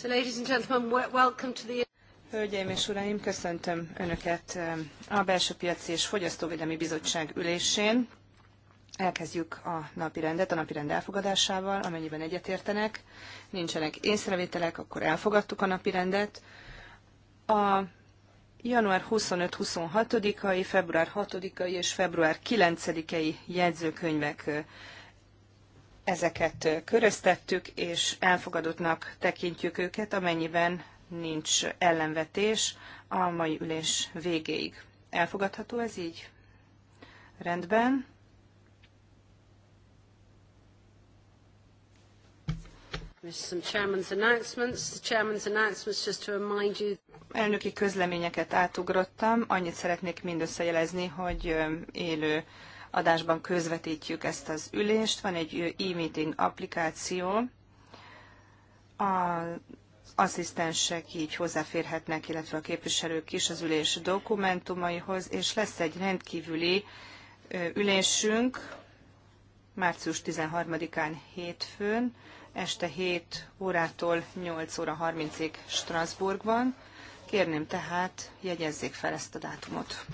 So, ladies and gentlemen, welcome to the... Hölgyeim és Uraim, köszöntöm Önöket eh, a Belső Piaci és Fogyasztóvédelmi Bizottság ülésén. Elkezdjük a napi rendet, a napi rend elfogadásával, amennyiben egyetértenek. Nincsenek észrevételek, akkor elfogadtuk a napi rendet. A január 25-26-ai, február 6-ai és február 9-ai jegyzőkönyvek eh, Ezeket köröztettük, és elfogadottnak tekintjük őket, amennyiben nincs ellenvetés a mai ülés végéig. Elfogadható ez így? Rendben. Elnöki közleményeket átugrottam. Annyit szeretnék jelezni, hogy élő adásban közvetítjük ezt az ülést. Van egy e-meeting applikáció, az asszisztensek így hozzáférhetnek, illetve a képviselők is az ülés dokumentumaihoz, és lesz egy rendkívüli ülésünk március 13-án hétfőn, este 7 órától 8 óra 30-ig Strasbourgban. Kérném tehát, jegyezzék fel ezt a dátumot.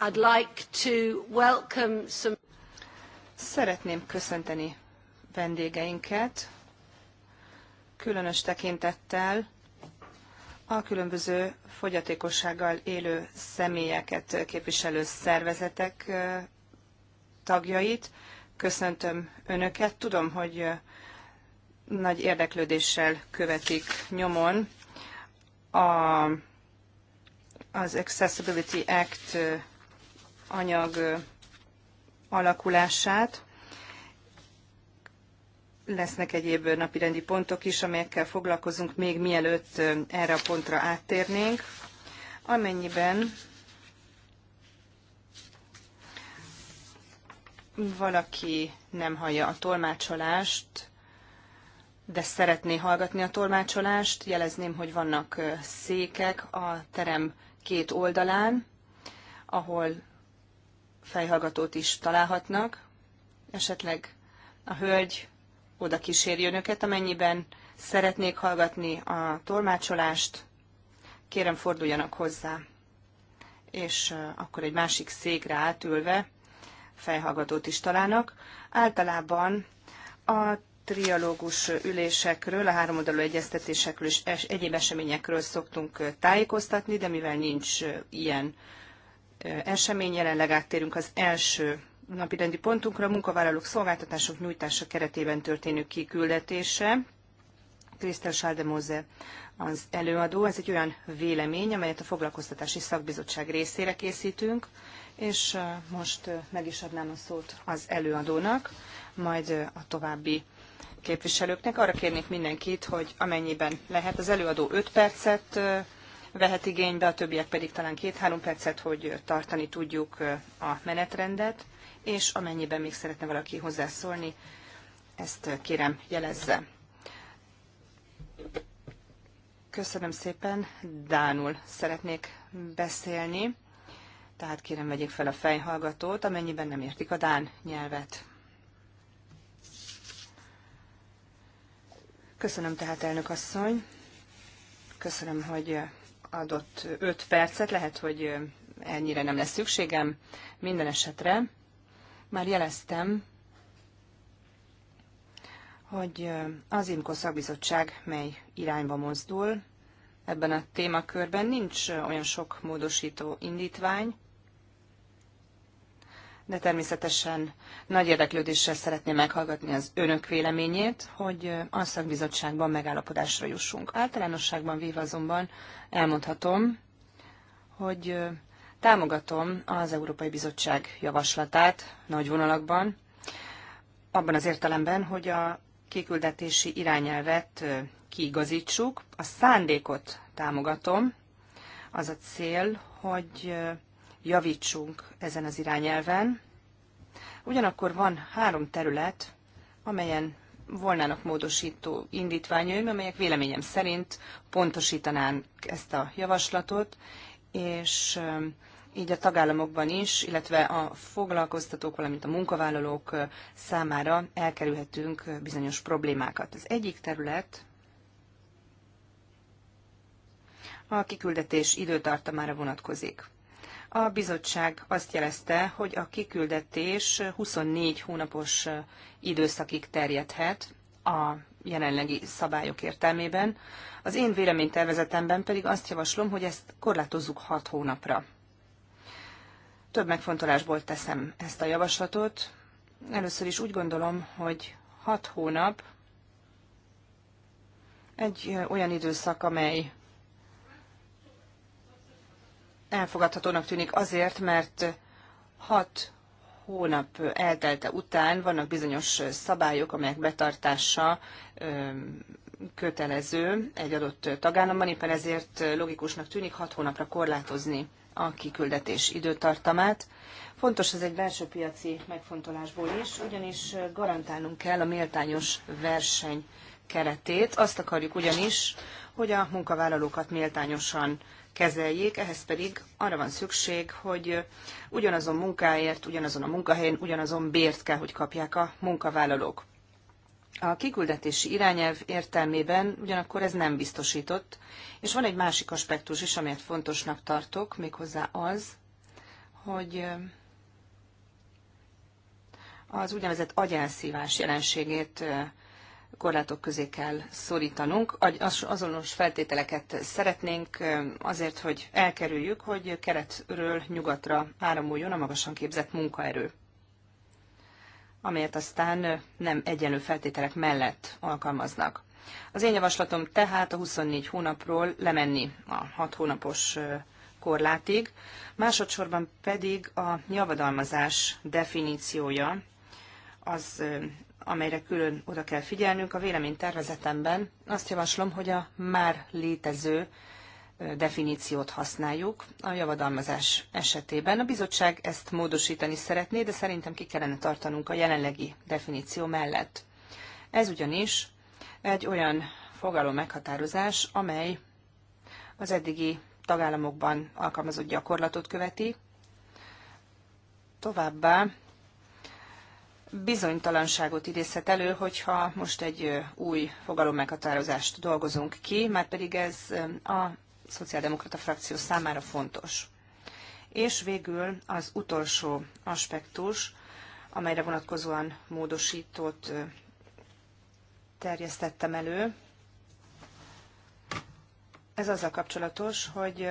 I'd like to welcome some... Szeretném köszönteni vendégeinket, különös tekintettel a különböző fogyatékossággal élő személyeket képviselő szervezetek tagjait. Köszöntöm Önöket. Tudom, hogy nagy érdeklődéssel követik nyomon a, az Accessibility Act anyag alakulását. Lesznek egyéb napirendi pontok is, amelyekkel foglalkozunk még mielőtt erre a pontra áttérnénk. Amennyiben valaki nem hallja a tolmácsolást, de szeretné hallgatni a tolmácsolást, jelezném, hogy vannak székek a terem két oldalán, ahol fejhallgatót is találhatnak. Esetleg a hölgy oda kíséri önöket, amennyiben szeretnék hallgatni a tolmácsolást, kérem forduljanak hozzá. És akkor egy másik székre átülve fejhallgatót is találnak. Általában a trialógus ülésekről, a háromoldalú egyeztetésekről és egyéb eseményekről szoktunk tájékoztatni, de mivel nincs ilyen esemény, jelenleg áttérünk az első napirendi pontunkra, a munkavállalók szolgáltatások nyújtása keretében történő kiküldetése. Krisztel Sáldemóze az előadó. Ez egy olyan vélemény, amelyet a Foglalkoztatási Szakbizottság részére készítünk, és most meg is adnám a szót az előadónak, majd a további képviselőknek. Arra kérnék mindenkit, hogy amennyiben lehet, az előadó 5 percet vehet igénybe, a többiek pedig talán két-három percet, hogy tartani tudjuk a menetrendet, és amennyiben még szeretne valaki hozzászólni, ezt kérem jelezze. Köszönöm szépen, Dánul szeretnék beszélni, tehát kérem vegyék fel a fejhallgatót, amennyiben nem értik a Dán nyelvet. Köszönöm tehát, elnök asszony. Köszönöm, hogy adott 5 percet, lehet, hogy ennyire nem lesz szükségem. Minden esetre már jeleztem, hogy az IMKO szakbizottság mely irányba mozdul. Ebben a témakörben nincs olyan sok módosító indítvány, de természetesen nagy érdeklődéssel szeretném meghallgatni az önök véleményét, hogy a szakbizottságban megállapodásra jussunk. Általánosságban véve azonban elmondhatom, hogy támogatom az Európai Bizottság javaslatát nagy vonalakban, abban az értelemben, hogy a kiküldetési irányelvet kiigazítsuk. A szándékot támogatom, az a cél, hogy javítsunk ezen az irányelven. Ugyanakkor van három terület, amelyen volnának módosító indítványaim, amelyek véleményem szerint pontosítanánk ezt a javaslatot, és um, így a tagállamokban is, illetve a foglalkoztatók, valamint a munkavállalók uh, számára elkerülhetünk uh, bizonyos problémákat. Az egyik terület a kiküldetés időtartamára vonatkozik. A bizottság azt jelezte, hogy a kiküldetés 24 hónapos időszakig terjedhet a jelenlegi szabályok értelmében. Az én véleménytervezetemben pedig azt javaslom, hogy ezt korlátozzuk 6 hónapra. Több megfontolásból teszem ezt a javaslatot. Először is úgy gondolom, hogy 6 hónap egy olyan időszak, amely elfogadhatónak tűnik azért, mert hat hónap eltelte után vannak bizonyos szabályok, amelyek betartása kötelező egy adott tagállamban, éppen ezért logikusnak tűnik hat hónapra korlátozni a kiküldetés időtartamát. Fontos ez egy belső piaci megfontolásból is, ugyanis garantálnunk kell a méltányos verseny keretét. Azt akarjuk ugyanis, hogy a munkavállalókat méltányosan kezeljék, ehhez pedig arra van szükség, hogy ugyanazon munkáért, ugyanazon a munkahelyen, ugyanazon bért kell, hogy kapják a munkavállalók. A kiküldetési irányelv értelmében ugyanakkor ez nem biztosított, és van egy másik aspektus is, amelyet fontosnak tartok, méghozzá az, hogy az úgynevezett agyelszívás jelenségét korlátok közé kell szorítanunk. Azonos feltételeket szeretnénk azért, hogy elkerüljük, hogy keretről nyugatra áramoljon a magasan képzett munkaerő, amelyet aztán nem egyenlő feltételek mellett alkalmaznak. Az én javaslatom tehát a 24 hónapról lemenni a 6 hónapos korlátig, másodszorban pedig a javadalmazás definíciója az amelyre külön oda kell figyelnünk. A véleménytervezetemben azt javaslom, hogy a már létező definíciót használjuk a javadalmazás esetében. A bizottság ezt módosítani szeretné, de szerintem ki kellene tartanunk a jelenlegi definíció mellett. Ez ugyanis egy olyan fogalom meghatározás, amely az eddigi tagállamokban alkalmazott gyakorlatot követi, továbbá bizonytalanságot idézhet elő, hogyha most egy új fogalommeghatározást dolgozunk ki, már pedig ez a szociáldemokrata frakció számára fontos. És végül az utolsó aspektus, amelyre vonatkozóan módosított terjesztettem elő. Ez azzal kapcsolatos, hogy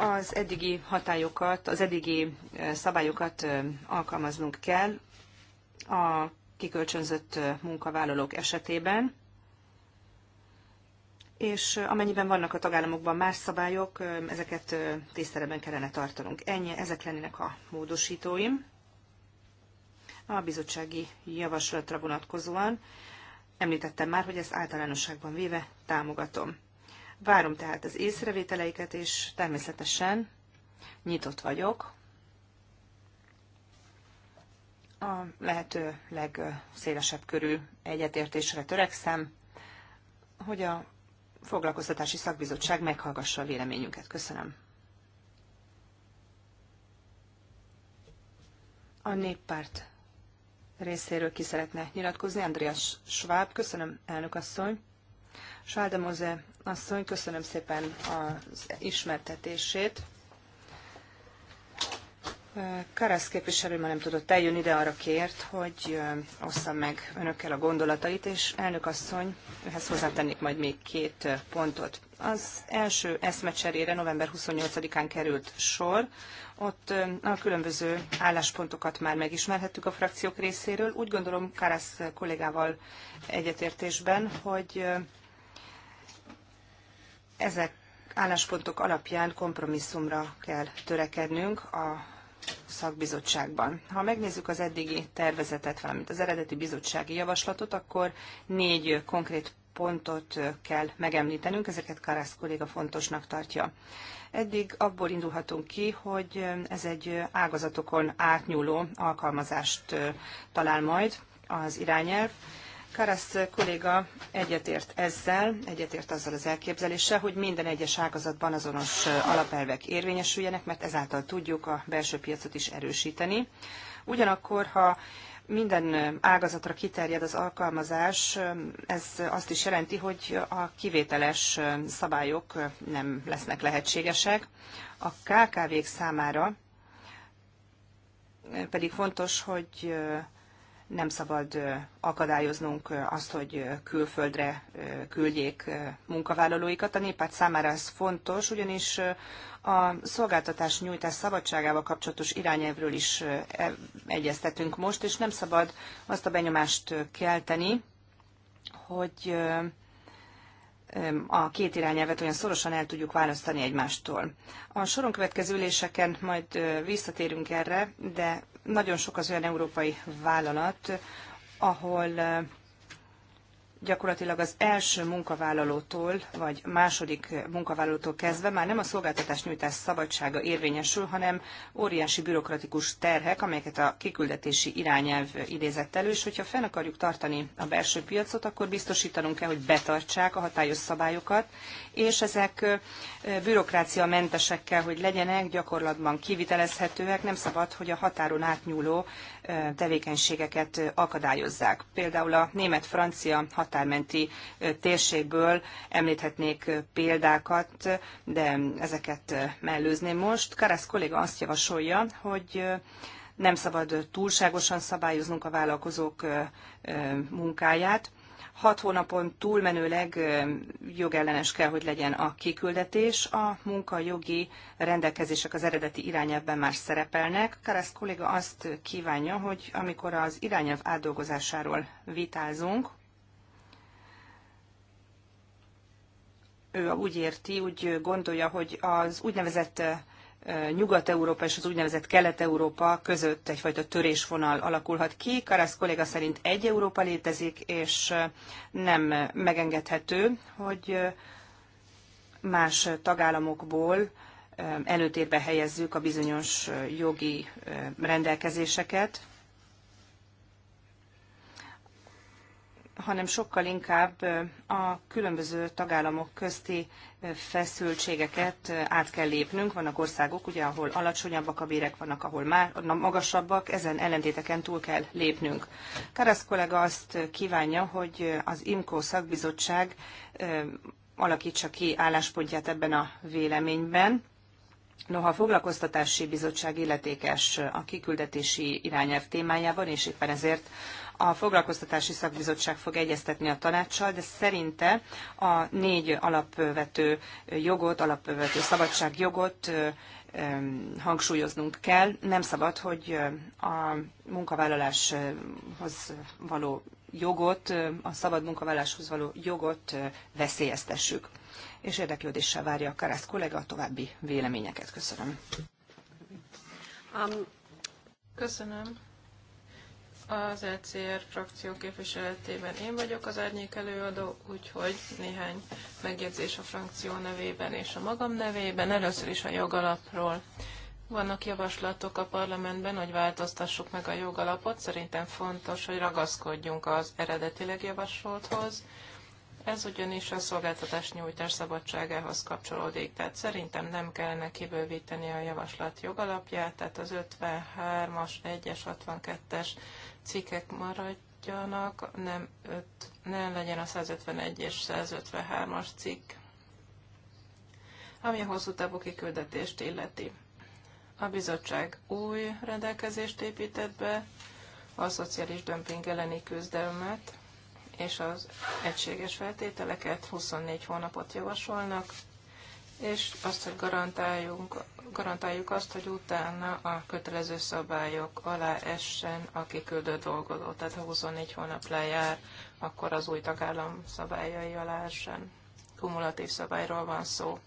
az eddigi hatályokat, az eddigi szabályokat alkalmaznunk kell a kikölcsönzött munkavállalók esetében, és amennyiben vannak a tagállamokban más szabályok, ezeket tiszteletben kellene tartanunk. Ennyi, ezek lennének a módosítóim a bizottsági javaslatra vonatkozóan. Említettem már, hogy ezt általánosságban véve támogatom. Várom tehát az észrevételeiket, és természetesen nyitott vagyok a lehető legszélesebb körű egyetértésre törekszem, hogy a foglalkoztatási szakbizottság meghallgassa a véleményünket. Köszönöm. A néppárt részéről ki szeretne nyilatkozni. Andreas Schwab, köszönöm, elnök asszony. Sáldemoze asszony, köszönöm szépen az ismertetését. Karasz képviselő már nem tudott eljönni, de arra kért, hogy osszam meg önökkel a gondolatait, és elnök asszony, ehhez hozzátennék majd még két pontot. Az első eszmecserére november 28-án került sor, ott a különböző álláspontokat már megismerhettük a frakciók részéről. Úgy gondolom Karasz kollégával egyetértésben, hogy ezek álláspontok alapján kompromisszumra kell törekednünk a szakbizottságban. Ha megnézzük az eddigi tervezetet, valamint az eredeti bizottsági javaslatot, akkor négy konkrét pontot kell megemlítenünk, ezeket Karász kolléga fontosnak tartja. Eddig abból indulhatunk ki, hogy ez egy ágazatokon átnyúló alkalmazást talál majd az irányelv, Karasz kolléga egyetért ezzel, egyetért azzal az elképzeléssel, hogy minden egyes ágazatban azonos alapelvek érvényesüljenek, mert ezáltal tudjuk a belső piacot is erősíteni. Ugyanakkor, ha minden ágazatra kiterjed az alkalmazás, ez azt is jelenti, hogy a kivételes szabályok nem lesznek lehetségesek. A KKV-k számára pedig fontos, hogy nem szabad akadályoznunk azt, hogy külföldre küldjék munkavállalóikat. A néppárt számára ez fontos, ugyanis a szolgáltatás nyújtás szabadságával kapcsolatos irányelvről is e, egyeztetünk most, és nem szabad azt a benyomást kelteni, hogy a két irányelvet olyan szorosan el tudjuk választani egymástól. A soron következő üléseken majd visszatérünk erre, de nagyon sok az olyan európai vállalat, ahol gyakorlatilag az első munkavállalótól, vagy második munkavállalótól kezdve már nem a szolgáltatás nyújtás szabadsága érvényesül, hanem óriási bürokratikus terhek, amelyeket a kiküldetési irányelv idézett elő, és hogyha fenn akarjuk tartani a belső piacot, akkor biztosítanunk kell, hogy betartsák a hatályos szabályokat, és ezek bürokrácia mentesekkel, hogy legyenek, gyakorlatban kivitelezhetőek, nem szabad, hogy a határon átnyúló tevékenységeket akadályozzák. Például a német-francia határmenti térségből említhetnék példákat, de ezeket mellőzném most. Karasz kolléga azt javasolja, hogy nem szabad túlságosan szabályoznunk a vállalkozók munkáját, hat hónapon túlmenőleg jogellenes kell, hogy legyen a kiküldetés. A munkajogi rendelkezések az eredeti irányelvben már szerepelnek. Karasz kolléga azt kívánja, hogy amikor az irányelv átdolgozásáról vitázunk, ő úgy érti, úgy gondolja, hogy az úgynevezett Nyugat-Európa és az úgynevezett Kelet-Európa között egyfajta törésvonal alakulhat ki. Karasz kolléga szerint egy Európa létezik, és eh, nem megengedhető, hogy eh, más tagállamokból eh, előtérbe helyezzük a bizonyos jogi rendelkezéseket, hanem sokkal inkább a különböző tagállamok közti feszültségeket át kell lépnünk. Vannak országok, ugye, ahol alacsonyabbak a bérek, vannak, ahol már magasabbak, ezen ellentéteken túl kell lépnünk. Karasz kollega azt kívánja, hogy az IMCO szakbizottság alakítsa ki álláspontját ebben a véleményben. Noha a foglalkoztatási bizottság illetékes a kiküldetési irányelv témájában, és éppen ezért a foglalkoztatási szakbizottság fog egyeztetni a tanácssal, de szerinte a négy alapvető jogot, alapvető szabadságjogot hangsúlyoznunk kell. Nem szabad, hogy a munkavállaláshoz való jogot, a szabad munkavállaláshoz való jogot veszélyeztessük. És érdeklődéssel várja a Karász kollega a további véleményeket. Köszönöm. Um, köszönöm. Az ECR frakció képviseletében én vagyok az árnyék előadó, úgyhogy néhány megjegyzés a frakció nevében és a magam nevében. Először is a jogalapról. Vannak javaslatok a parlamentben, hogy változtassuk meg a jogalapot. Szerintem fontos, hogy ragaszkodjunk az eredetileg javasolthoz. Ez ugyanis a szolgáltatás nyújtás szabadságához kapcsolódik, tehát szerintem nem kellene kibővíteni a javaslat jogalapját, tehát az 53-as, 1-es, 62-es cikkek maradjanak, nem, öt, nem legyen a 151 és 153-as cikk, ami a hosszú távú kiküldetést illeti. A bizottság új rendelkezést épített be, a szociális dömping elleni küzdelmet és az egységes feltételeket 24 hónapot javasolnak, és azt, hogy garantáljunk, garantáljuk azt, hogy utána a kötelező szabályok alá essen a kiküldő dolgozó. Tehát ha 24 hónap lejár, akkor az új tagállam szabályai alá essen. Kumulatív szabályról van szó.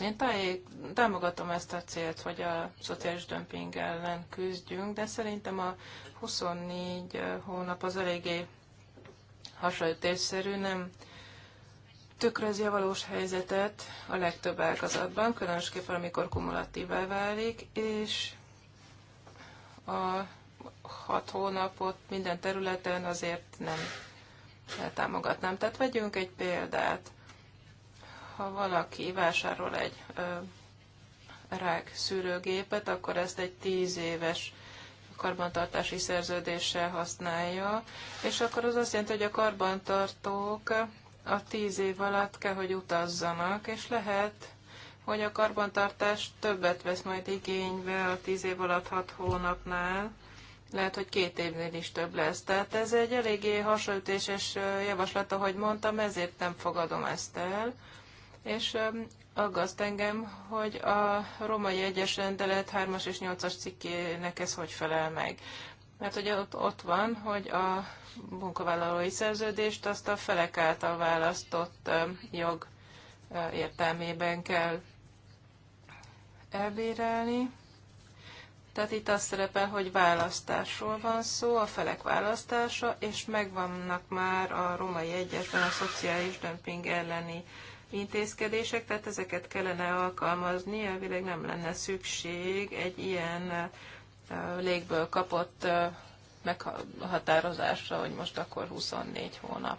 Én tájék, támogatom ezt a célt, hogy a szociális dömping ellen küzdjünk, de szerintem a 24 hónap az eléggé hasonlítésszerű, nem tükrözi a valós helyzetet a legtöbb ágazatban, különösképpen amikor kumulatívá válik, és a hat hónapot minden területen azért nem támogatnám. Tehát vegyünk egy példát. Ha valaki vásárol egy ö, rák szűrőgépet, akkor ezt egy tíz éves karbantartási szerződéssel használja, és akkor az azt jelenti, hogy a karbantartók a tíz év alatt kell, hogy utazzanak, és lehet, hogy a karbantartás többet vesz majd igénybe a tíz év alatt hat hónapnál, lehet, hogy két évnél is több lesz. Tehát ez egy eléggé hasonlítéses javaslat, ahogy mondtam, ezért nem fogadom ezt el. És aggaszt engem, hogy a romai egyes rendelet 3-as és 8-as cikkének ez hogy felel meg mert ugye ott, ott van, hogy a munkavállalói szerződést azt a felek által választott jog értelmében kell elbírálni. Tehát itt az szerepel, hogy választásról van szó, a felek választása, és megvannak már a romai egyesben a szociális dömping elleni intézkedések, tehát ezeket kellene alkalmazni, elvileg nem lenne szükség egy ilyen légből kapott meghatározásra, hogy most akkor 24 hónap.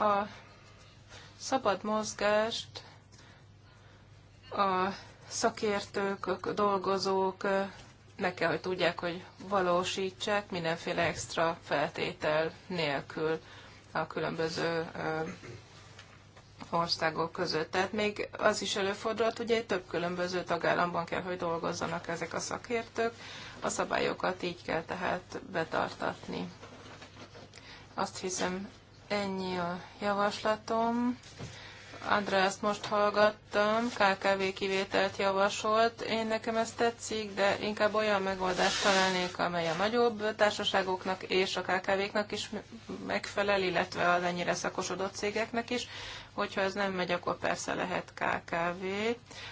A szabad mozgást a szakértők, dolgozók meg kell, hogy tudják, hogy valósítsák mindenféle extra feltétel nélkül a különböző országok között. Tehát még az is előfordulhat, hogy egy több különböző tagállamban kell, hogy dolgozzanak ezek a szakértők, a szabályokat így kell tehát betartatni. Azt hiszem, ennyi a javaslatom. Andrást most hallgattam, KKV kivételt javasolt. Én nekem ez tetszik, de inkább olyan megoldást találnék, amely a nagyobb társaságoknak és a KKV-knak is megfelel, illetve az ennyire szakosodott cégeknek is. Hogyha ez nem megy, akkor persze lehet KKV.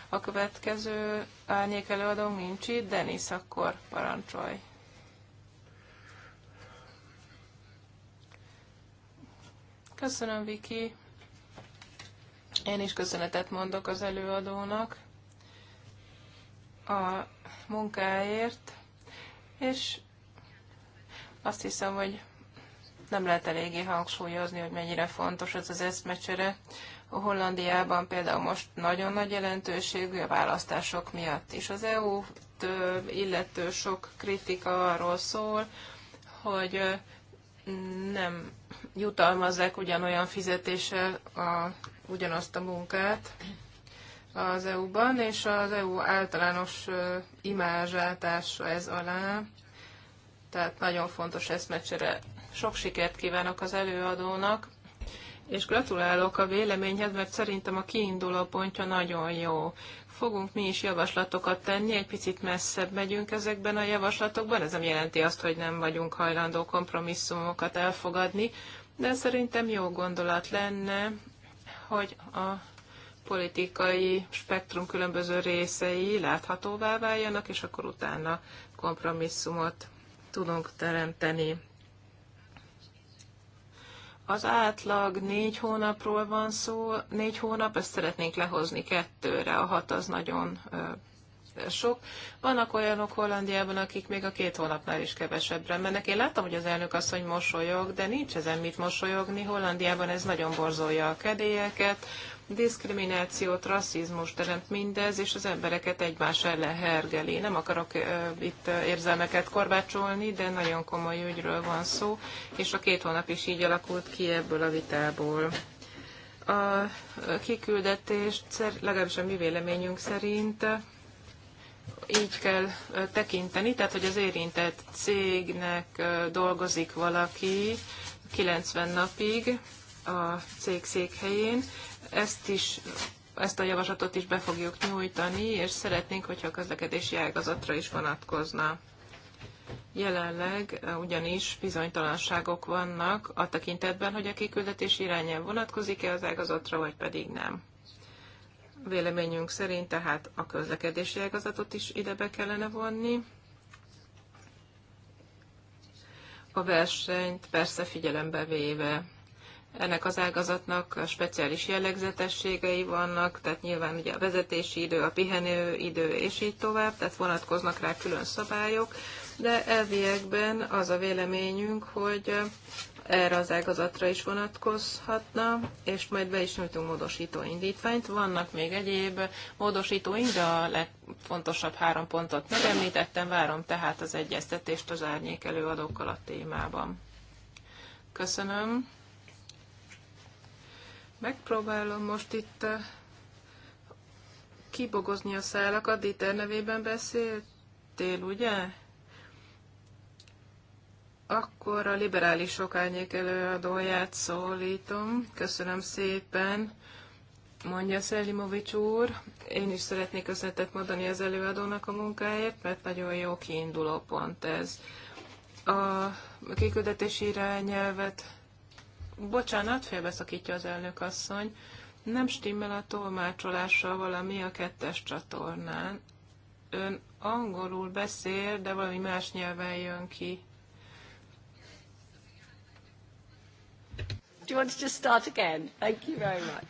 A következő árnyék előadónk nincs itt, Denis, akkor parancsolj. Köszönöm, Viki. Én is köszönetet mondok az előadónak a munkáért, és azt hiszem, hogy nem lehet eléggé hangsúlyozni, hogy mennyire fontos ez az eszmecsere. A Hollandiában például most nagyon nagy jelentőségű a választások miatt is. Az EU illető sok kritika arról szól, hogy nem jutalmazzák ugyanolyan fizetéssel a, ugyanazt a munkát az EU-ban, és az EU általános imázsátása ez alá. Tehát nagyon fontos eszmecsere sok sikert kívánok az előadónak, és gratulálok a véleményhez, mert szerintem a kiinduló pontja nagyon jó. Fogunk mi is javaslatokat tenni, egy picit messzebb megyünk ezekben a javaslatokban, ez nem jelenti azt, hogy nem vagyunk hajlandó kompromisszumokat elfogadni, de szerintem jó gondolat lenne, hogy a politikai spektrum különböző részei láthatóvá váljanak, és akkor utána kompromisszumot tudunk teremteni az átlag négy hónapról van szó, négy hónap, ezt szeretnénk lehozni kettőre, a hat az nagyon sok. Vannak olyanok Hollandiában, akik még a két hónapnál is kevesebbre mennek. Én láttam, hogy az elnök hogy mosolyog, de nincs ezen mit mosolyogni. Hollandiában ez nagyon borzolja a kedélyeket, diszkriminációt, rasszizmus teremt mindez, és az embereket egymás ellen hergeli. Nem akarok uh, itt érzelmeket korbácsolni, de nagyon komoly ügyről van szó, és a két hónap is így alakult ki ebből a vitából. A kiküldetést, legalábbis a mi véleményünk szerint, így kell tekinteni, tehát hogy az érintett cégnek dolgozik valaki 90 napig a cég székhelyén, ezt is ezt a javaslatot is be fogjuk nyújtani, és szeretnénk, hogyha a közlekedési ágazatra is vonatkozna. Jelenleg eh, ugyanis bizonytalanságok vannak a tekintetben, hogy a kiküldetés irányán vonatkozik-e az ágazatra, vagy pedig nem. Véleményünk szerint tehát a közlekedési ágazatot is ide be kellene vonni. A versenyt persze figyelembe véve ennek az ágazatnak speciális jellegzetességei vannak, tehát nyilván ugye a vezetési idő, a pihenő idő és így tovább, tehát vonatkoznak rá külön szabályok, de elviekben az a véleményünk, hogy erre az ágazatra is vonatkozhatna, és majd be is nyújtunk módosító indítványt. Vannak még egyéb módosítóink, de a legfontosabb három pontot megemlítettem, várom tehát az egyeztetést az árnyék előadókkal a témában. Köszönöm. Megpróbálom most itt eh, kibogozni a szálakat, Dieter nevében beszéltél, ugye? Akkor a liberálisok árnyék előadóját szólítom. Köszönöm szépen, mondja Szelimovics úr. Én is szeretnék köszönetet mondani az előadónak a munkáért, mert nagyon jó kiinduló pont ez. A kiküldetési irányelvet Bocsánat, félbeszakítja az elnök asszony. Nem stimmel a tolmácsolással valami a kettes csatornán. Ön angolul beszél, de valami más nyelven jön ki. Do you want to just start again? Thank you very much.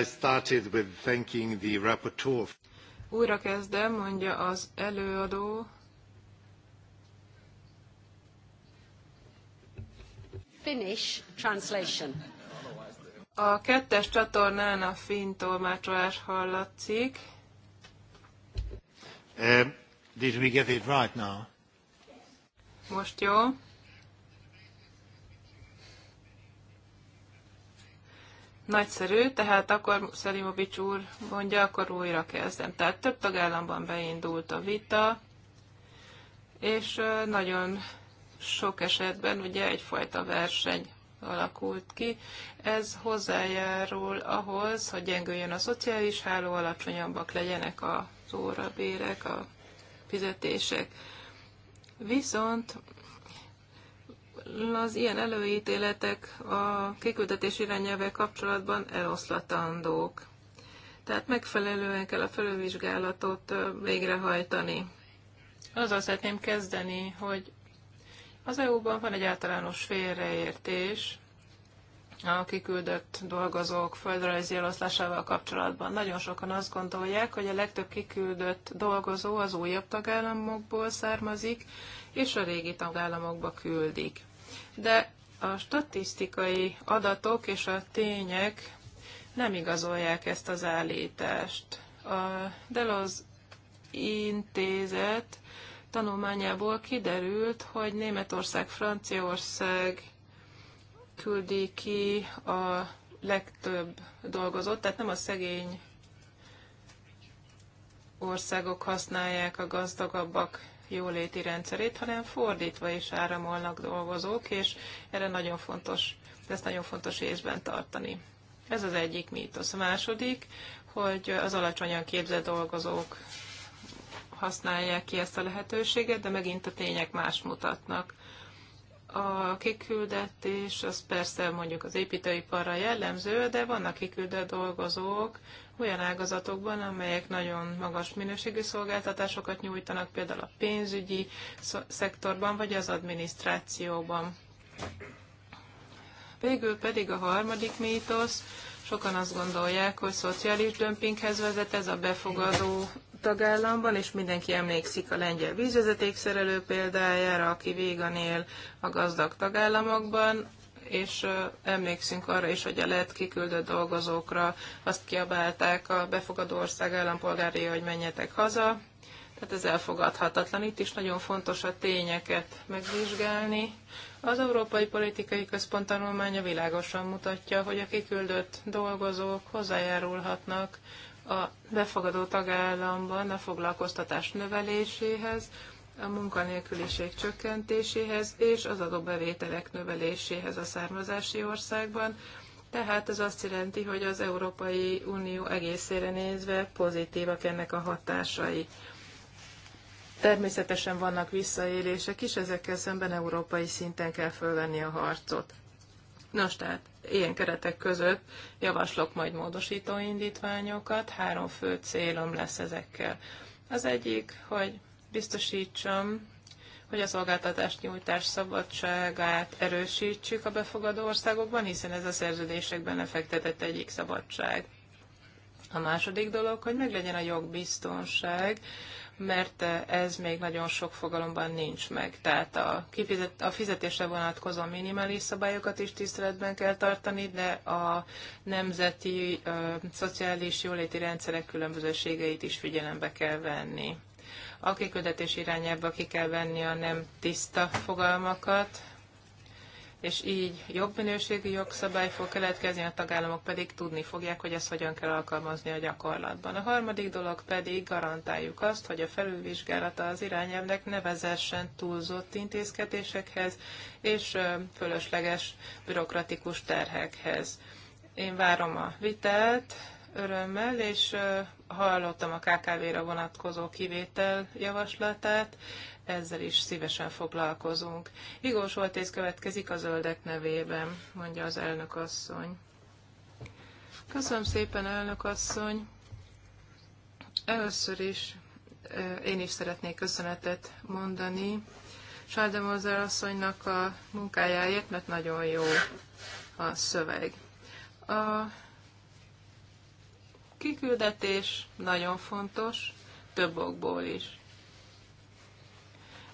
I started with thanking the rapporteur. Újra kezdem, mondja az előadó, Finnish translation. A kettes csatornán a finn tolmácsolás hallatszik. Uh, did we get it right now? Most jó. Nagyszerű, tehát akkor Szelimovics úr mondja, akkor újra kezdem. Tehát több tagállamban beindult a vita, és nagyon sok esetben ugye egyfajta verseny alakult ki. Ez hozzájárul ahhoz, hogy gyengüljön a szociális háló, alacsonyabbak legyenek az órabérek, a fizetések. Viszont az ilyen előítéletek a kiküldetés irányelvvel kapcsolatban eloszlatandók. Tehát megfelelően kell a felülvizsgálatot végrehajtani. Azzal szeretném kezdeni, hogy az EU-ban van egy általános félreértés a kiküldött dolgozók földrajzi eloszlásával kapcsolatban. Nagyon sokan azt gondolják, hogy a legtöbb kiküldött dolgozó az újabb tagállamokból származik, és a régi tagállamokba küldik. De a statisztikai adatok és a tények nem igazolják ezt az állítást. A Deloz intézet tanulmányából kiderült, hogy Németország, Franciaország küldi ki a legtöbb dolgozott, tehát nem a szegény országok használják a gazdagabbak jóléti rendszerét, hanem fordítva is áramolnak dolgozók, és erre nagyon fontos, ezt nagyon fontos észben tartani. Ez az egyik mítosz. A második, hogy az alacsonyan képzett dolgozók használják ki ezt a lehetőséget, de megint a tények más mutatnak. A kiküldetés az persze mondjuk az építőiparra jellemző, de vannak kiküldett dolgozók olyan ágazatokban, amelyek nagyon magas minőségű szolgáltatásokat nyújtanak, például a pénzügyi szektorban vagy az adminisztrációban. Végül pedig a harmadik mítosz, sokan azt gondolják, hogy szociális dömpinghez vezet ez a befogadó tagállamban, és mindenki emlékszik a lengyel vízvezetékszerelő példájára, aki végan él a gazdag tagállamokban, és emlékszünk arra is, hogy a lett kiküldött dolgozókra azt kiabálták a befogadó ország állampolgári, hogy menjetek haza. Tehát ez elfogadhatatlan. Itt is nagyon fontos a tényeket megvizsgálni. Az Európai Politikai Központ tanulmánya világosan mutatja, hogy a kiküldött dolgozók hozzájárulhatnak a befogadó tagállamban a foglalkoztatás növeléséhez, a munkanélküliség csökkentéséhez és az adóbevételek növeléséhez a származási országban. Tehát ez azt jelenti, hogy az Európai Unió egészére nézve pozitívak ennek a hatásai. Természetesen vannak visszaélések is, ezekkel szemben európai szinten kell fölvenni a harcot. Nos, tehát ilyen keretek között javaslok majd módosító indítványokat. Három fő célom lesz ezekkel. Az egyik, hogy biztosítsam, hogy a szolgáltatás nyújtás szabadságát erősítsük a befogadó országokban, hiszen ez a szerződésekben lefektetett egyik szabadság. A második dolog, hogy meglegyen a jogbiztonság mert ez még nagyon sok fogalomban nincs meg. Tehát a, kifizet, a fizetésre vonatkozó minimális szabályokat is tiszteletben kell tartani, de a nemzeti ö, szociális jóléti rendszerek különbözőségeit is figyelembe kell venni. A kiküldetés irányába ki kell venni a nem tiszta fogalmakat, és így jobb minőségű jogszabály fog keletkezni, a tagállamok pedig tudni fogják, hogy ezt hogyan kell alkalmazni a gyakorlatban. A harmadik dolog pedig garantáljuk azt, hogy a felülvizsgálata az irányelvnek ne vezessen túlzott intézkedésekhez és fölösleges bürokratikus terhekhez. Én várom a vitát örömmel, és hallottam a KKV-ra vonatkozó kivétel javaslatát, ezzel is szívesen foglalkozunk. Igós Soltész következik a zöldek nevében, mondja az elnök asszony. Köszönöm szépen, elnök asszony. Először is én is szeretnék köszönetet mondani Sárdemozer asszonynak a munkájáért, mert nagyon jó a szöveg. A kiküldetés nagyon fontos, több okból is.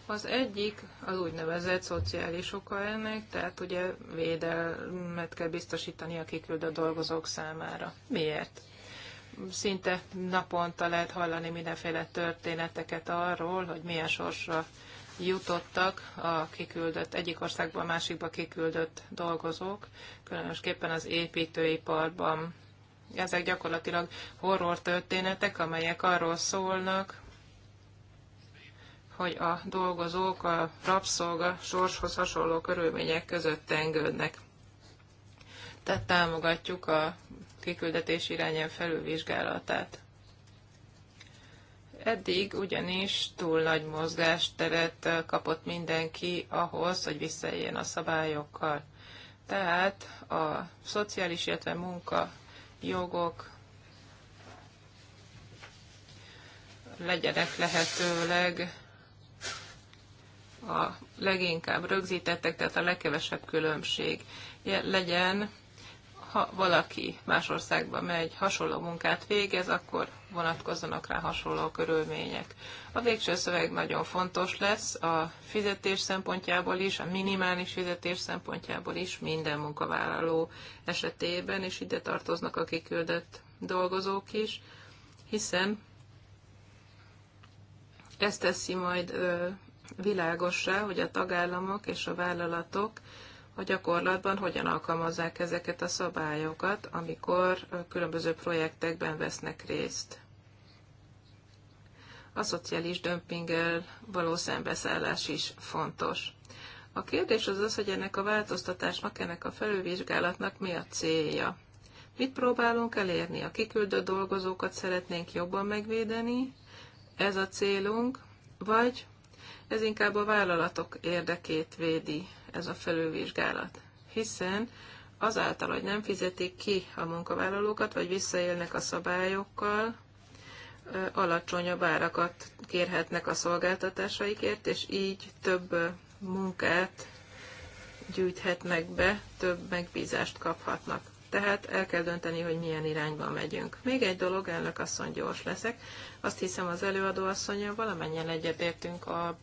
Az egyik az úgynevezett szociális oka ennek, tehát ugye védelmet kell biztosítani a kiküldött dolgozók számára. Miért? Szinte naponta lehet hallani mindenféle történeteket arról, hogy milyen sorsra jutottak a kiküldött, egyik országban a másikba kiküldött dolgozók, különösképpen az építőiparban. Ezek gyakorlatilag horror történetek, amelyek arról szólnak, hogy a dolgozók a rabszolga sorshoz hasonló körülmények között tengődnek. Tehát támogatjuk a kiküldetés irányán felülvizsgálatát. Eddig ugyanis túl nagy mozgásteret kapott mindenki ahhoz, hogy visszaéljen a szabályokkal. Tehát a szociális, illetve munka jogok legyenek lehetőleg a leginkább rögzítettek, tehát a legkevesebb különbség legyen, ha valaki más országba megy, hasonló munkát végez, akkor vonatkozzanak rá hasonló körülmények. A végső szöveg nagyon fontos lesz a fizetés szempontjából is, a minimális fizetés szempontjából is minden munkavállaló esetében, és ide tartoznak a kiküldött dolgozók is, hiszen ezt teszi majd világossá, hogy a tagállamok és a vállalatok a gyakorlatban hogyan alkalmazzák ezeket a szabályokat, amikor különböző projektekben vesznek részt. A szociális dömpinggel való szembeszállás is fontos. A kérdés az az, hogy ennek a változtatásnak, ennek a felülvizsgálatnak mi a célja. Mit próbálunk elérni? A kiküldött dolgozókat szeretnénk jobban megvédeni, ez a célunk, vagy ez inkább a vállalatok érdekét védi ez a felülvizsgálat, hiszen azáltal, hogy nem fizetik ki a munkavállalókat, vagy visszaélnek a szabályokkal, alacsonyabb árakat kérhetnek a szolgáltatásaikért, és így több munkát gyűjthetnek be, több megbízást kaphatnak. Tehát el kell dönteni, hogy milyen irányba megyünk. Még egy dolog, elnök asszony, gyors leszek. Azt hiszem az előadó asszonya valamennyien egyetértünk a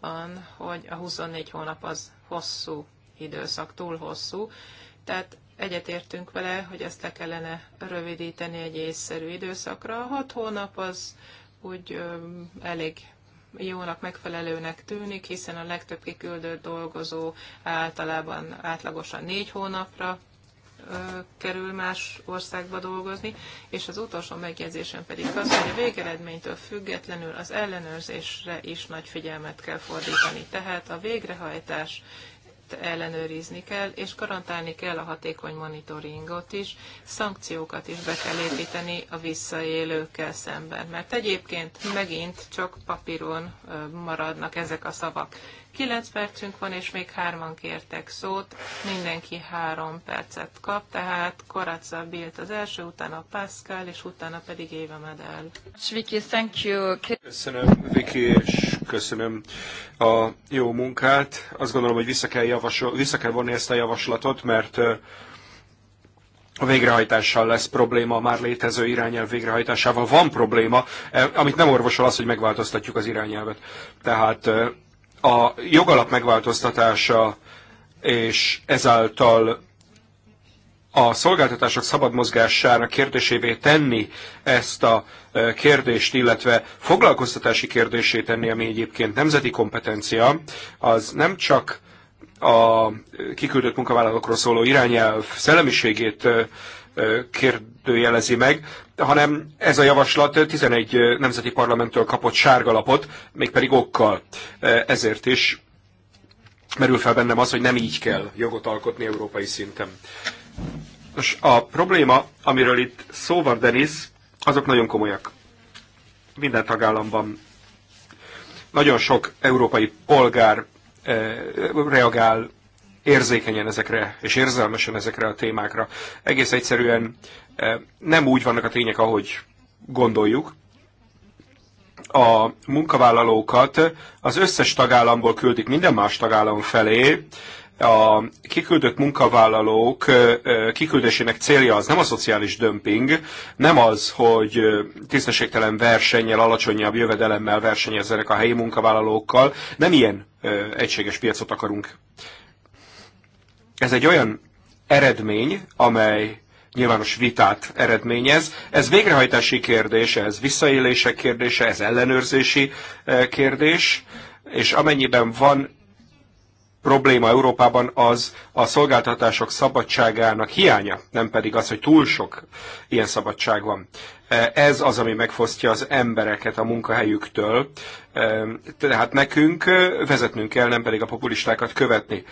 abban, hogy a 24 hónap az hosszú időszak, túl hosszú. Tehát egyetértünk vele, hogy ezt le kellene rövidíteni egy észszerű időszakra. A 6 hónap az úgy elég jónak, megfelelőnek tűnik, hiszen a legtöbb kiküldött dolgozó általában átlagosan négy hónapra kerül más országba dolgozni, és az utolsó megjegyzésem pedig az, hogy a végeredménytől függetlenül az ellenőrzésre is nagy figyelmet kell fordítani. Tehát a végrehajtás ellenőrizni kell, és garantálni kell a hatékony monitoringot is, szankciókat is be kell építeni a visszaélőkkel szemben, mert egyébként megint csak papíron maradnak ezek a szavak. Kilenc percünk van, és még hárman kértek szót, mindenki három percet kap, tehát Koraca Bilt az első, utána Pascal, és utána pedig Éva Medel. Viki, thank you. Köszönöm, Viki, és köszönöm a jó munkát. Azt gondolom, hogy vissza kell, javasol, vissza kell vonni ezt a javaslatot, mert a végrehajtással lesz probléma, a már létező irányelv végrehajtásával van probléma, e, amit nem orvosol az, hogy megváltoztatjuk az irányelvet. Tehát a jogalap megváltoztatása és ezáltal a szolgáltatások szabad mozgásának kérdésévé tenni ezt a kérdést, illetve foglalkoztatási kérdésé tenni, ami egyébként nemzeti kompetencia, az nem csak a kiküldött munkavállalókról szóló irányelv szellemiségét kérdőjelezi meg, hanem ez a javaslat 11 nemzeti parlamenttől kapott sárgalapot, mégpedig okkal. Ezért is merül fel bennem az, hogy nem így kell jogot alkotni európai szinten. Nos, a probléma, amiről itt szó van, Denis, azok nagyon komolyak. Minden tagállamban nagyon sok európai polgár reagál érzékenyen ezekre, és érzelmesen ezekre a témákra. Egész egyszerűen e, nem úgy vannak a tények, ahogy gondoljuk. A munkavállalókat az összes tagállamból küldik minden más tagállam felé, a kiküldött munkavállalók e, e, kiküldésének célja az nem a szociális dömping, nem az, hogy tisztességtelen versennyel, alacsonyabb jövedelemmel versenyezzenek a helyi munkavállalókkal, nem ilyen egységes piacot akarunk ez egy olyan eredmény, amely nyilvános vitát eredményez. Ez végrehajtási kérdése, ez visszaélések kérdése, ez ellenőrzési e, kérdés, és amennyiben van probléma Európában az a szolgáltatások szabadságának hiánya, nem pedig az, hogy túl sok ilyen szabadság van. E, ez az, ami megfosztja az embereket a munkahelyüktől. E, tehát nekünk vezetnünk kell, nem pedig a populistákat követni.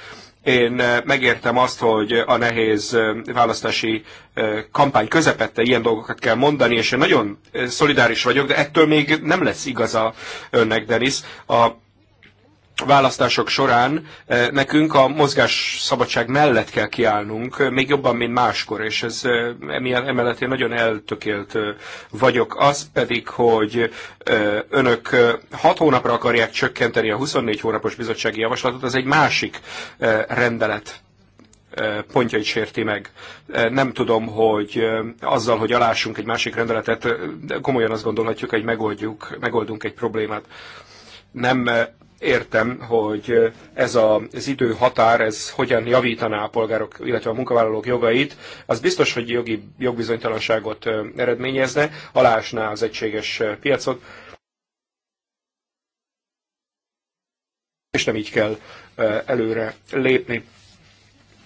Én eh, megértem azt, hogy a nehéz eh, választási eh, kampány közepette ilyen dolgokat kell mondani, és én nagyon szolidáris vagyok, de ettől még nem lesz igaza önnek, Denis. A választások során eh, nekünk a mozgás szabadság mellett kell kiállnunk, eh, még jobban, mint máskor, és ez eh, emellett én nagyon eltökélt vagyok. Az pedig, hogy önök hat hónapra akarják csökkenteni a 24 hónapos bizottsági javaslatot, az egy másik rendelet pontjait sérti meg. Nem tudom, hogy azzal, hogy alássunk egy másik rendeletet, komolyan azt gondolhatjuk, hogy megoldjuk, megoldunk egy problémát. Nem értem, hogy ez az időhatár, ez hogyan javítaná a polgárok, illetve a munkavállalók jogait, az biztos, hogy jogi, jogbizonytalanságot eredményezne, alásná az egységes piacot, és nem így kell előre lépni.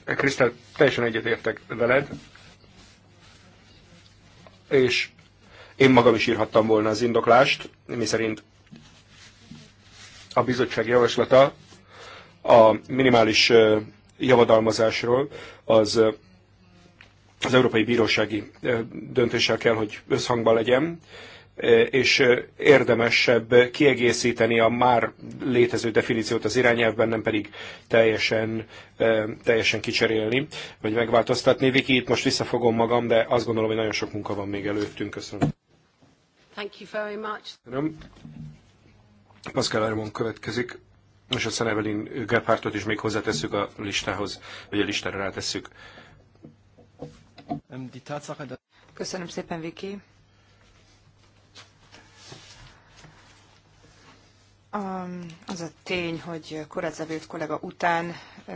Krisztel, teljesen egyetértek veled, és én magam is írhattam volna az indoklást, mi szerint a bizottság javaslata a minimális javadalmazásról az az Európai Bírósági döntéssel kell, hogy összhangban legyen, és érdemesebb kiegészíteni a már létező definíciót az irányelvben, nem pedig teljesen, teljesen kicserélni, vagy megváltoztatni. Viki, itt most visszafogom magam, de azt gondolom, hogy nagyon sok munka van még előttünk. Köszönöm. Thank you very much. Köszönöm. Pascal Armon következik, és aztán Evelyn Gephartot is még hozzátesszük a listához, vagy a listára rátesszük. Köszönöm szépen, Viki. Az a tény, hogy Koracevilt kollega után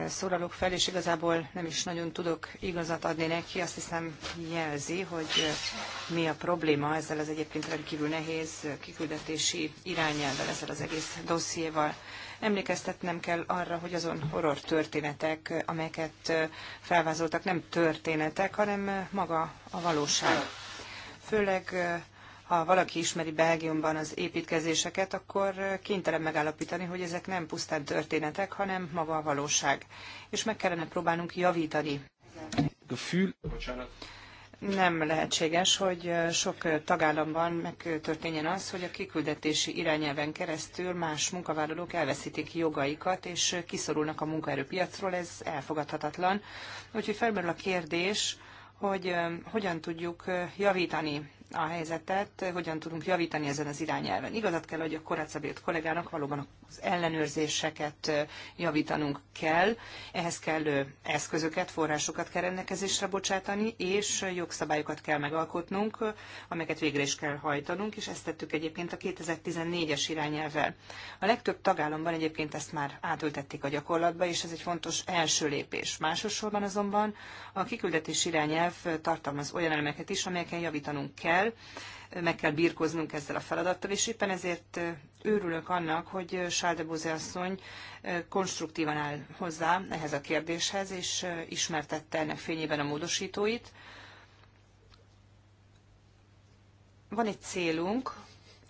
szólalok fel, és igazából nem is nagyon tudok igazat adni neki. Azt hiszem jelzi, hogy mi a probléma ezzel az egyébként rendkívül nehéz kiküldetési irányelvvel, ezzel az egész dossziéval. Emlékeztetnem kell arra, hogy azon horror történetek, amelyeket felvázoltak, nem történetek, hanem maga a valóság. Főleg ha valaki ismeri Belgiumban az építkezéseket, akkor kénytelen megállapítani, hogy ezek nem pusztán történetek, hanem maga a valóság. És meg kellene próbálnunk javítani. Gefühl. Nem lehetséges, hogy sok tagállamban megtörténjen az, hogy a kiküldetési irányelven keresztül más munkavállalók elveszítik jogaikat, és kiszorulnak a munkaerőpiacról, ez elfogadhatatlan. Úgyhogy felmerül a kérdés, hogy eh, hogyan tudjuk eh, javítani a helyzetet, hogyan tudunk javítani ezen az irányelven. Igazat kell, hogy a koracabért kollégának valóban az ellenőrzéseket javítanunk kell, ehhez kell eszközöket, forrásokat kell rendelkezésre bocsátani, és jogszabályokat kell megalkotnunk, amelyeket végre is kell hajtanunk, és ezt tettük egyébként a 2014-es irányelvvel. A legtöbb tagállamban egyébként ezt már átültették a gyakorlatba, és ez egy fontos első lépés. Másosorban azonban a kiküldetés irányelv tartalmaz olyan elemeket is, amelyeken javítanunk kell, kell, meg kell birkoznunk ezzel a feladattal, és éppen ezért őrülök annak, hogy Sáldebóze asszony konstruktívan áll hozzá ehhez a kérdéshez, és ismertette ennek fényében a módosítóit. Van egy célunk,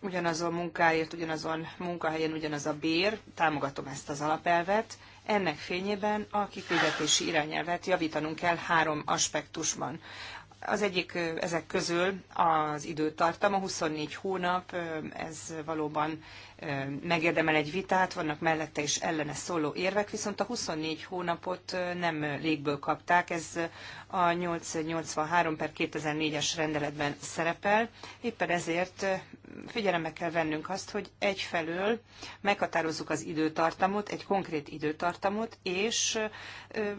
ugyanazon munkáért, ugyanazon munkahelyen ugyanaz a bér, támogatom ezt az alapelvet, ennek fényében a kiküldetési irányelvet javítanunk kell három aspektusban. Az egyik ezek közül az időtartama, 24 hónap, ez valóban megérdemel egy vitát, vannak mellette is ellene szóló érvek, viszont a 24 hónapot nem légből kapták, ez a 883 per 2004-es rendeletben szerepel, éppen ezért figyelembe kell vennünk azt, hogy egyfelől meghatározzuk az időtartamot, egy konkrét időtartamot, és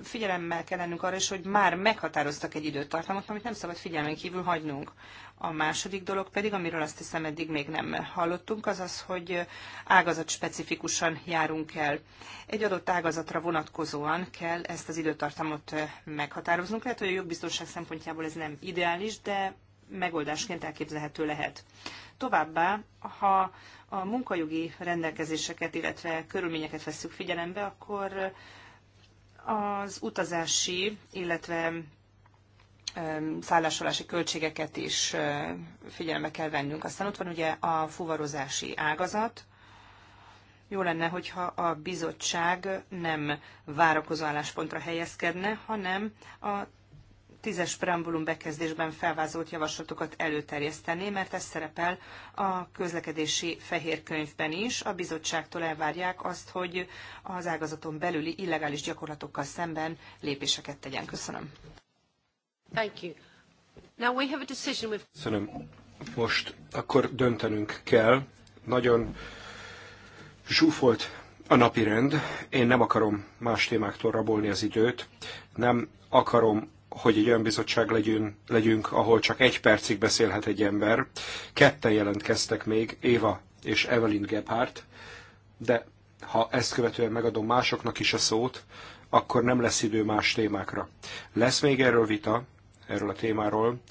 figyelemmel kell lennünk arra is, hogy már meghatároztak egy időtartamot, amit nem szabad figyelmen kívül hagynunk. A második dolog pedig, amiről azt hiszem eddig még nem hallottunk, az az, hogy ágazat specifikusan járunk el. Egy adott ágazatra vonatkozóan kell ezt az időtartamot meghatároznunk. Lehet, hogy a jogbiztonság szempontjából ez nem ideális, de megoldásként elképzelhető lehet. Továbbá, ha a munkajogi rendelkezéseket, illetve körülményeket veszük figyelembe, akkor az utazási, illetve szállásolási költségeket is figyelembe kell vennünk. Aztán ott van ugye a fuvarozási ágazat. Jó lenne, hogyha a bizottság nem várakozó álláspontra helyezkedne, hanem a tízes preambulum bekezdésben felvázolt javaslatokat előterjeszteni, mert ez szerepel a közlekedési fehér könyvben is. A bizottságtól elvárják azt, hogy az ágazaton belüli illegális gyakorlatokkal szemben lépéseket tegyen. Köszönöm. Thank you. Now we have a decision with... Köszönöm. Most akkor döntenünk kell. Nagyon zsúfolt a napi rend. Én nem akarom más témáktól rabolni az időt. Nem akarom hogy egy olyan bizottság legyünk, legyünk, ahol csak egy percig beszélhet egy ember. Ketten jelentkeztek még, Éva és Evelyn Gebhardt, de ha ezt követően megadom másoknak is a szót, akkor nem lesz idő más témákra. Lesz még erről vita, erről a témáról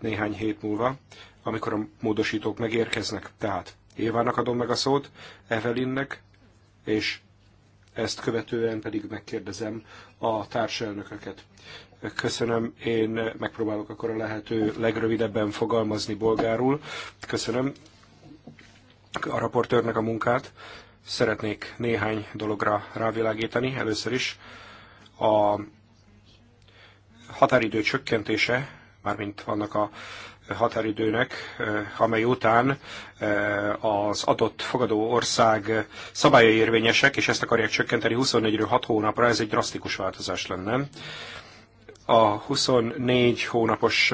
néhány hét múlva, amikor a módosítók megérkeznek. Tehát Évának adom meg a szót, Evelynnek, és ezt követően pedig megkérdezem a társelnököket. Köszönöm, én megpróbálok akkor a lehető legrövidebben fogalmazni bolgárul. Köszönöm a raportőrnek a munkát. Szeretnék néhány dologra rávilágítani. Először is a határidő csökkentése, mármint annak a határidőnek, amely után eh, az adott fogadó ország szabályai érvényesek, és ezt akarják csökkenteni 24 6 hónapra, ez egy drasztikus változás lenne a 24 hónapos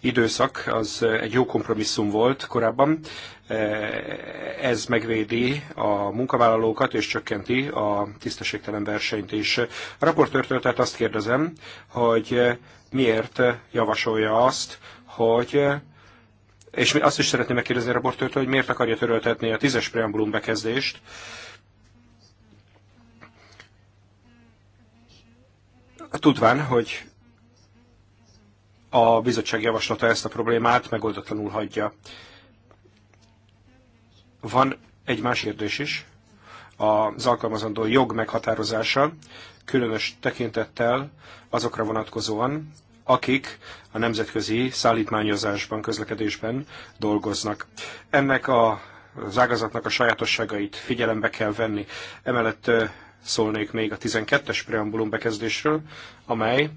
időszak az egy jó kompromisszum volt korábban. Ez megvédi a munkavállalókat és csökkenti a tisztességtelen versenyt is. A raportőrtől tehát azt kérdezem, hogy miért javasolja azt, hogy és azt is szeretném megkérdezni a raportőrtől, hogy miért akarja töröltetni a tízes preambulum bekezdést, tudván, hogy a bizottság javaslata ezt a problémát megoldatlanul hagyja. Van egy más kérdés is, az alkalmazandó jog meghatározása, különös tekintettel azokra vonatkozóan, akik a nemzetközi szállítmányozásban, közlekedésben dolgoznak. Ennek a, az ágazatnak a sajátosságait figyelembe kell venni. Emellett szólnék még a 12-es preambulum bekezdésről, amely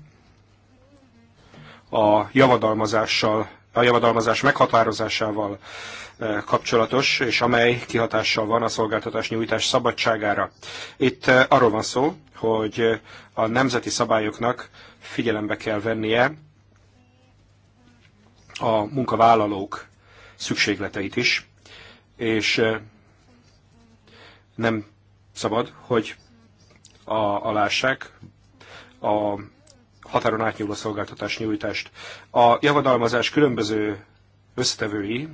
a javadalmazással, a javadalmazás meghatározásával eh, kapcsolatos, és amely kihatással van a szolgáltatás nyújtás szabadságára. Itt eh, arról van szó, hogy a nemzeti szabályoknak figyelembe kell vennie a munkavállalók szükségleteit is, és eh, nem szabad, hogy a, alássák a határon átnyúló szolgáltatás nyújtást. A javadalmazás különböző összetevői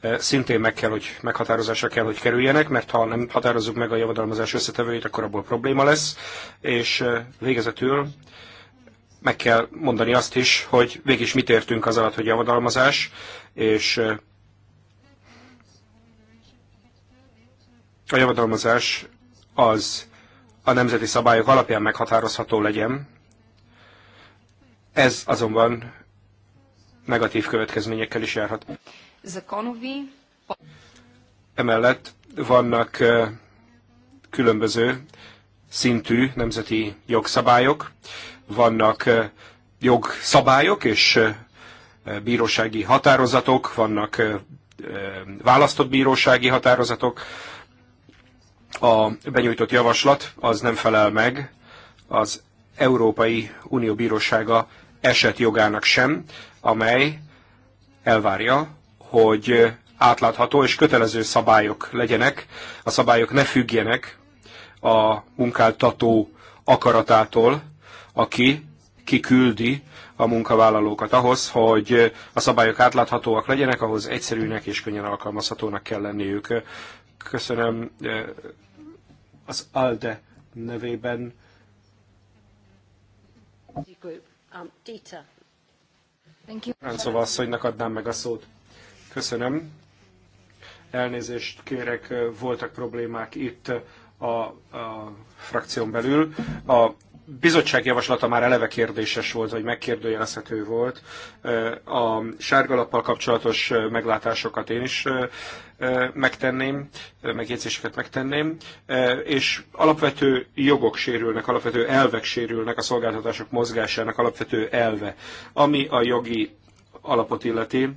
eh, szintén meg kell, hogy meghatározásra kell, hogy kerüljenek, mert ha nem határozzuk meg a javadalmazás összetevőit, akkor abból probléma lesz, és eh, végezetül meg kell mondani azt is, hogy végig is mit értünk az alatt, hogy javadalmazás, és eh, a javadalmazás az a nemzeti szabályok alapján meghatározható legyen. Ez azonban negatív következményekkel is járhat. Emellett vannak különböző szintű nemzeti jogszabályok, vannak jogszabályok és bírósági határozatok, vannak választott bírósági határozatok, a benyújtott javaslat az nem felel meg az Európai Unió Bírósága jogának sem, amely elvárja, hogy átlátható és kötelező szabályok legyenek, a szabályok ne függjenek a munkáltató akaratától, aki kiküldi a munkavállalókat ahhoz, hogy a szabályok átláthatóak legyenek, ahhoz egyszerűnek és könnyen alkalmazhatónak kell lenniük. Köszönöm, eh, az ALDE nevében. Ráncova asszonynak adnám meg a szót. Köszönöm. Elnézést kérek, voltak problémák itt a, a frakción belül. A bizottság javaslata már eleve kérdéses volt, vagy megkérdőjelezhető volt. A sárgalappal kapcsolatos meglátásokat én is megtenném, megjegyzéseket megtenném, és alapvető jogok sérülnek, alapvető elvek sérülnek a szolgáltatások mozgásának alapvető elve, ami a jogi alapot illeti.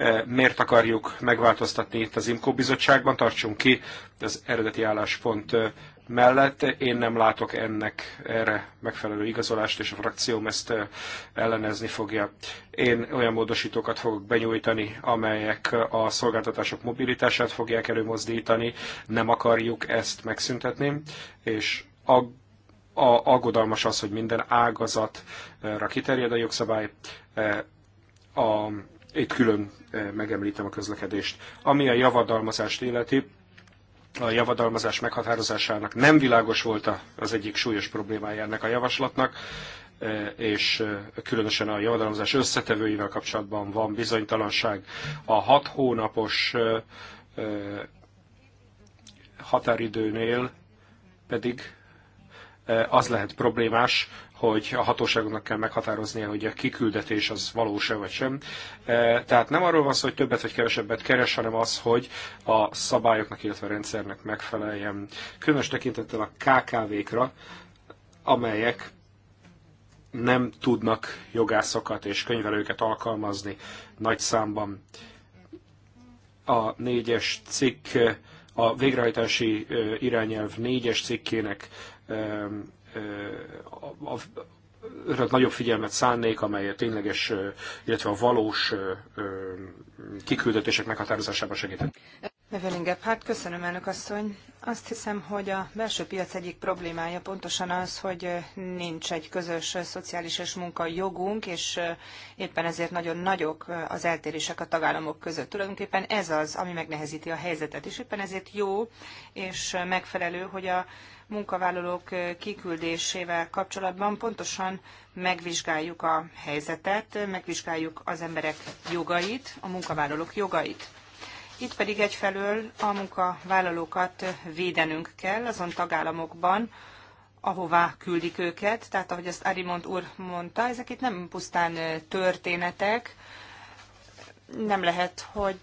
Eh, miért akarjuk megváltoztatni itt az IMCO bizottságban, tartsunk ki az eredeti álláspont eh, mellett. Én nem látok ennek erre megfelelő igazolást, és a frakcióm ezt eh, ellenezni fogja. Én olyan módosítókat fogok benyújtani, amelyek a szolgáltatások mobilitását fogják előmozdítani, nem akarjuk ezt megszüntetni, és a a, aggodalmas az, hogy minden ágazatra kiterjed a jogszabály. A itt külön eh, megemlítem a közlekedést. Ami a javadalmazást illeti, a javadalmazás meghatározásának nem világos volt az egyik súlyos problémája ennek a javaslatnak, eh, és eh, különösen a javadalmazás összetevőivel kapcsolatban van bizonytalanság. A hat hónapos határidőnél pedig az lehet problémás, hogy a hatóságoknak kell meghatároznia, hogy a kiküldetés az valós-e vagy sem. E, tehát nem arról van szó, hogy többet vagy kevesebbet keres, hanem az, hogy a szabályoknak, illetve a rendszernek megfeleljen. Különös tekintettel a KKV-kra, amelyek nem tudnak jogászokat és könyvelőket alkalmazni nagy számban. A négyes cikk, a végrehajtási e, irányelv négyes cikkének e, a, a, nagyobb figyelmet szánnék, amely a tényleges, illetve a valós kiküldetések meghatározásában segített. Evelyn hát köszönöm elnök asszony. Azt hiszem, hogy a belső piac egyik problémája pontosan az, hogy nincs egy közös szociális és munka jogunk, és éppen ezért nagyon nagyok az eltérések a tagállamok között. Tulajdonképpen ez az, ami megnehezíti a helyzetet, és éppen ezért jó és megfelelő, hogy a munkavállalók kiküldésével kapcsolatban pontosan megvizsgáljuk a helyzetet, megvizsgáljuk az emberek jogait, a munkavállalók jogait. Itt pedig egyfelől a munkavállalókat védenünk kell azon tagállamokban, ahová küldik őket. Tehát ahogy azt Arimont úr mondta, ezek itt nem pusztán történetek, nem lehet, hogy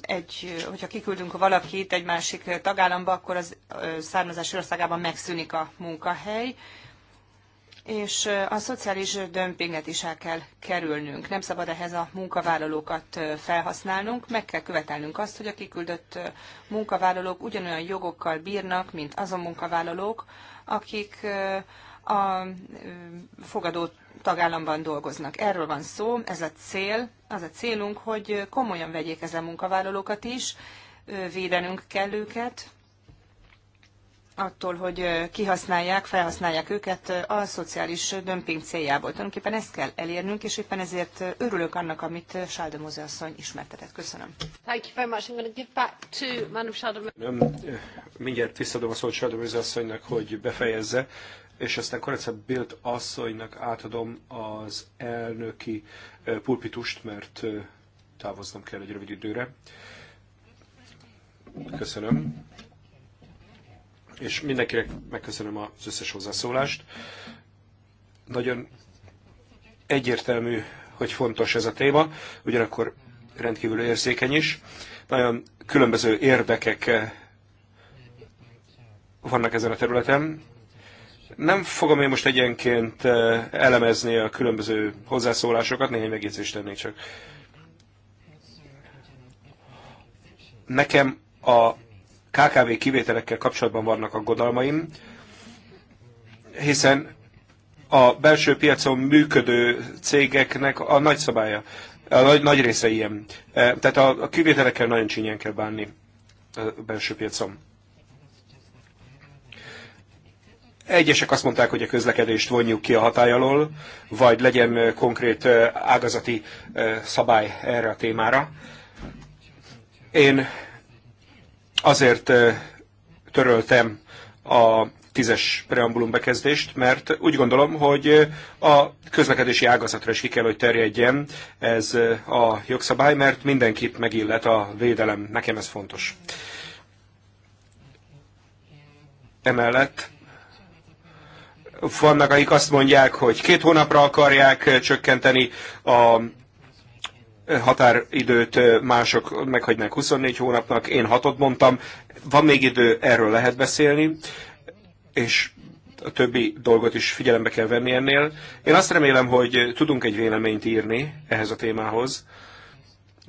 egy, hogyha kiküldünk valakit egy másik tagállamba, akkor az származási országában megszűnik a munkahely, és a szociális dömpinget is el kell kerülnünk. Nem szabad ehhez a munkavállalókat felhasználnunk, meg kell követelnünk azt, hogy a kiküldött munkavállalók ugyanolyan jogokkal bírnak, mint azon munkavállalók, akik a fogadó tagállamban dolgoznak. Erről van szó, ez a cél, az a célunk, hogy komolyan vegyék ezen munkavállalókat is, védenünk kell őket, attól, hogy kihasználják, felhasználják őket a szociális dömping céljából. Tulajdonképpen ezt kell elérnünk, és éppen ezért örülök annak, amit Sáldemóze asszony ismertetett. Köszönöm. Thank you very much. I'm going to give back to Madam Sáldemóze. Mindjárt visszadom a szót Sáldemóze asszonynak, hogy befejezze, és aztán Kareca Bild asszonynak átadom az elnöki pulpitust, mert távoznom kell egy rövid időre. Köszönöm. És mindenkinek megköszönöm az összes hozzászólást. Nagyon egyértelmű, hogy fontos ez a téma, ugyanakkor rendkívül érzékeny is. Nagyon különböző érdekek vannak ezen a területen, nem fogom én most egyenként eh, elemezni a különböző hozzászólásokat, néhány megjegyzést tennék csak. Nekem a KKV kivételekkel kapcsolatban vannak aggodalmaim, hiszen a belső piacon működő cégeknek a nagy szabálya, a nagy, nagy része ilyen. Eh, tehát a, a kivételekkel nagyon csínyen kell bánni a belső piacon. Egyesek azt mondták, hogy a közlekedést vonjuk ki a hatály alól, vagy legyen konkrét ágazati szabály erre a témára. Én azért töröltem a tízes preambulum bekezdést, mert úgy gondolom, hogy a közlekedési ágazatra is ki kell, hogy terjedjen ez a jogszabály, mert mindenkit megillet a védelem. Nekem ez fontos. Emellett vannak, akik azt mondják, hogy két hónapra akarják eh, csökkenteni a eh, határidőt, eh, mások meghagynák 24 hónapnak, én hatot mondtam, van még idő, erről lehet beszélni, és a többi dolgot is figyelembe kell venni ennél. Én azt remélem, hogy tudunk egy véleményt írni ehhez a témához.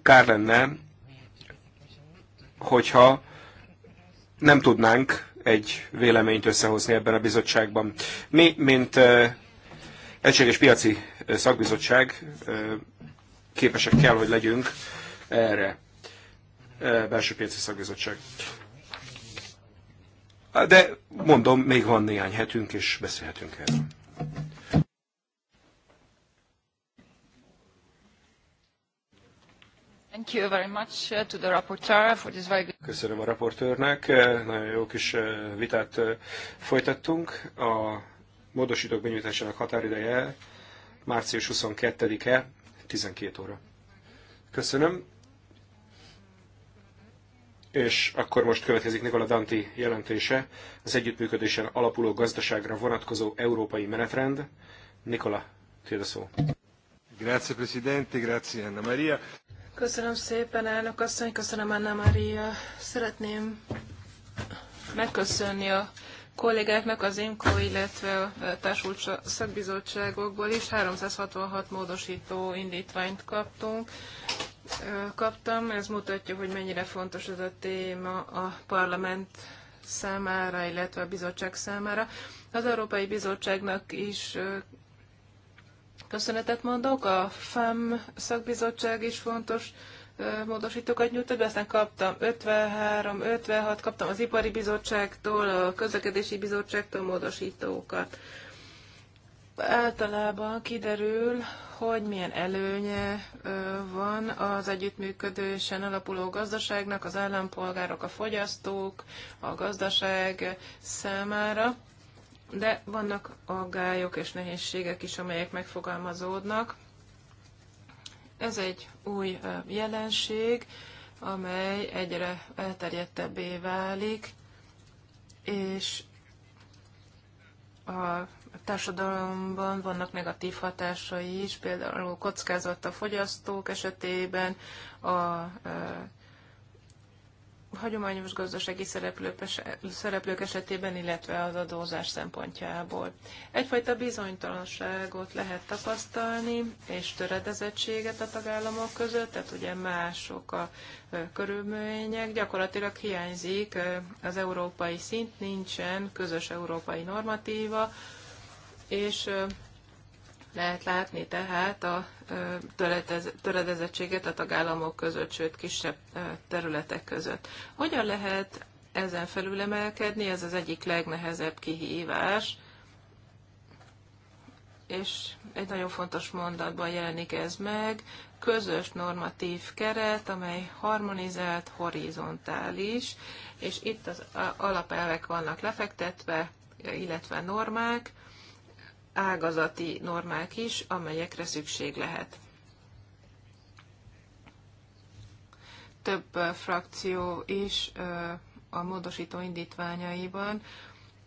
Kár lenne, hogyha nem tudnánk egy véleményt összehozni ebben a bizottságban. Mi, mint Egységes Piaci Szakbizottság képesek kell, hogy legyünk erre. Belső Piaci Szakbizottság. De mondom, még van néhány hetünk, és beszélhetünk erről. Köszönöm a raportőrnek, uh, nagyon jó kis uh, vitát uh, folytattunk. A módosítók benyújtásának határideje március 22-e, 12 óra. Köszönöm. És akkor most következik Nikola Danti jelentése, az együttműködésen alapuló gazdaságra vonatkozó európai menetrend. Nikola, tiéd a szó. Grazie Presidente, grazie Anna Maria. Köszönöm szépen, elnök asszony, köszönöm Anna Maria. Szeretném megköszönni a kollégáknak az IMCO, illetve a társult szakbizottságokból is 366 módosító indítványt kaptunk. Kaptam, ez mutatja, hogy mennyire fontos ez a téma a parlament számára, illetve a bizottság számára. Az Európai Bizottságnak is köszönetet mondok. A FEM szakbizottság is fontos módosítókat nyújtott be, aztán kaptam 53, 56, kaptam az Ipari Bizottságtól, a Közlekedési Bizottságtól módosítókat. Általában kiderül, hogy milyen előnye van az együttműködésen alapuló gazdaságnak, az állampolgárok, a fogyasztók, a gazdaság számára de vannak aggályok és nehézségek is, amelyek megfogalmazódnak. Ez egy új jelenség, amely egyre elterjedtebbé válik, és a társadalomban vannak negatív hatásai is, például kockázott a fogyasztók esetében, a hagyományos gazdasági szereplők esetében, illetve az adózás szempontjából. Egyfajta bizonytalanságot lehet tapasztalni, és töredezettséget a tagállamok között, tehát ugye mások a körülmények. Gyakorlatilag hiányzik az európai szint, nincsen közös európai normatíva, és lehet látni tehát a töredezettséget a tagállamok között, sőt kisebb területek között. Hogyan lehet ezen felül emelkedni? Ez az egyik legnehezebb kihívás, és egy nagyon fontos mondatban jelenik ez meg, közös normatív keret, amely harmonizált, horizontális, és itt az alapelvek vannak lefektetve, illetve normák, ágazati normák is, amelyekre szükség lehet. Több frakció is a módosító indítványaiban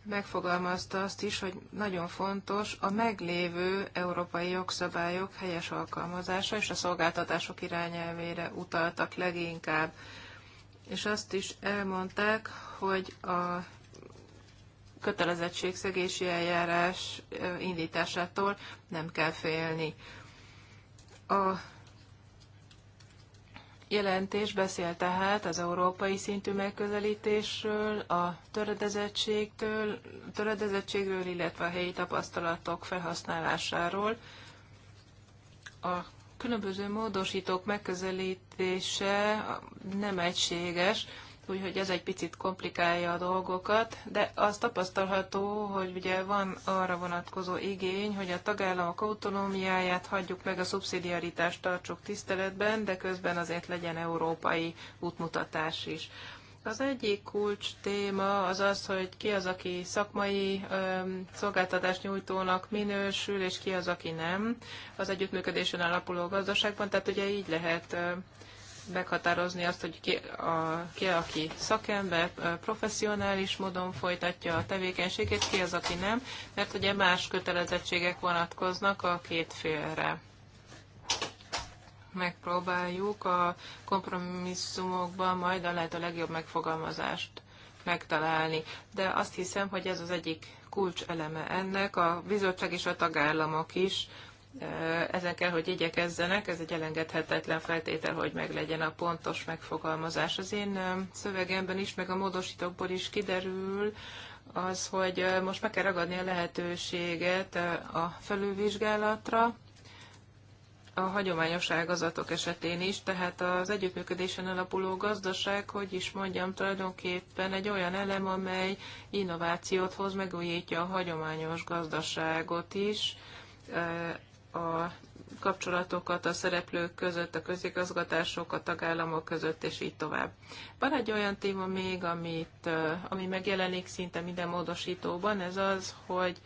megfogalmazta azt is, hogy nagyon fontos a meglévő európai jogszabályok helyes alkalmazása és a szolgáltatások irányelvére utaltak leginkább. És azt is elmondták, hogy a kötelezettségszegési eljárás indításától nem kell félni. A jelentés beszél tehát az európai szintű megközelítésről, a töredezettségtől, töredezettségről, illetve a helyi tapasztalatok felhasználásáról. A különböző módosítók megközelítése nem egységes, úgyhogy ez egy picit komplikálja a dolgokat, de az tapasztalható, hogy ugye van arra vonatkozó igény, hogy a tagállamok autonómiáját hagyjuk meg, a szubszidiaritást tartsuk tiszteletben, de közben azért legyen európai útmutatás is. Az egyik kulcs téma az az, hogy ki az, aki szakmai öm, szolgáltatást nyújtónak minősül, és ki az, aki nem az együttműködésen alapuló gazdaságban. Tehát ugye így lehet meghatározni azt, hogy ki, a, ki aki szakember, professzionális módon folytatja a tevékenységét, ki az, aki nem, mert ugye más kötelezettségek vonatkoznak a két félre. Megpróbáljuk a kompromisszumokban majd a lehető legjobb megfogalmazást megtalálni. De azt hiszem, hogy ez az egyik kulcseleme ennek, a bizottság és a tagállamok is ezen kell, hogy igyekezzenek, ez egy elengedhetetlen feltétel, hogy meglegyen a pontos megfogalmazás. Az én szövegemben is, meg a módosítókból is kiderül, az, hogy most meg kell ragadni a lehetőséget a felülvizsgálatra, a hagyományos ágazatok esetén is, tehát az együttműködésen alapuló gazdaság, hogy is mondjam, tulajdonképpen egy olyan elem, amely innovációt hoz, megújítja a hagyományos gazdaságot is, a kapcsolatokat a szereplők között, a közigazgatások, a tagállamok között, és így tovább. Van egy olyan téma még, amit, ami megjelenik szinte minden módosítóban, ez az, hogy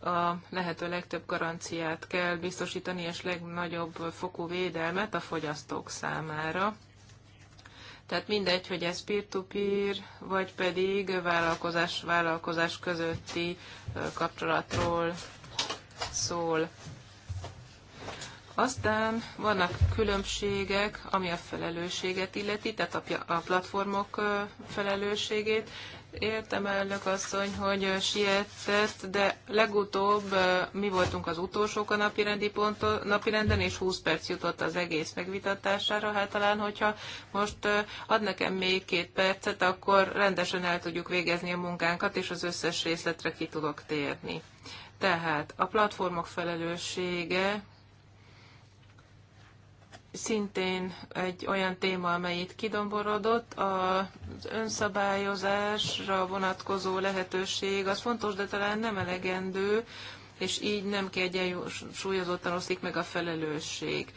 a lehető legtöbb garanciát kell biztosítani, és legnagyobb fokú védelmet a fogyasztók számára. Tehát mindegy, hogy ez peer-to-peer, -peer, vagy pedig vállalkozás-vállalkozás közötti kapcsolatról szól. Aztán vannak különbségek, ami a felelősséget illeti, tehát a platformok felelősségét. Értem, elnök asszony, hogy sietett, de legutóbb mi voltunk az utolsók a napirendi ponton, napirenden, és 20 perc jutott az egész megvitatására. Hát talán, hogyha most ad nekem még két percet, akkor rendesen el tudjuk végezni a munkánkat, és az összes részletre ki tudok térni. Tehát a platformok felelőssége szintén egy olyan téma, amely itt kidomborodott. Az önszabályozásra vonatkozó lehetőség az fontos, de talán nem elegendő, és így nem kiegyensúlyozottan oszlik meg a felelősség.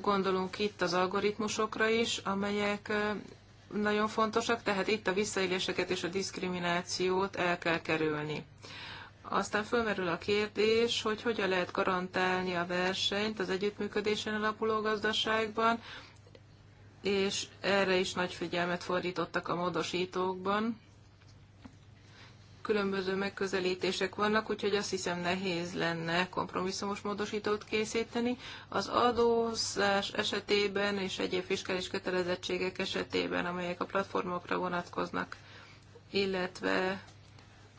Gondolunk itt az algoritmusokra is, amelyek nagyon fontosak, tehát itt a visszaéléseket és a diszkriminációt el kell kerülni. Aztán fölmerül a kérdés, hogy hogyan lehet garantálni a versenyt az együttműködésen alapuló gazdaságban, és erre is nagy figyelmet fordítottak a módosítókban. Különböző megközelítések vannak, úgyhogy azt hiszem nehéz lenne kompromisszumos módosítót készíteni. Az adózás esetében és egyéb fiskális kötelezettségek esetében, amelyek a platformokra vonatkoznak, illetve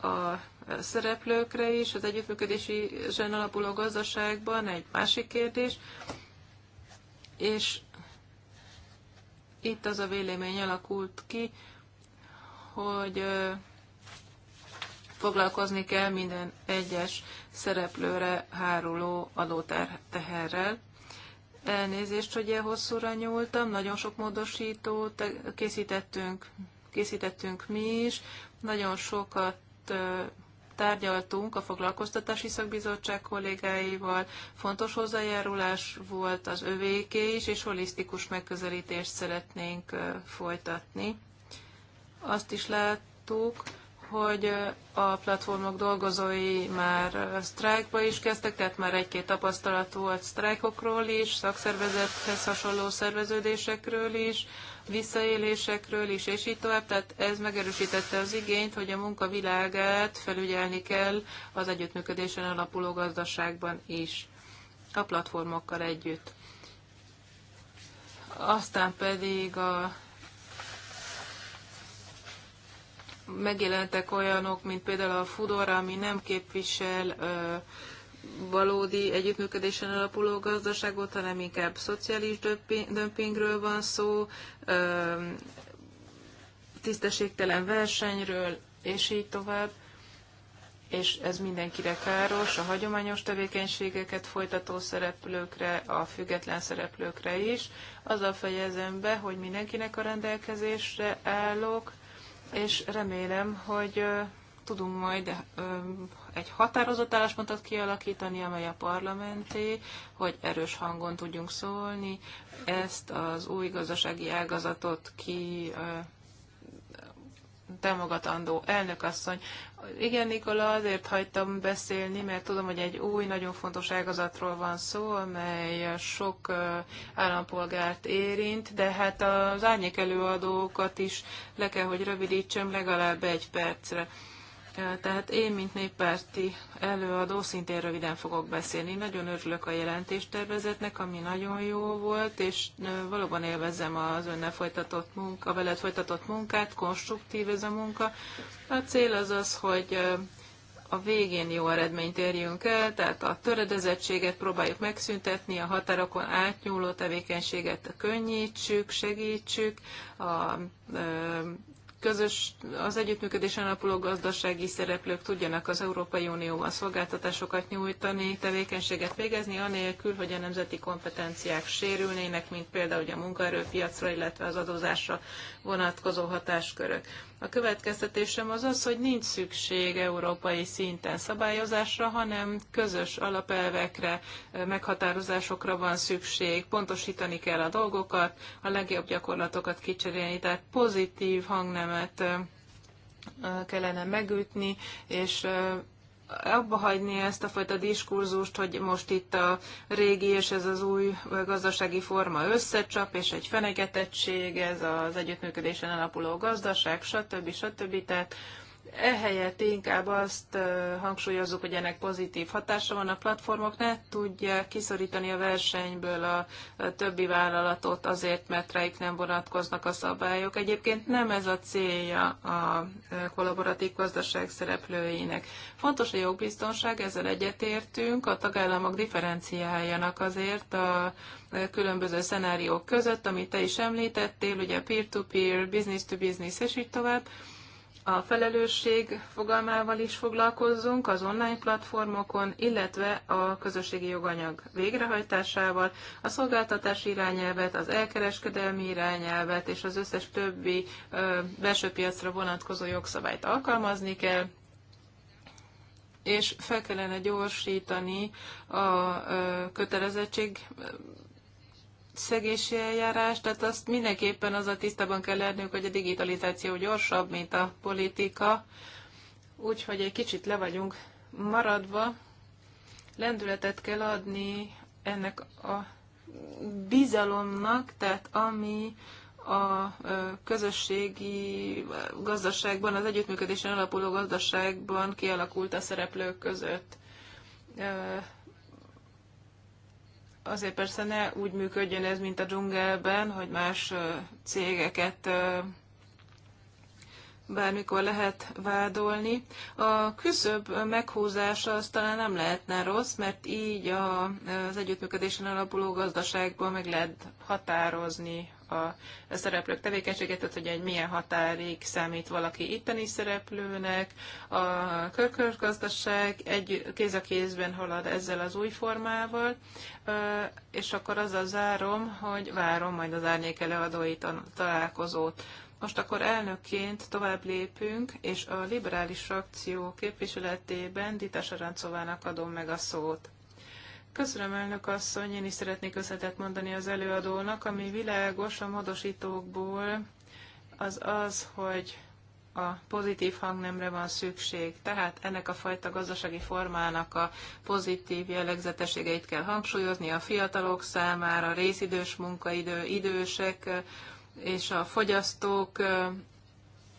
a szereplőkre is, az együttműködési zsen alapuló gazdaságban egy másik kérdés, és itt az a vélemény alakult ki, hogy foglalkozni kell minden egyes szereplőre háruló adóteherrel. Elnézést, hogy ilyen hosszúra nyúltam, nagyon sok módosítót készítettünk, készítettünk mi is, nagyon sokat tárgyaltunk a foglalkoztatási szakbizottság kollégáival, fontos hozzájárulás volt az övéké is, és holisztikus megközelítést szeretnénk folytatni. Azt is láttuk, hogy a platformok dolgozói már sztrájkba is kezdtek, tehát már egy-két tapasztalat volt sztrájkokról is, szakszervezethez hasonló szerveződésekről is, visszaélésekről is, és így tovább. Tehát ez megerősítette az igényt, hogy a munkavilágát felügyelni kell az együttműködésen alapuló gazdaságban is, a platformokkal együtt. Aztán pedig a megjelentek olyanok, mint például a Fudora, ami nem képvisel uh, valódi együttműködésen alapuló gazdaságot, hanem inkább szociális dömpingről van szó, tisztességtelen versenyről, és így tovább. És ez mindenkire káros, a hagyományos tevékenységeket folytató szereplőkre, a független szereplőkre is. Azzal fejezem be, hogy mindenkinek a rendelkezésre állok, és remélem, hogy tudunk majd egy határozott álláspontot kialakítani, amely a parlamenté, hogy erős hangon tudjunk szólni, ezt az új gazdasági ágazatot ki támogatandó elnökasszony. Igen, Nikola, azért hagytam beszélni, mert tudom, hogy egy új, nagyon fontos ágazatról van szó, amely sok állampolgárt érint, de hát az árnyék előadókat is le kell, hogy rövidítsem legalább egy percre. Tehát én, mint néppárti előadó, szintén röviden fogok beszélni. Nagyon örülök a jelentéstervezetnek, ami nagyon jó volt, és valóban élvezem az önnel folytatott munka, veled folytatott munkát, konstruktív ez a munka. A cél az az, hogy a végén jó eredményt érjünk el, tehát a töredezettséget próbáljuk megszüntetni, a határokon átnyúló tevékenységet könnyítsük, segítsük, a közös, az együttműködésen alapuló gazdasági szereplők tudjanak az Európai Unióban szolgáltatásokat nyújtani, tevékenységet végezni, anélkül, hogy a nemzeti kompetenciák sérülnének, mint például a munkaerőpiacra, illetve az adózásra vonatkozó hatáskörök. A következtetésem az az, hogy nincs szükség európai szinten szabályozásra, hanem közös alapelvekre, meghatározásokra van szükség, pontosítani kell a dolgokat, a legjobb gyakorlatokat kicserélni, tehát pozitív hangnemet kellene megütni, és abba hagyni ezt a fajta diskurzust, hogy most itt a régi és ez az új gazdasági forma összecsap, és egy fenegetettség, ez az együttműködésen alapuló gazdaság, stb. stb. stb. Tehát ehelyett inkább azt hangsúlyozzuk, hogy ennek pozitív hatása van a platformok, ne tudják kiszorítani a versenyből a többi vállalatot azért, mert rájuk nem vonatkoznak a szabályok. Egyébként nem ez a célja a kollaboratív gazdaság szereplőinek. Fontos a jogbiztonság, ezzel egyetértünk, a tagállamok differenciáljanak azért a különböző szenáriók között, amit te is említettél, ugye peer-to-peer, business-to-business és így tovább a felelősség fogalmával is foglalkozzunk az online platformokon, illetve a közösségi joganyag végrehajtásával, a szolgáltatás irányelvet, az elkereskedelmi irányelvet és az összes többi ö, belső piacra vonatkozó jogszabályt alkalmazni kell, és fel kellene gyorsítani a kötelezettség szegési eljárás, tehát azt mindenképpen az a tisztában kell lennünk, hogy a digitalizáció gyorsabb, mint a politika, úgyhogy egy kicsit le vagyunk maradva. Lendületet kell adni ennek a bizalomnak, tehát ami a közösségi gazdaságban, az együttműködésen alapuló gazdaságban kialakult a szereplők között azért persze ne úgy működjön ez, mint a dzsungelben, hogy más cégeket bármikor lehet vádolni. A küszöbb meghúzása az talán nem lehetne rossz, mert így az együttműködésen alapuló gazdaságban meg lehet határozni, a szereplők tevékenységét, tehát hogy egy milyen határig számít valaki itteni szereplőnek. A körkörgazdaság egy kéz a kézben halad ezzel az új formával, és akkor a zárom, hogy várom majd az árnyék a találkozót. Most akkor elnökként tovább lépünk, és a liberális frakció képviseletében Dita Sarancovának adom meg a szót. Köszönöm, elnök asszony, én is szeretnék összetett mondani az előadónak, ami világos a módosítókból, az az, hogy a pozitív hangnemre van szükség. Tehát ennek a fajta gazdasági formának a pozitív jellegzetességeit kell hangsúlyozni a fiatalok számára, részidős munkaidő, idősek és a fogyasztók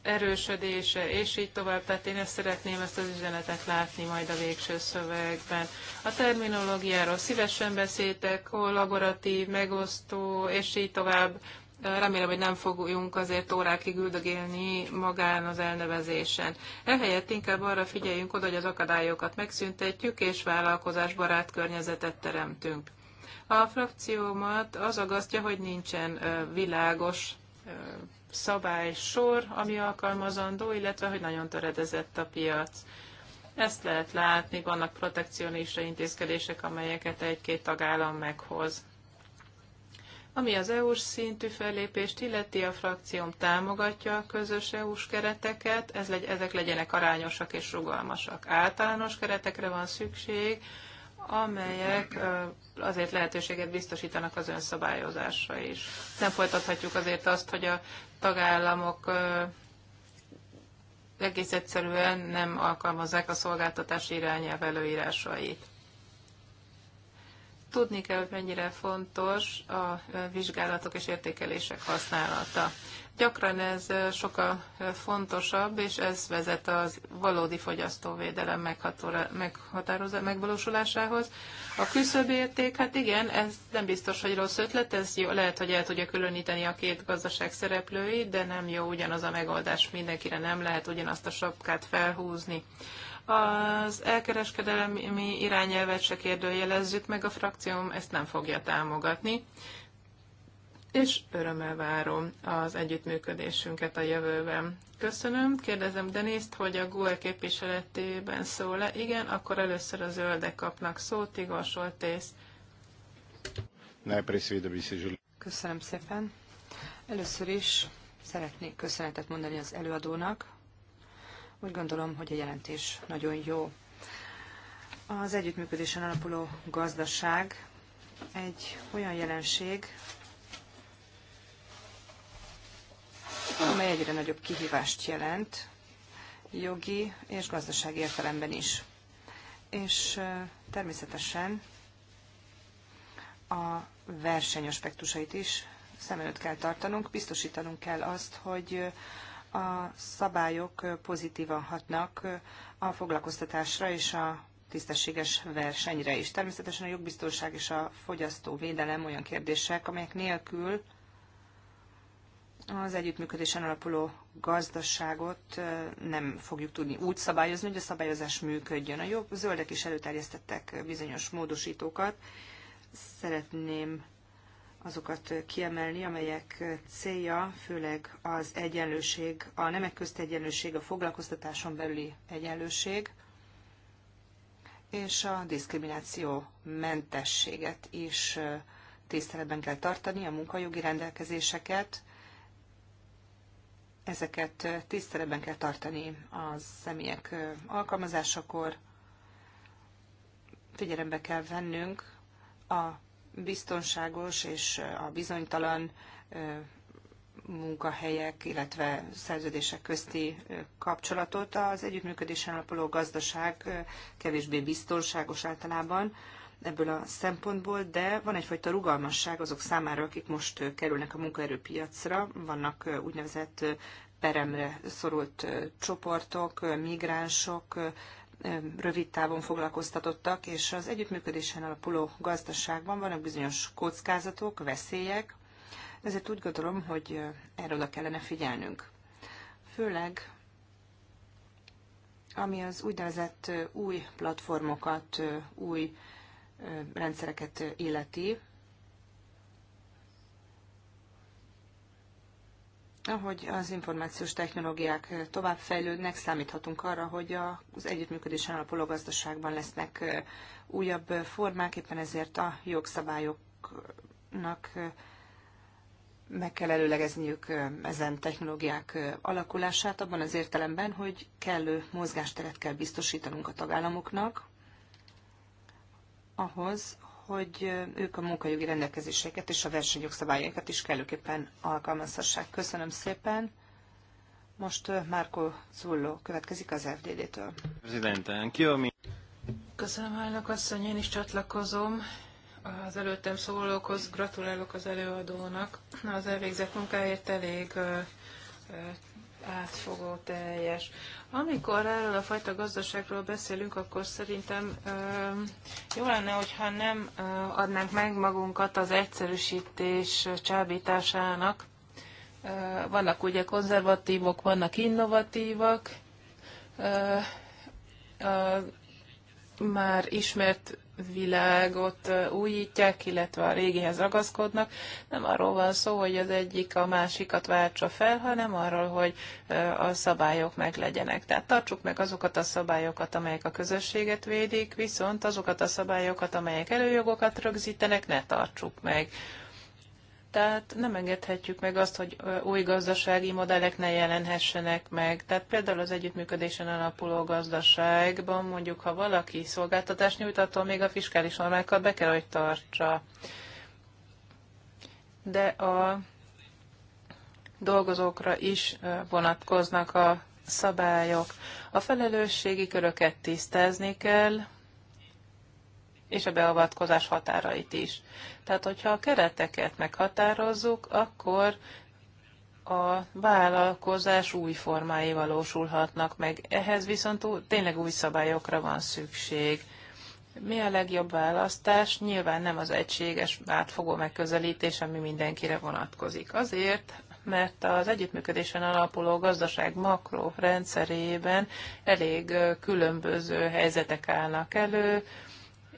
erősödése, és így tovább. Tehát én ezt szeretném, ezt az üzenetet látni majd a végső szövegben. A terminológiáról szívesen beszéltek, kollaboratív, megosztó, és így tovább. Remélem, hogy nem fogjunk azért órákig üldögélni magán az elnevezésen. Ehelyett inkább arra figyeljünk oda, hogy az akadályokat megszüntetjük, és vállalkozásbarát környezetet teremtünk. A frakciómat az agasztja, hogy nincsen világos szabálysor, ami alkalmazandó, illetve hogy nagyon töredezett a piac. Ezt lehet látni, vannak protekcionista intézkedések, amelyeket egy-két tagállam meghoz. Ami az EU-s szintű fellépést illeti, a frakcióm támogatja a közös EU-s kereteket, ez legy, ezek legyenek arányosak és rugalmasak. Általános keretekre van szükség, amelyek azért lehetőséget biztosítanak az önszabályozásra is. Nem folytathatjuk azért azt, hogy a tagállamok egész egyszerűen nem alkalmazzák a szolgáltatás irányelv előírásait. Tudni kell, hogy mennyire fontos a vizsgálatok és értékelések használata. Gyakran ez sokkal fontosabb, és ez vezet az valódi fogyasztóvédelem megvalósulásához. A érték, hát igen, ez nem biztos, hogy rossz ötlet, ez jó, lehet, hogy el tudja különíteni a két gazdaság szereplőit, de nem jó ugyanaz a megoldás mindenkire, nem lehet ugyanazt a sapkát felhúzni. Az elkereskedelmi irányelvet se kérdőjelezzük meg, a frakcióm ezt nem fogja támogatni, és örömmel várom az együttműködésünket a jövőben. Köszönöm, kérdezem Denészt, hogy a GUE képviseletében szól-e. Igen, akkor először a zöldek kapnak szót, Igor Soltész. Köszönöm szépen. Először is szeretnék köszönetet mondani az előadónak úgy gondolom, hogy a jelentés nagyon jó. Az együttműködésen alapuló gazdaság egy olyan jelenség, amely egyre nagyobb kihívást jelent, jogi és gazdasági értelemben is. És természetesen a verseny aspektusait is szem előtt kell tartanunk, biztosítanunk kell azt, hogy a szabályok pozitívan hatnak a foglalkoztatásra és a tisztességes versenyre is. Természetesen a jogbiztonság és a fogyasztóvédelem olyan kérdések, amelyek nélkül az együttműködésen alapuló gazdaságot nem fogjuk tudni úgy szabályozni, hogy a szabályozás működjön. A jobb zöldek is előterjesztettek bizonyos módosítókat. Szeretném azokat kiemelni, amelyek célja főleg az egyenlőség, a nemek közti egyenlőség, a foglalkoztatáson belüli egyenlőség, és a diszkrimináció mentességet is tiszteletben kell tartani, a munkajogi rendelkezéseket, ezeket tiszteletben kell tartani a személyek alkalmazásakor, figyelembe kell vennünk a biztonságos és a bizonytalan munkahelyek, illetve szerződések közti kapcsolatot. Az együttműködésen alapuló gazdaság kevésbé biztonságos általában ebből a szempontból, de van egyfajta rugalmasság azok számára, akik most kerülnek a munkaerőpiacra, vannak úgynevezett peremre szorult csoportok, migránsok, rövid távon foglalkoztatottak, és az együttműködésen alapuló gazdaságban vannak bizonyos kockázatok, veszélyek, ezért úgy gondolom, hogy erre oda kellene figyelnünk. Főleg, ami az úgynevezett új platformokat, új rendszereket illeti, ahogy az információs technológiák továbbfejlődnek, számíthatunk arra, hogy az együttműködésen alapuló gazdaságban lesznek újabb formák, éppen ezért a jogszabályoknak meg kell előlegezniük ezen technológiák alakulását abban az értelemben, hogy kellő mozgásteret kell biztosítanunk a tagállamoknak ahhoz, hogy ők a munkajogi rendelkezéseket és a versenyjogszabályokat is kellőképpen alkalmazhassák. Köszönöm szépen. Most Márko Zulló következik az FDD-től. Köszönöm, elnök asszony, én is csatlakozom az előttem szólókhoz, gratulálok az előadónak. Az elvégzett munkáért elég átfogó, teljes. Amikor erről a fajta gazdaságról beszélünk, akkor szerintem ö, jó lenne, hogyha nem ö, adnánk meg magunkat az egyszerűsítés csábításának. Ö, vannak ugye konzervatívok, vannak innovatívak. Ö, ö, már ismert világot újítják, illetve a régihez ragaszkodnak. Nem arról van szó, hogy az egyik a másikat váltsa fel, hanem arról, hogy a szabályok meg legyenek. Tehát tartsuk meg azokat a szabályokat, amelyek a közösséget védik, viszont azokat a szabályokat, amelyek előjogokat rögzítenek, ne tartsuk meg. Tehát nem engedhetjük meg azt, hogy új gazdasági modellek ne jelenhessenek meg. Tehát például az együttműködésen alapuló gazdaságban mondjuk, ha valaki szolgáltatást nyújt, attól még a fiskális normákat be kell, hogy tartsa. De a dolgozókra is vonatkoznak a szabályok. A felelősségi köröket tisztázni kell, és a beavatkozás határait is. Tehát, hogyha a kereteket meghatározzuk, akkor a vállalkozás új formái valósulhatnak meg. Ehhez viszont tényleg új szabályokra van szükség. Mi a legjobb választás? Nyilván nem az egységes, átfogó megközelítés, ami mindenkire vonatkozik. Azért, mert az együttműködésen alapuló gazdaság makro rendszerében elég különböző helyzetek állnak elő,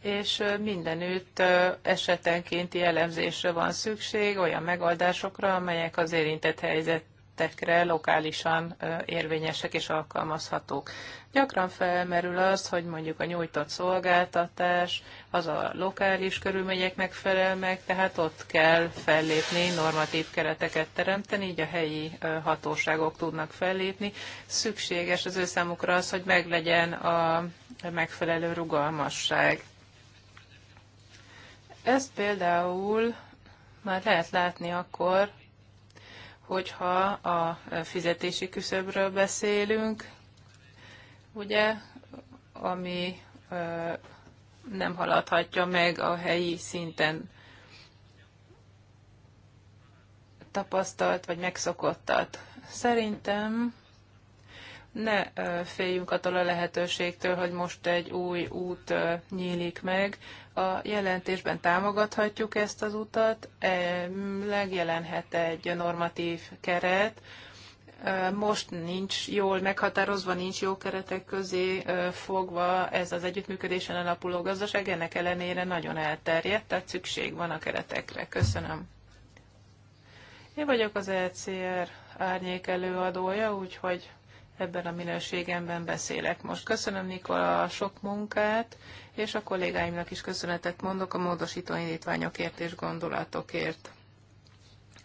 és mindenütt esetenkénti elemzésre van szükség, olyan megoldásokra, amelyek az érintett helyzetekre lokálisan érvényesek és alkalmazhatók. Gyakran felmerül az, hogy mondjuk a nyújtott szolgáltatás az a lokális körülmények megfelel meg, tehát ott kell fellépni, normatív kereteket teremteni, így a helyi hatóságok tudnak fellépni. Szükséges az ő számukra az, hogy meglegyen a megfelelő rugalmasság ezt például már lehet látni akkor, hogyha a fizetési küszöbről beszélünk, ugye, ami nem haladhatja meg a helyi szinten tapasztalt vagy megszokottat. Szerintem ne féljünk attól a lehetőségtől, hogy most egy új út nyílik meg, a jelentésben támogathatjuk ezt az utat, legjelenhet e, egy normatív keret, e, most nincs jól meghatározva, nincs jó keretek közé e, fogva ez az együttműködésen alapuló gazdaság, ennek ellenére nagyon elterjedt, tehát szükség van a keretekre. Köszönöm. Én vagyok az ECR árnyék előadója, úgyhogy ebben a minőségemben beszélek most. Köszönöm Nikola a sok munkát, és a kollégáimnak is köszönetet mondok a módosító indítványokért és gondolatokért.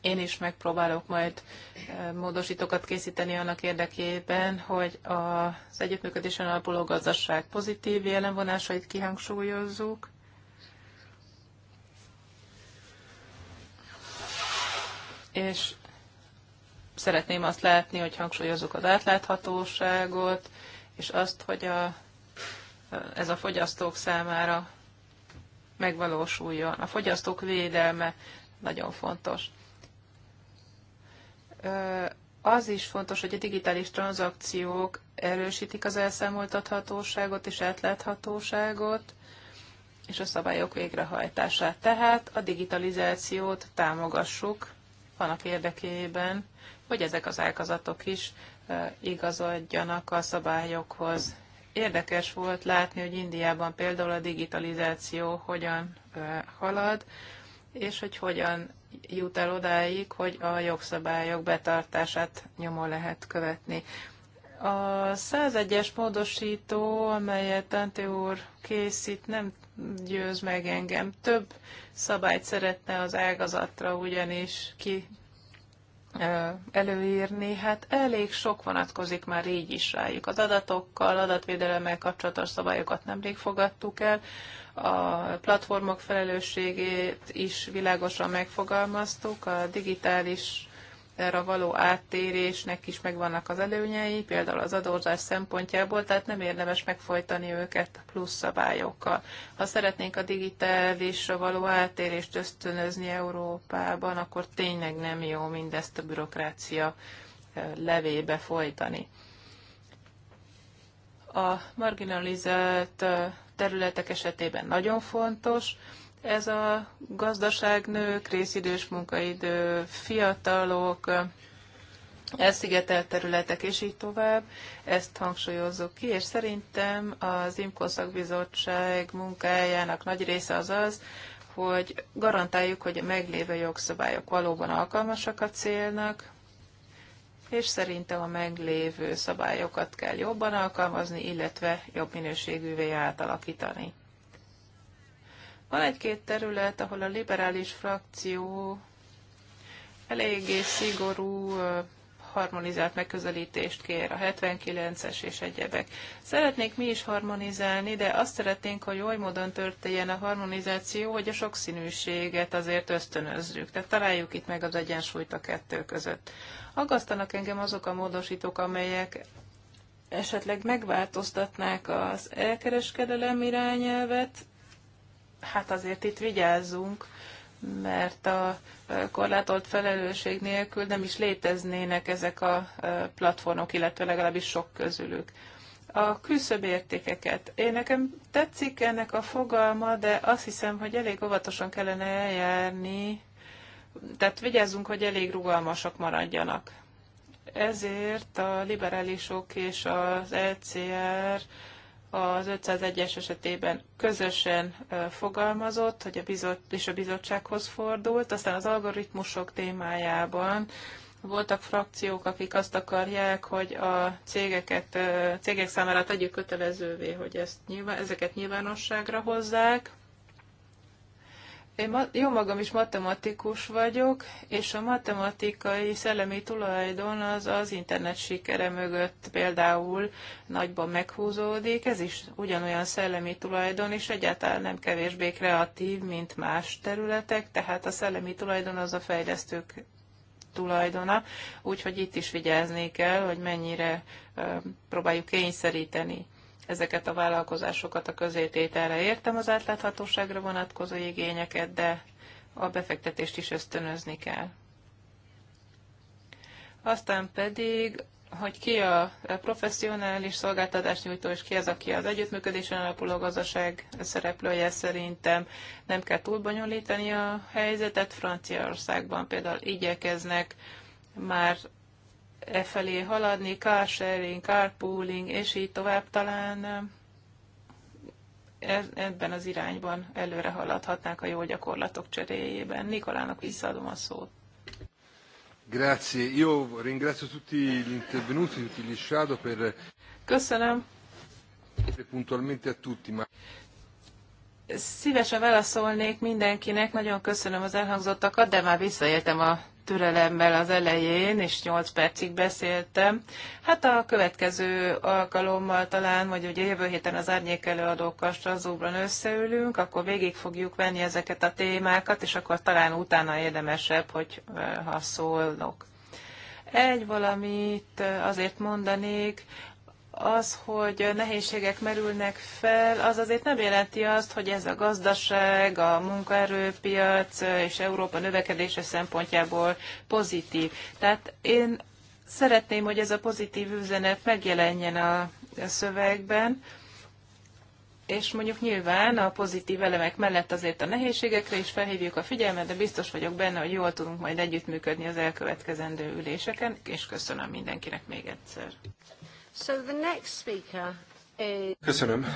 Én is megpróbálok majd e, módosítókat készíteni annak érdekében, hogy az együttműködésen alapuló gazdaság pozitív jelenvonásait kihangsúlyozzuk, és szeretném azt látni, hogy hangsúlyozzuk az átláthatóságot, és azt, hogy a ez a fogyasztók számára megvalósuljon. A fogyasztók védelme nagyon fontos. Az is fontos, hogy a digitális tranzakciók erősítik az elszámoltathatóságot és átláthatóságot, és a szabályok végrehajtását. Tehát a digitalizációt támogassuk annak érdekében, hogy ezek az ágazatok is igazodjanak a szabályokhoz érdekes volt látni, hogy Indiában például a digitalizáció hogyan halad, és hogy hogyan jut el odáig, hogy a jogszabályok betartását nyomon lehet követni. A 101-es módosító, amelyet Tante úr készít, nem győz meg engem. Több szabályt szeretne az ágazatra ugyanis ki előírni, hát elég sok vonatkozik már így is rájuk. Az adatokkal, adatvédelemmel kapcsolatos szabályokat nemrég fogadtuk el, a platformok felelősségét is világosan megfogalmaztuk, a digitális erre való áttérésnek is megvannak az előnyei, például az adózás szempontjából, tehát nem érdemes megfojtani őket plusz szabályokkal. Ha szeretnénk a digitálisra való áttérést ösztönözni Európában, akkor tényleg nem jó mindezt a bürokrácia eh, levébe folytani. A marginalizált eh, területek esetében nagyon fontos, ez a gazdaságnők, részidős munkaidő, fiatalok, elszigetelt területek, és így tovább. Ezt hangsúlyozzuk ki, és szerintem az IMKO szakbizottság munkájának nagy része az az, hogy garantáljuk, hogy a meglévő jogszabályok valóban alkalmasak a célnak, és szerintem a meglévő szabályokat kell jobban alkalmazni, illetve jobb minőségűvé átalakítani. Van egy-két terület, ahol a liberális frakció eléggé szigorú harmonizált megközelítést kér, a 79-es és egyebek. Szeretnék mi is harmonizálni, de azt szeretnénk, hogy oly módon történjen a harmonizáció, hogy a sokszínűséget azért ösztönözzük. Tehát találjuk itt meg az egyensúlyt a kettő között. Aggasztanak engem azok a módosítók, amelyek esetleg megváltoztatnák az elkereskedelem irányelvet, hát azért itt vigyázzunk, mert a korlátolt felelősség nélkül nem is léteznének ezek a platformok, illetve legalábbis sok közülük. A értékeket. Én nekem tetszik ennek a fogalma, de azt hiszem, hogy elég óvatosan kellene eljárni, tehát vigyázzunk, hogy elég rugalmasak maradjanak. Ezért a liberálisok és az LCR e az 501-es esetében közösen fogalmazott, hogy a bizot, és a bizottsághoz fordult, aztán az algoritmusok témájában voltak frakciók, akik azt akarják, hogy a cégeket, cégek számára tegyük kötelezővé, hogy ezt nyilván, ezeket nyilvánosságra hozzák, én ma, jó magam is matematikus vagyok, és a matematikai szellemi tulajdon az az internet sikere mögött például nagyban meghúzódik. Ez is ugyanolyan szellemi tulajdon, és egyáltalán nem kevésbé kreatív, mint más területek, tehát a szellemi tulajdon az a fejlesztők tulajdona, úgyhogy itt is vigyázni kell, hogy mennyire ö, próbáljuk kényszeríteni ezeket a vállalkozásokat a közétételre. Értem az átláthatóságra vonatkozó igényeket, de a befektetést is ösztönözni kell. Aztán pedig, hogy ki a professzionális szolgáltatásnyújtó, és ki az, aki az együttműködésen alapuló gazdaság szereplője szerintem nem kell túl bonyolítani a helyzetet. Franciaországban például igyekeznek már e felé haladni, carsharing, carpooling, és így tovább talán eh, ebben az irányban előre haladhatnák a jó gyakorlatok cseréjében. Nikolának visszaadom a szót. Grazie. Io ringrazio tutti gli intervenuti, tutti gli shadow per... Köszönöm. Puntualmente a tutti, ma... Szívesen válaszolnék mindenkinek, nagyon köszönöm az elhangzottakat, de már visszaéltem a türelemmel az elején, és 8 percig beszéltem. Hát a következő alkalommal talán, vagy ugye jövő héten az árnyék előadókkal Strasbourgban összeülünk, akkor végig fogjuk venni ezeket a témákat, és akkor talán utána érdemesebb, hogy ha szólnok. Egy valamit azért mondanék, az, hogy nehézségek merülnek fel, az azért nem jelenti azt, hogy ez a gazdaság, a munkaerőpiac és Európa növekedése szempontjából pozitív. Tehát én szeretném, hogy ez a pozitív üzenet megjelenjen a szövegben, és mondjuk nyilván a pozitív elemek mellett azért a nehézségekre is felhívjuk a figyelmet, de biztos vagyok benne, hogy jól tudunk majd együttműködni az elkövetkezendő üléseken, és köszönöm mindenkinek még egyszer. So the next speaker is... Köszönöm.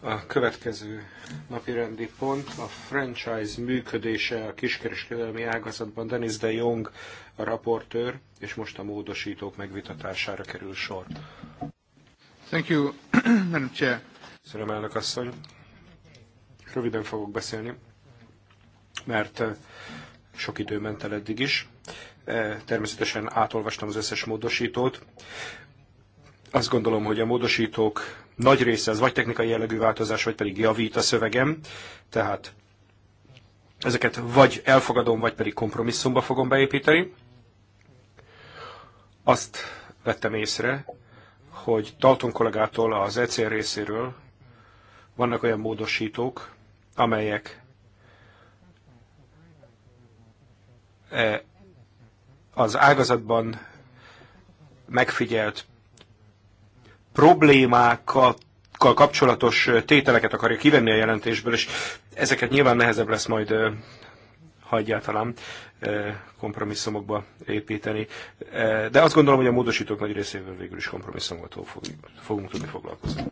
A következő napi rendi pont a franchise működése a kiskereskedelmi ágazatban. Denis de Jong a raportőr, és most a módosítók megvitatására kerül sor. Thank you, Madam Chair. Köszönöm, elnök asszony. Röviden fogok beszélni, mert eh, sok idő ment el eddig is. Eh, természetesen átolvastam az összes módosítót. Azt gondolom, hogy a módosítók nagy része az vagy technikai jellegű változás, vagy pedig javít a szövegem, tehát ezeket vagy elfogadom, vagy pedig kompromisszumba fogom beépíteni. Azt vettem észre, hogy Dalton kollégától az ECR részéről vannak olyan módosítók, amelyek eh, az ágazatban megfigyelt Problémákkal kapcsolatos tételeket akarja kivenni a jelentésből, és ezeket nyilván nehezebb lesz majd, ha egyáltalán kompromisszumokba építeni. De azt gondolom, hogy a módosítók nagy részével végül is kompromisszumoktól fogunk tudni foglalkozni.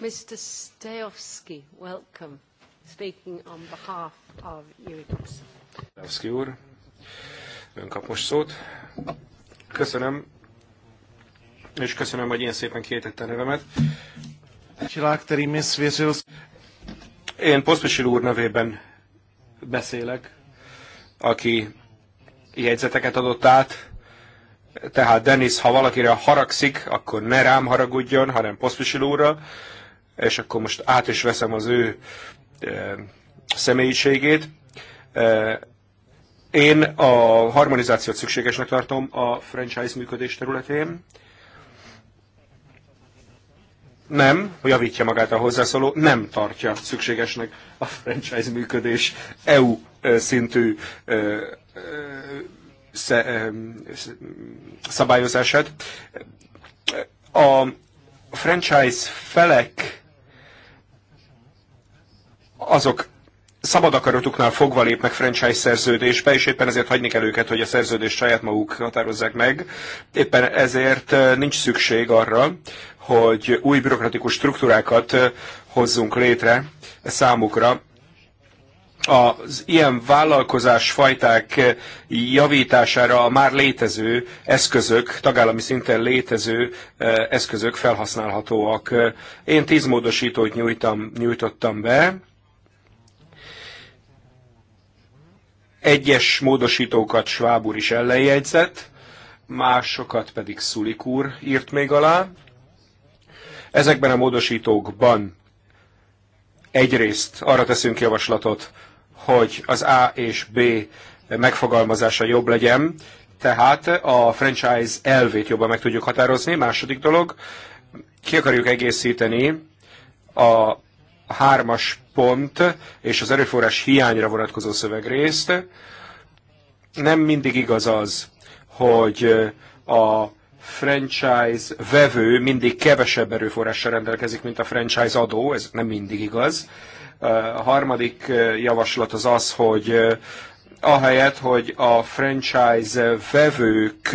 Mr. Stejovski, welcome, speaking on behalf of Eurogroup. Stejovski úr, ön kap most szót. Köszönöm, és köszönöm, hogy ilyen szépen kiejtette a nevemet. Én Poszpesil úr nevében beszélek, aki jegyzeteket adott át. Tehát Denis, ha valakire haragszik, akkor ne rám haragudjon, hanem Poszpesil úrra, és akkor most át is veszem az ő e, személyiségét. E, én a harmonizációt szükségesnek tartom a franchise működés területén. Nem, javítja magát a hozzászóló, nem tartja szükségesnek a franchise működés EU szintű szabályozását. A franchise felek azok szabad akaratuknál fogva lépnek franchise szerződésbe, és éppen ezért hagyni kell őket, hogy a szerződést saját maguk határozzák meg. Éppen ezért nincs szükség arra, hogy új bürokratikus struktúrákat hozzunk létre számukra. Az ilyen vállalkozás fajták javítására a már létező eszközök, tagállami szinten létező eszközök felhasználhatóak. Én tíz módosítót nyújtam, nyújtottam be, Egyes módosítókat Schwab úr is ellenjegyzett, másokat pedig Szulik úr írt még alá. Ezekben a módosítókban egyrészt arra teszünk javaslatot, hogy az A és B megfogalmazása jobb legyen, tehát a franchise elvét jobban meg tudjuk határozni. Második dolog, ki akarjuk egészíteni a hármas pont és az erőforrás hiányra vonatkozó szövegrészt. Nem mindig igaz az, hogy a franchise vevő mindig kevesebb erőforrással rendelkezik, mint a franchise adó, ez nem mindig igaz. A harmadik javaslat az az, hogy ahelyett, hogy a franchise vevők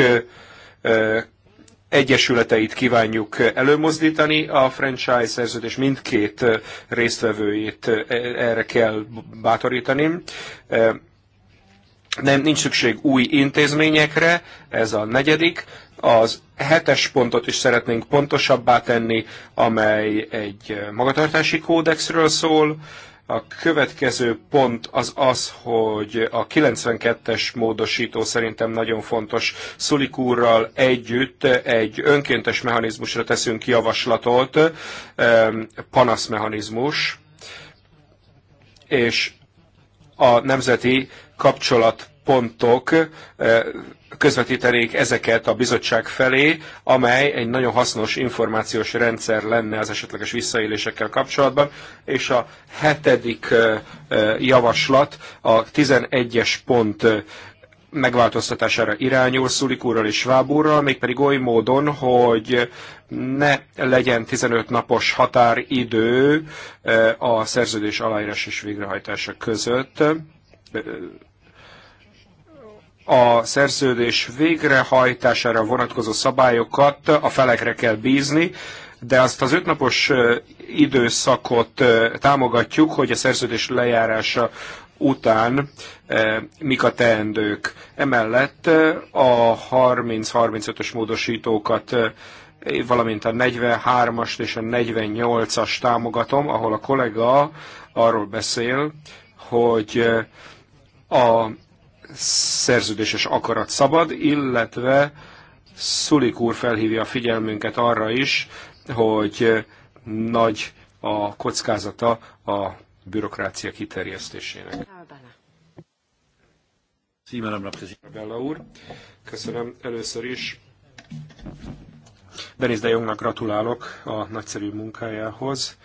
egyesületeit kívánjuk előmozdítani, a franchise szerződés mindkét résztvevőjét erre kell bátorítani. Nem, nincs szükség új intézményekre, ez a negyedik. Az hetes pontot is szeretnénk pontosabbá tenni, amely egy magatartási kódexről szól a következő pont az az, hogy a 92-es módosító szerintem nagyon fontos. Szulik úrral együtt egy önkéntes mechanizmusra teszünk javaslatot, panaszmechanizmus, és a nemzeti kapcsolat pontok eh, közvetítenék ezeket a bizottság felé, amely egy nagyon hasznos információs rendszer lenne az esetleges visszaélésekkel kapcsolatban, és a hetedik eh, eh, javaslat a 11-es pont megváltoztatására irányul Szulik úrral és Schwab úrral, mégpedig oly módon, hogy ne legyen 15 napos határidő a szerződés aláírás és végrehajtása között a szerződés végrehajtására vonatkozó szabályokat a felekre kell bízni, de azt az ötnapos időszakot támogatjuk, hogy a szerződés lejárása után mik a teendők. Emellett a 30-35-ös módosítókat valamint a 43-ast és a 48-as támogatom, ahol a kollega arról beszél, hogy a szerződéses akarat szabad, illetve Szulik úr felhívja a figyelmünket arra is, hogy nagy a kockázata a bürokrácia kiterjesztésének. Bella úr, köszönöm először is. Denis de Jongnak gratulálok a nagyszerű munkájához.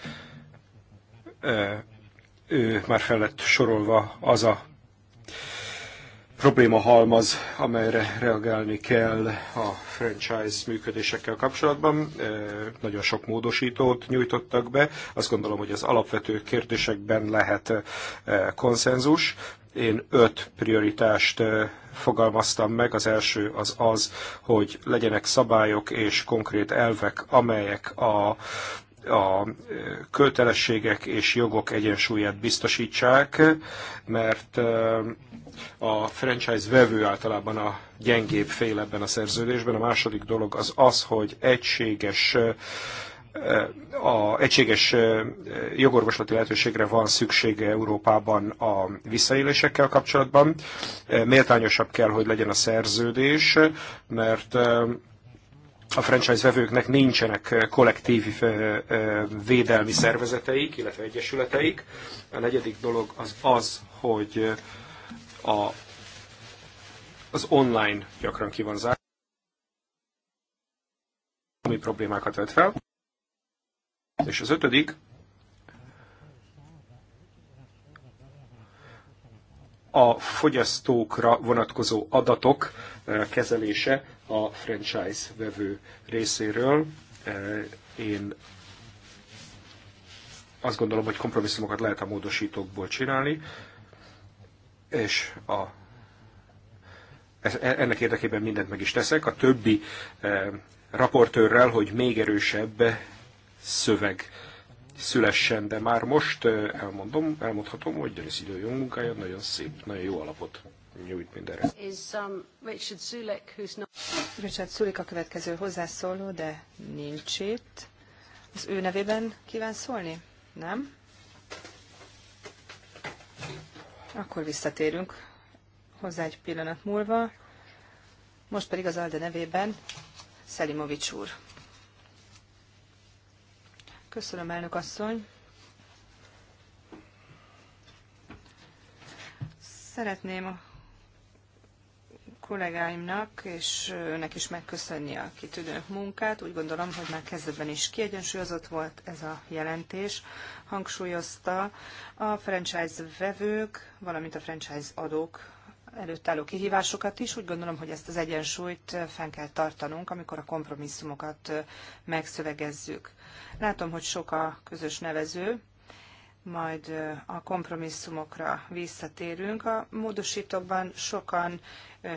Ő már fel lett sorolva az a probléma halmaz, amelyre reagálni kell a franchise működésekkel kapcsolatban. Nagyon sok módosítót nyújtottak be. Azt gondolom, hogy az alapvető kérdésekben lehet konszenzus. Én öt prioritást fogalmaztam meg. Az első az az, hogy legyenek szabályok és konkrét elvek, amelyek a a kötelességek és jogok egyensúlyát biztosítsák, mert a franchise vevő általában a gyengébb fél ebben a szerződésben. A második dolog az az, hogy egységes a egységes jogorvoslati lehetőségre van szüksége Európában a visszaélésekkel kapcsolatban. Méltányosabb kell, hogy legyen a szerződés, mert a franchise vevőknek nincsenek kollektív védelmi szervezeteik, illetve egyesületeik. A negyedik dolog az az, hogy a, az online gyakran ki van zárva, ami problémákat vet fel. És az ötödik, a fogyasztókra vonatkozó adatok eh, kezelése a franchise vevő részéről. Eh, én azt gondolom, hogy kompromisszumokat lehet a módosítókból csinálni, és a, e, ennek érdekében mindent meg is teszek. A többi eh, raportőrrel, hogy még erősebb szöveg szülessen, de már most elmondom, elmondhatom, hogy Denis Idő jó munkája nagyon szép, nagyon jó alapot nyújt mindenre. Is, um, Richard Zulek, who's not... Richard a következő hozzászóló, de nincs itt. Az ő nevében kíván szólni? Nem? Akkor visszatérünk hozzá egy pillanat múlva. Most pedig az Alde nevében Szelimovics úr. Köszönöm, elnök asszony. Szeretném a kollégáimnak és önnek is megköszönni a kitűnő munkát. Úgy gondolom, hogy már kezdetben is kiegyensúlyozott volt ez a jelentés. Hangsúlyozta a franchise vevők, valamint a franchise adók előtt álló kihívásokat is. Úgy gondolom, hogy ezt az egyensúlyt fenn kell tartanunk, amikor a kompromisszumokat megszövegezzük. Látom, hogy sok a közös nevező, majd a kompromisszumokra visszatérünk. A módosítókban sokan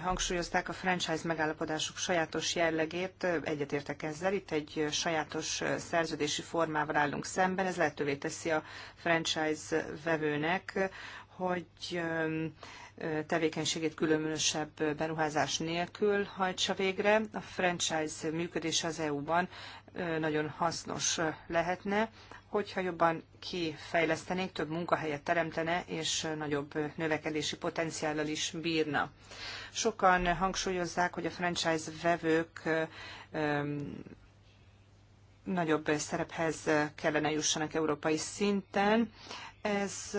hangsúlyozták a franchise megállapodások sajátos jellegét, egyetértek ezzel, itt egy sajátos szerződési formával állunk szemben, ez lehetővé teszi a franchise vevőnek, hogy tevékenységét különösebb beruházás nélkül hajtsa végre. A franchise működése az EU-ban nagyon hasznos lehetne, hogyha jobban kifejlesztenék, több munkahelyet teremtene, és nagyobb növekedési potenciállal is bírna. Sokan hangsúlyozzák, hogy a franchise vevők nagyobb szerephez kellene jussanak európai szinten. Ez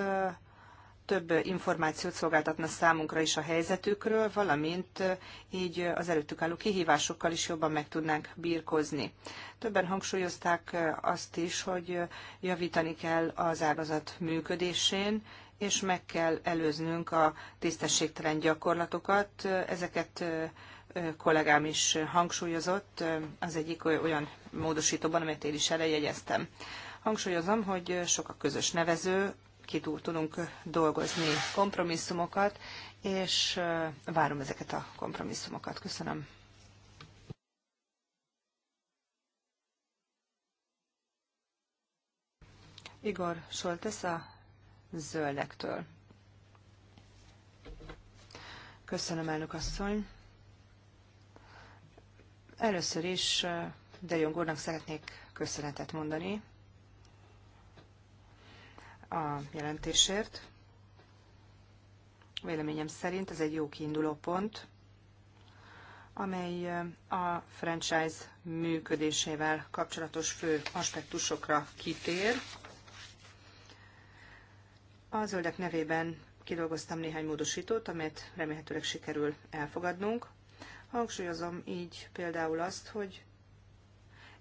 több információt szolgáltatna számunkra is a helyzetükről, valamint így az előttük álló kihívásokkal is jobban meg tudnánk birkozni. Többen hangsúlyozták azt is, hogy javítani kell az ágazat működésén, és meg kell előznünk a tisztességtelen gyakorlatokat. Ezeket kollégám is hangsúlyozott az egyik olyan módosítóban, amelyet én is elejegyeztem. Hangsúlyozom, hogy sok a közös nevező, ki tudunk dolgozni kompromisszumokat, és várom ezeket a kompromisszumokat. Köszönöm. Igor Soltesz a zöldektől. Köszönöm, elnök asszony. Először is De Jong úrnak szeretnék köszönetet mondani a jelentésért. Véleményem szerint ez egy jó kiinduló pont, amely a franchise működésével kapcsolatos fő aspektusokra kitér. A zöldek nevében kidolgoztam néhány módosítót, amelyet remélhetőleg sikerül elfogadnunk. Hangsúlyozom így például azt, hogy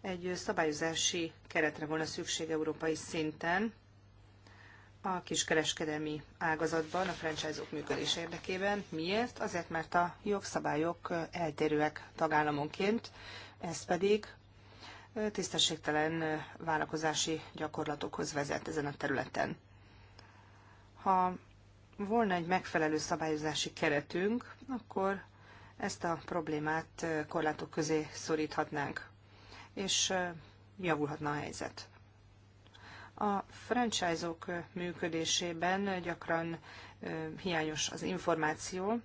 egy szabályozási keretre volna szükség európai szinten, a kiskereskedelmi ágazatban a franchise-ok működés érdekében. Miért? Azért, mert a jogszabályok eltérőek tagállamonként, ez pedig tisztességtelen vállalkozási gyakorlatokhoz vezet ezen a területen. Ha volna egy megfelelő szabályozási keretünk, akkor ezt a problémát korlátok közé szoríthatnánk, és javulhatna a helyzet. A franchise-ok működésében gyakran hiányos az információ,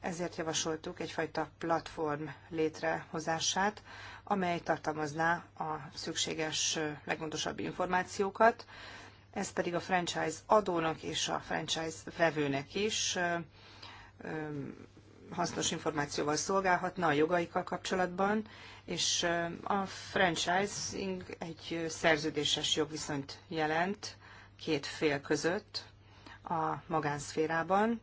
ezért javasoltuk egyfajta platform létrehozását, amely tartalmazná a szükséges legfontosabb információkat, ez pedig a franchise adónak és a franchise vevőnek is hasznos információval szolgálhatna a jogaikkal kapcsolatban, és a franchising egy szerződéses jogviszonyt jelent két fél között a magánszférában,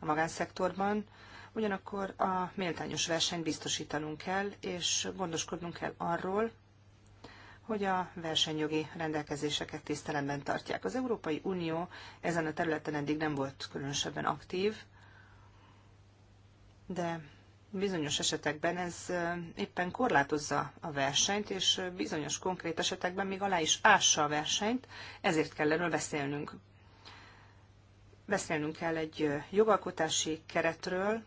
a magánszektorban, ugyanakkor a méltányos versenyt biztosítanunk kell, és gondoskodnunk kell arról, hogy a versenyjogi rendelkezéseket tiszteletben tartják. Az Európai Unió ezen a területen eddig nem volt különösebben aktív, de bizonyos esetekben ez éppen korlátozza a versenyt, és bizonyos konkrét esetekben még alá is ássa a versenyt, ezért kell erről beszélnünk. Beszélnünk kell egy jogalkotási keretről,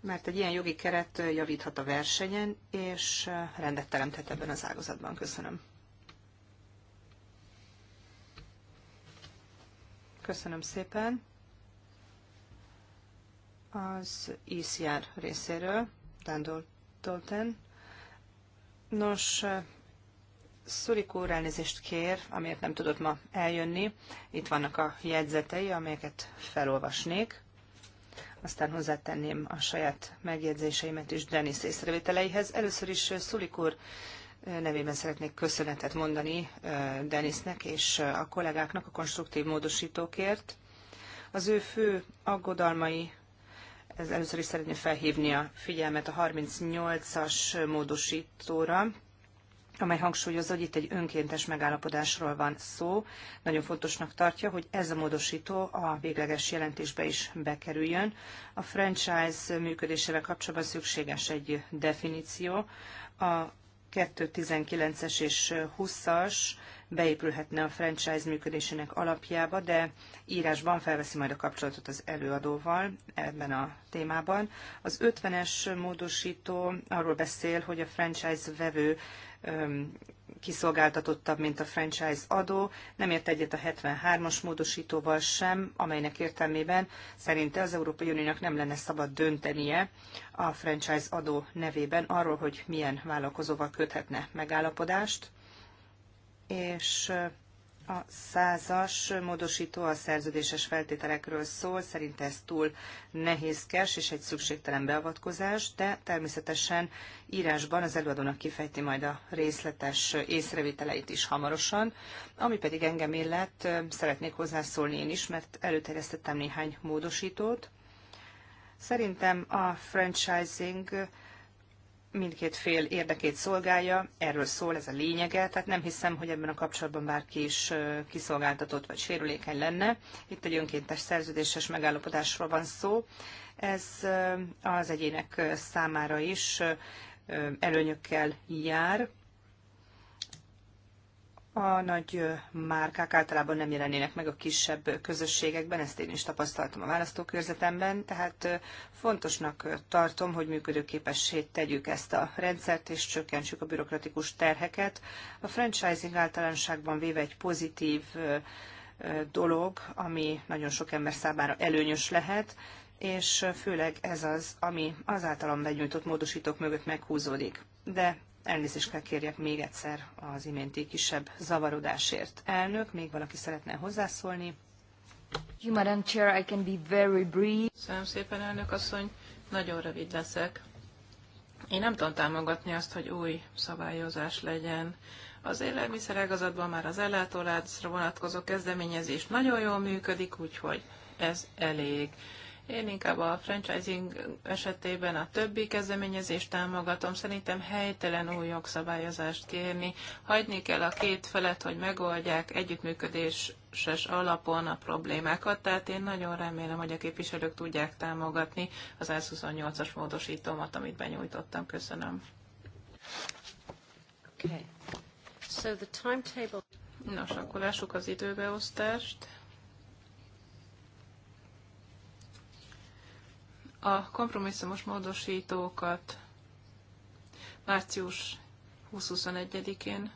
mert egy ilyen jogi keret javíthat a versenyen, és rendet teremthet ebben az ágazatban. Köszönöm. Köszönöm szépen az ICR e részéről, Dándor Tolten. Nos, eh, Szurik úr elnézést kér, amiért nem tudott ma eljönni. Itt vannak a jegyzetei, amelyeket felolvasnék. Aztán hozzátenném a saját megjegyzéseimet is Denis észrevételeihez. Először is eh, Szulik úr eh, nevében szeretnék köszönetet mondani Denisnek és a kollégáknak a konstruktív módosítókért. Az ő fő aggodalmai ez először is szeretném felhívni a figyelmet a 38-as módosítóra, amely hangsúlyozza, hogy itt egy önkéntes megállapodásról van szó. Nagyon fontosnak tartja, hogy ez a módosító a végleges jelentésbe is bekerüljön. A franchise működésével kapcsolatban szükséges egy definíció. A 219-es és 20-as beépülhetne a franchise működésének alapjába, de írásban felveszi majd a kapcsolatot az előadóval ebben a témában. Az 50-es módosító arról beszél, hogy a franchise vevő kiszolgáltatottabb, mint a franchise adó. Nem ért egyet a 73-as módosítóval sem, amelynek értelmében szerinte az Európai Uniónak nem lenne szabad döntenie a franchise adó nevében arról, hogy milyen vállalkozóval köthetne megállapodást és a százas módosító a szerződéses feltételekről szól, szerint ez túl nehézkes és egy szükségtelen beavatkozás, de természetesen írásban az előadónak kifejti majd a részletes észrevételeit is hamarosan. Ami pedig engem illet, szeretnék hozzászólni én is, mert előterjesztettem néhány módosítót. Szerintem a franchising mindkét fél érdekét szolgálja, erről szól ez a lényege, tehát nem hiszem, hogy ebben a kapcsolatban bárki is kiszolgáltatott vagy sérülékeny lenne. Itt egy önkéntes szerződéses megállapodásról van szó. Ez az egyének számára is előnyökkel jár, a nagy márkák általában nem jelenének meg a kisebb közösségekben, ezt én is tapasztaltam a választókörzetemben, tehát fontosnak tartom, hogy működőképessé tegyük ezt a rendszert, és csökkentsük a bürokratikus terheket. A franchising általánosságban véve egy pozitív dolog, ami nagyon sok ember számára előnyös lehet, és főleg ez az, ami az általam benyújtott módosítók mögött meghúzódik. De Elnézést kell kérjek még egyszer az iménti kisebb zavarodásért. Elnök, még valaki szeretne hozzászólni? You, Madam Chair, I can be very brief. Köszönöm szépen, elnök asszony. Nagyon rövid leszek. Én nem tudom támogatni azt, hogy új szabályozás legyen. Az élelmiszeregazatban már az ellátóláncra vonatkozó kezdeményezés nagyon jól működik, úgyhogy ez elég. Én inkább a franchising esetében a többi kezdeményezést támogatom. Szerintem helytelen új jogszabályozást kérni. Hagyni kell a két felet, hogy megoldják együttműködéses alapon a problémákat. Tehát én nagyon remélem, hogy a képviselők tudják támogatni az 128-as módosítómat, amit benyújtottam. Köszönöm. Okay. So the timetable... Nos, akkor lássuk az időbeosztást. A kompromisszumos módosítókat március 21 én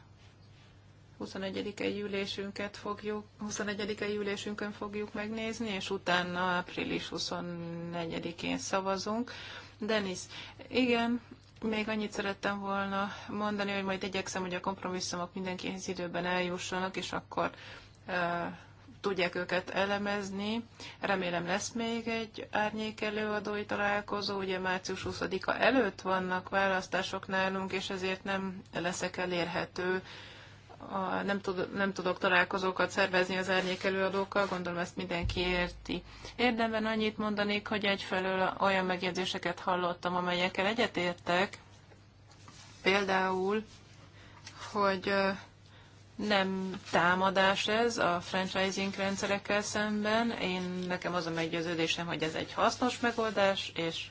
21-i ülésünket fogjuk, 21 ülésünkön fogjuk megnézni, és utána április 24-én szavazunk. Denis, igen, még annyit szerettem volna mondani, hogy majd igyekszem, hogy a kompromisszumok mindenkihez időben eljussanak, és akkor tudják őket elemezni. Remélem lesz még egy árnyék előadói találkozó, ugye március 20-a előtt vannak választások nálunk, és ezért nem leszek elérhető. A, nem, tud, nem tudok találkozókat szervezni az árnyék előadókkal, gondolom ezt mindenki érti. Érdemben annyit mondanék, hogy egyfelől olyan megjegyzéseket hallottam, amelyekkel egyetértek, például, hogy nem támadás ez a franchising rendszerekkel szemben. Én nekem az a meggyőződésem, hogy ez egy hasznos megoldás, és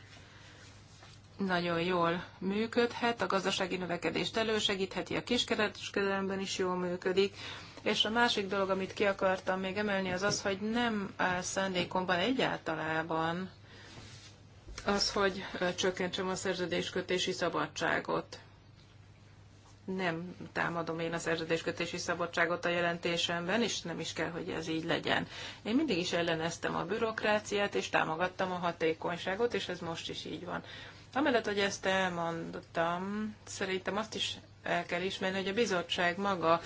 nagyon jól működhet, a gazdasági növekedést elősegítheti, a kiskereskedelemben is jól működik. És a másik dolog, amit ki akartam még emelni, az az, hogy nem áll szándékomban egyáltalában az, hogy csökkentsem a szerződéskötési szabadságot nem támadom én a szerződéskötési szabadságot a jelentésemben, és nem is kell, hogy ez így legyen. Én mindig is elleneztem a bürokráciát, és támogattam a hatékonyságot, és ez most is így van. Amellett, hogy ezt elmondtam, szerintem azt is el kell ismerni, hogy a bizottság maga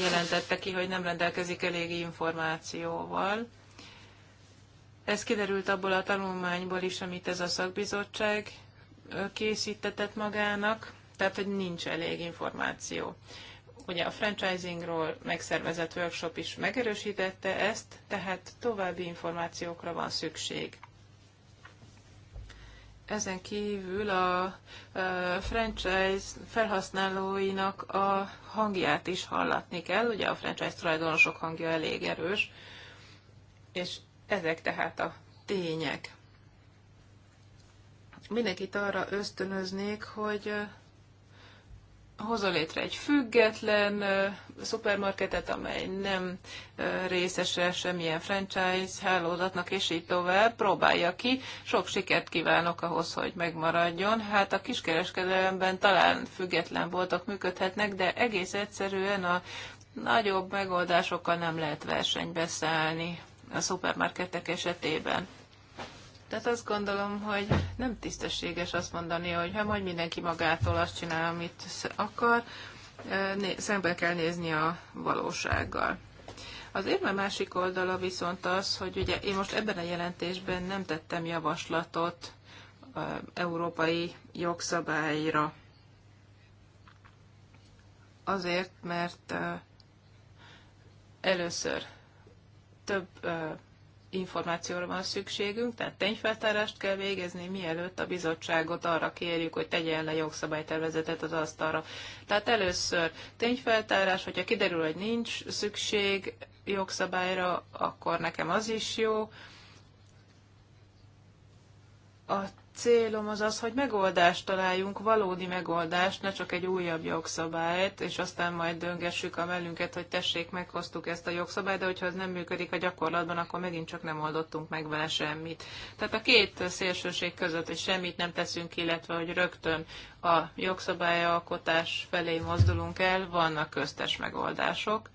jelentette ki, hogy nem rendelkezik elég információval. Ez kiderült abból a tanulmányból is, amit ez a szakbizottság készítetett magának tehát hogy nincs elég információ. Ugye a franchisingról megszervezett workshop is megerősítette ezt, tehát további információkra van szükség. Ezen kívül a franchise felhasználóinak a hangját is hallatni kell, ugye a franchise tulajdonosok hangja elég erős, és ezek tehát a tények. Mindenkit arra ösztönöznék, hogy hozza létre egy független szupermarketet, amely nem részese semmilyen franchise hálózatnak, és így tovább. Próbálja ki. Sok sikert kívánok ahhoz, hogy megmaradjon. Hát a kiskereskedelemben talán független boltok működhetnek, de egész egyszerűen a nagyobb megoldásokkal nem lehet versenybe szállni a szupermarketek esetében. Tehát azt gondolom, hogy nem tisztességes azt mondani, hogy ha hát majd mindenki magától azt csinál, amit akar, szembe kell nézni a valósággal. Az érme másik oldala viszont az, hogy ugye én most ebben a jelentésben nem tettem javaslatot európai jogszabályra. Azért, mert először több információra van szükségünk, tehát tényfeltárást kell végezni, mielőtt a bizottságot arra kérjük, hogy tegyen le jogszabálytervezetet az asztalra. Tehát először tényfeltárás, hogyha kiderül, hogy nincs szükség jogszabályra, akkor nekem az is jó. A célom az az, hogy megoldást találjunk, valódi megoldást, ne csak egy újabb jogszabályt, és aztán majd döngessük a mellünket, hogy tessék, meghoztuk ezt a jogszabályt, de hogyha ez nem működik a gyakorlatban, akkor megint csak nem oldottunk meg vele semmit. Tehát a két szélsőség között, hogy semmit nem teszünk, illetve hogy rögtön a jogszabályalkotás felé mozdulunk el, vannak köztes megoldások.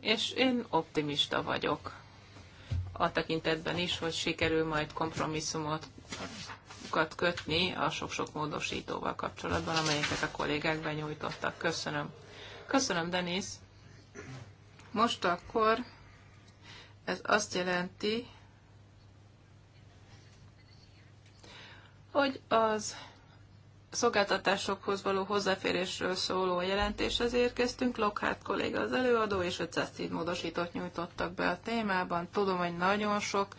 És én optimista vagyok a tekintetben is, hogy sikerül majd kompromisszumot kötni a sok-sok módosítóval kapcsolatban, amelyeket a kollégák benyújtottak. Köszönöm. Köszönöm, Denis. Most akkor ez azt jelenti, hogy az szolgáltatásokhoz való hozzáférésről szóló jelentéshez érkeztünk. Lockhart kolléga az előadó, és 510 módosítót nyújtottak be a témában. Tudom, hogy nagyon sok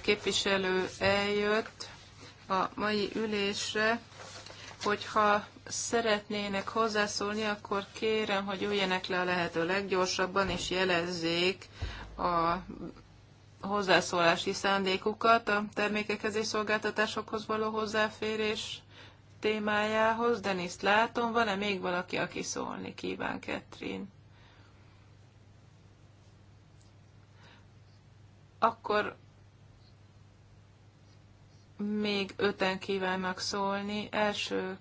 képviselő eljött a mai ülésre, hogyha szeretnének hozzászólni, akkor kérem, hogy üljenek le a lehető leggyorsabban, és jelezzék a hozzászólási szándékukat a termékekhez és szolgáltatásokhoz való hozzáférés témájához. Deniszt látom, van-e még valaki, aki szólni kíván, Ketrin? Akkor még öten kívánnak szólni. Első,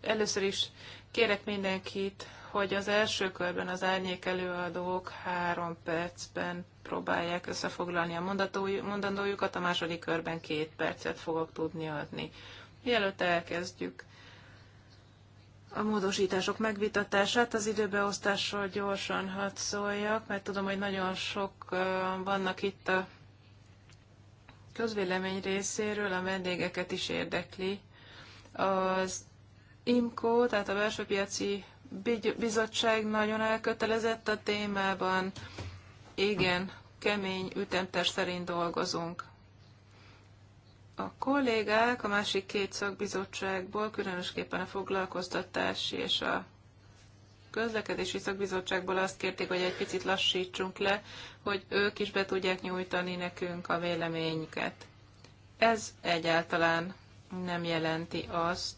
először is kérek mindenkit, hogy az első körben az árnyék előadók három percben próbálják összefoglalni a mondandójukat, a második körben két percet fogok tudni adni. Mielőtt elkezdjük a módosítások megvitatását, az időbeosztásról gyorsan hadd szóljak, mert tudom, hogy nagyon sok vannak itt a közvélemény részéről a vendégeket is érdekli. Az IMCO, tehát a belső piaci bizottság nagyon elkötelezett a témában. Igen, kemény ütemter szerint dolgozunk. A kollégák a másik két szakbizottságból, különösképpen a foglalkoztatási és a közlekedési szakbizottságból azt kérték, hogy egy picit lassítsunk le, hogy ők is be tudják nyújtani nekünk a véleményüket. Ez egyáltalán nem jelenti azt,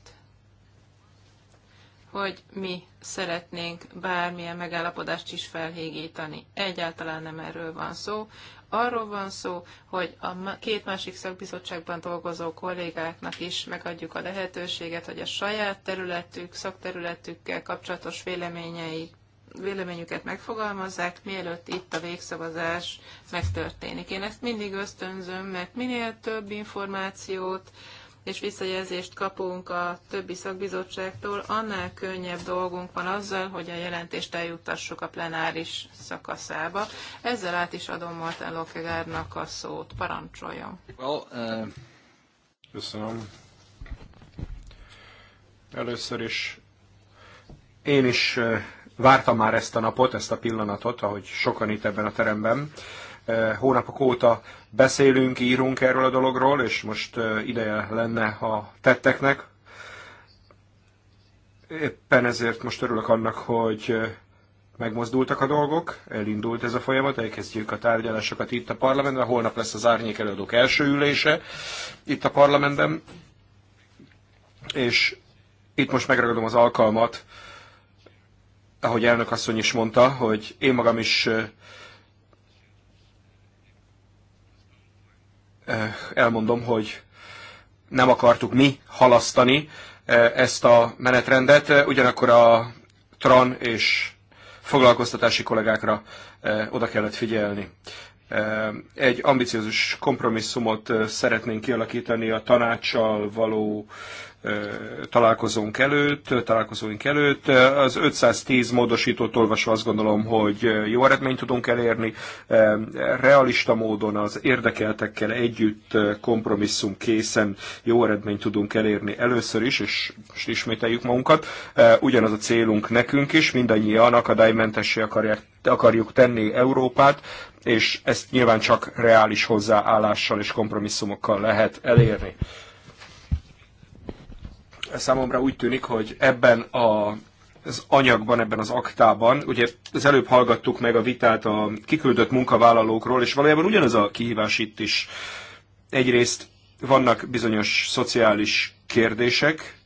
hogy mi szeretnénk bármilyen megállapodást is felhégítani. Egyáltalán nem erről van szó. Arról van szó, hogy a két másik szakbizottságban dolgozó kollégáknak is megadjuk a lehetőséget, hogy a saját területük, szakterületükkel kapcsolatos véleményei, véleményüket megfogalmazzák, mielőtt itt a végszavazás megtörténik. Én ezt mindig ösztönzöm, mert minél több információt és visszajelzést kapunk a többi szakbizottságtól, annál könnyebb dolgunk van azzal, hogy a jelentést eljuttassuk a plenáris szakaszába. Ezzel át is adom Martin Lokegárnak a szót. Parancsoljon. Well, uh... Köszönöm. Először is én is uh, vártam már ezt a napot, ezt a pillanatot, ahogy sokan itt ebben a teremben. Uh, hónapok óta beszélünk, írunk erről a dologról, és most ideje lenne a tetteknek. Éppen ezért most örülök annak, hogy megmozdultak a dolgok, elindult ez a folyamat, elkezdjük a tárgyalásokat itt a parlamentben, holnap lesz az árnyék előadók első ülése itt a parlamentben, és itt most megragadom az alkalmat, ahogy elnök asszony is mondta, hogy én magam is Eh, elmondom, hogy nem akartuk mi halasztani eh, ezt a menetrendet, eh, ugyanakkor a TRAN és foglalkoztatási kollégákra oda kellett figyelni egy ambiciózus kompromisszumot szeretnénk kialakítani a tanácssal való találkozónk előtt, találkozóink előtt. Az 510 módosítót olvasva azt gondolom, hogy jó eredményt tudunk elérni. Realista módon az érdekeltekkel együtt kompromisszum készen jó eredményt tudunk elérni először is, és most ismételjük magunkat. Ugyanaz a célunk nekünk is, mindannyian akadálymentessé akarják, akarjuk tenni Európát, és ezt nyilván csak reális hozzáállással és kompromisszumokkal lehet elérni. Számomra úgy tűnik, hogy ebben a az anyagban, ebben az aktában. Ugye az előbb hallgattuk meg a vitát a kiküldött munkavállalókról, és valójában ugyanaz a kihívás itt is. Egyrészt vannak bizonyos szociális kérdések,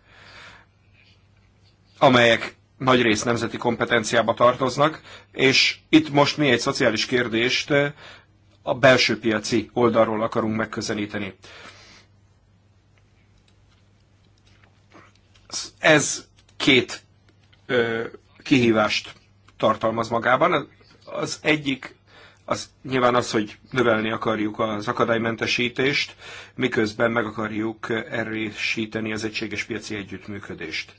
amelyek nagy rész nemzeti kompetenciába tartoznak, és itt most mi egy szociális kérdést eh, a belső piaci oldalról akarunk megközelíteni. Ez két ö, eh, kihívást tartalmaz magában. Az egyik az nyilván az, hogy növelni akarjuk az akadálymentesítést, miközben meg akarjuk erősíteni az egységes piaci együttműködést.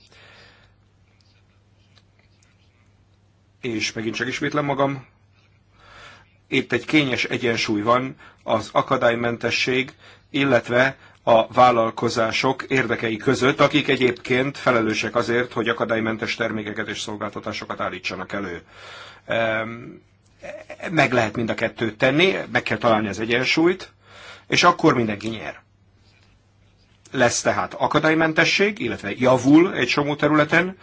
és megint csak ismétlem magam, itt egy kényes egyensúly van az akadálymentesség, illetve a vállalkozások érdekei között, akik egyébként felelősek azért, hogy akadálymentes termékeket és szolgáltatásokat állítsanak elő. Meg lehet mind a kettőt tenni, meg kell találni az egyensúlyt, és akkor mindenki nyer. Lesz tehát akadálymentesség, illetve javul egy csomó területen,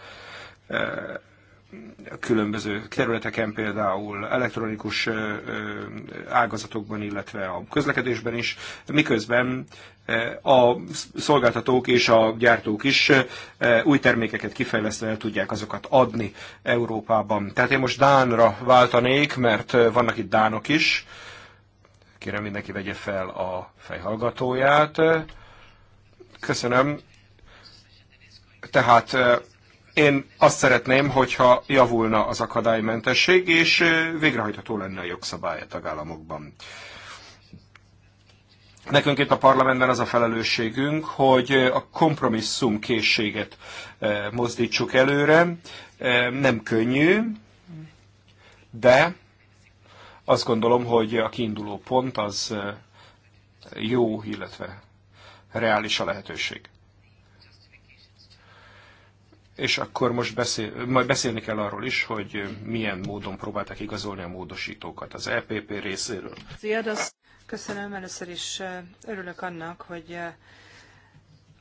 különböző területeken, például elektronikus ágazatokban, illetve a közlekedésben is, miközben a szolgáltatók és a gyártók is új termékeket kifejlesztve el tudják azokat adni Európában. Tehát én most Dánra váltanék, mert vannak itt Dánok is. Kérem mindenki vegye fel a fejhallgatóját. Köszönöm. Tehát én azt szeretném, hogyha javulna az akadálymentesség, és végrehajtható lenne a jogszabály a tagállamokban. Nekünk itt a parlamentben az a felelősségünk, hogy a kompromisszum készséget mozdítsuk előre. Nem könnyű, de azt gondolom, hogy a kiinduló pont az jó, illetve reális a lehetőség és akkor most beszél, majd beszélni kell arról is, hogy milyen módon próbálták igazolni a módosítókat az EPP részéről. Köszönöm, először is örülök annak, hogy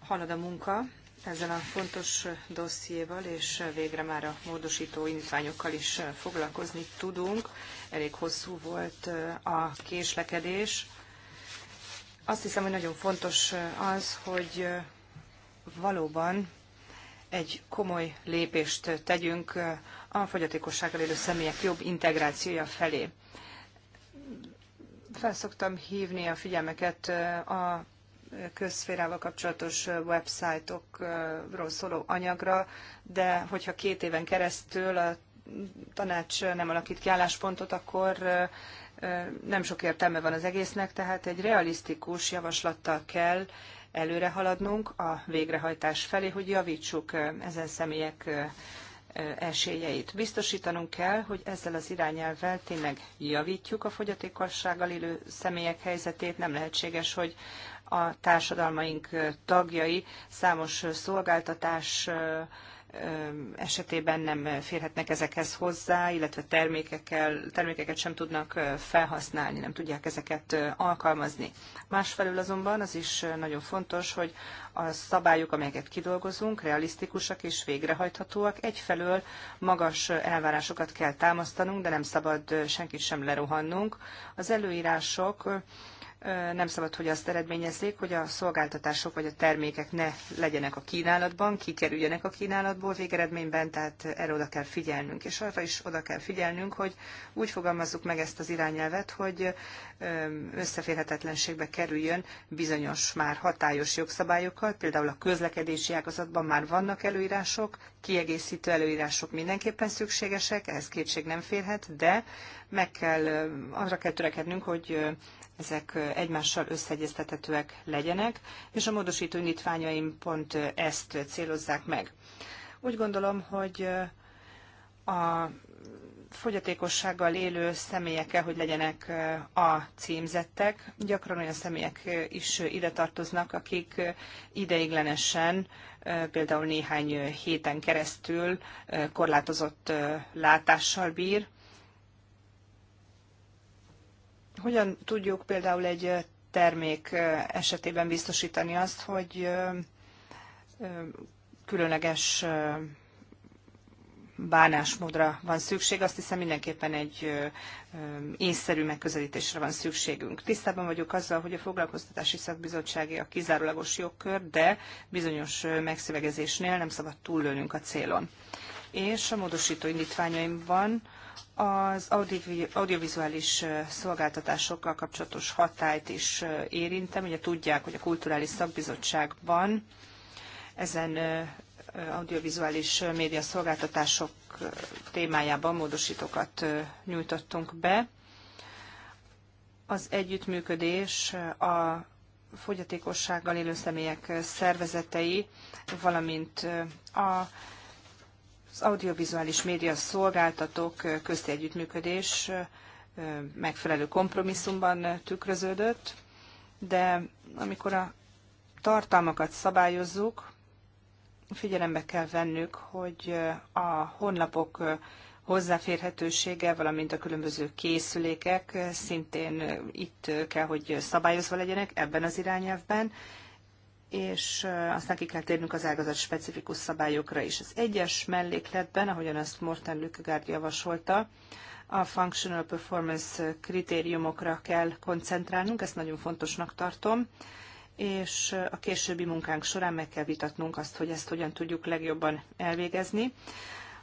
halad a munka ezzel a fontos dossziéval, és végre már a módosító indítványokkal is foglalkozni tudunk. Elég hosszú volt a késlekedés. Azt hiszem, hogy nagyon fontos az, hogy valóban egy komoly lépést tegyünk a fogyatékossággal élő személyek jobb integrációja felé. Felszoktam hívni a figyelmeket a közszférával kapcsolatos websájtokról szóló anyagra, de hogyha két éven keresztül a tanács nem alakít ki álláspontot, akkor nem sok értelme van az egésznek, tehát egy realisztikus javaslattal kell előre haladnunk a végrehajtás felé, hogy javítsuk ezen személyek esélyeit. Biztosítanunk kell, hogy ezzel az irányelvvel tényleg javítjuk a fogyatékossággal élő személyek helyzetét. Nem lehetséges, hogy a társadalmaink tagjai számos szolgáltatás esetében nem férhetnek ezekhez hozzá, illetve termékekkel, termékeket sem tudnak felhasználni, nem tudják ezeket alkalmazni. Másfelől azonban az is nagyon fontos, hogy a szabályok, amelyeket kidolgozunk, realisztikusak és végrehajthatóak. Egyfelől magas elvárásokat kell támasztanunk, de nem szabad senkit sem lerohannunk. Az előírások nem szabad, hogy azt eredményezzék, hogy a szolgáltatások vagy a termékek ne legyenek a kínálatban, kikerüljenek a kínálatból végeredményben, tehát erre oda kell figyelnünk. És arra is oda kell figyelnünk, hogy úgy fogalmazzuk meg ezt az irányelvet, hogy összeférhetetlenségbe kerüljön bizonyos már hatályos jogszabályokkal, például a közlekedési ágazatban már vannak előírások, kiegészítő előírások mindenképpen szükségesek, ehhez kétség nem férhet, de meg kell, arra kell törekednünk, hogy ezek egymással összeegyeztethetőek legyenek, és a módosító indítványaim pont ezt célozzák meg. Úgy gondolom, hogy a fogyatékossággal élő személyekkel, hogy legyenek a címzettek. Gyakran olyan személyek is ide tartoznak, akik ideiglenesen, például néhány héten keresztül korlátozott látással bír, hogyan tudjuk például egy termék esetében biztosítani azt, hogy különleges bánásmódra van szükség, azt hiszem mindenképpen egy észszerű megközelítésre van szükségünk. Tisztában vagyok azzal, hogy a foglalkoztatási szakbizottsági a kizárólagos jogkör, de bizonyos megszövegezésnél nem szabad túllőnünk a célon. És a módosító indítványaimban az audiovizuális szolgáltatásokkal kapcsolatos hatályt is érintem. Ugye tudják, hogy a Kulturális Szakbizottságban ezen audiovizuális média szolgáltatások témájában módosítókat nyújtottunk be. Az együttműködés a fogyatékossággal élő személyek szervezetei, valamint a az audiovizuális média szolgáltatók közti együttműködés megfelelő kompromisszumban tükröződött, de amikor a tartalmakat szabályozzuk, figyelembe kell vennük, hogy a honlapok hozzáférhetősége, valamint a különböző készülékek szintén itt kell, hogy szabályozva legyenek ebben az irányelvben, és aztán ki kell térnünk az ágazat specifikus szabályokra is. Az egyes mellékletben, ahogyan azt Morten Lükegárd javasolta, a functional performance kritériumokra kell koncentrálnunk, ezt nagyon fontosnak tartom, és a későbbi munkánk során meg kell vitatnunk azt, hogy ezt hogyan tudjuk legjobban elvégezni.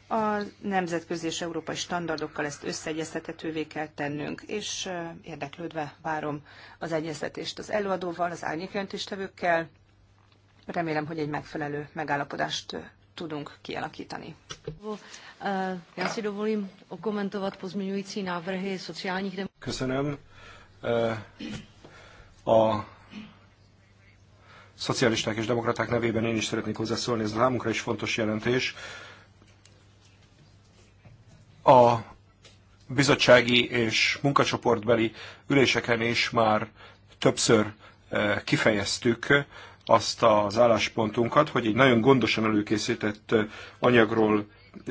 A nemzetközi és európai standardokkal ezt összeegyeztetetővé kell tennünk, és érdeklődve várom az egyeztetést az előadóval, az árnyékjelentéstevőkkel, Remélem, hogy egy megfelelő megállapodást tudunk kialakítani. Eh, já si dovolím okomentovat pozměňující návrhy sociálních Köszönöm. Eh, a szocialisták és demokraták nevében én is szeretnék hozzászólni, ez számunkra is fontos jelentés. A bizottsági és munkacsoportbeli üléseken is már többször eh, kifejeztük azt az álláspontunkat, hogy egy nagyon gondosan előkészített anyagról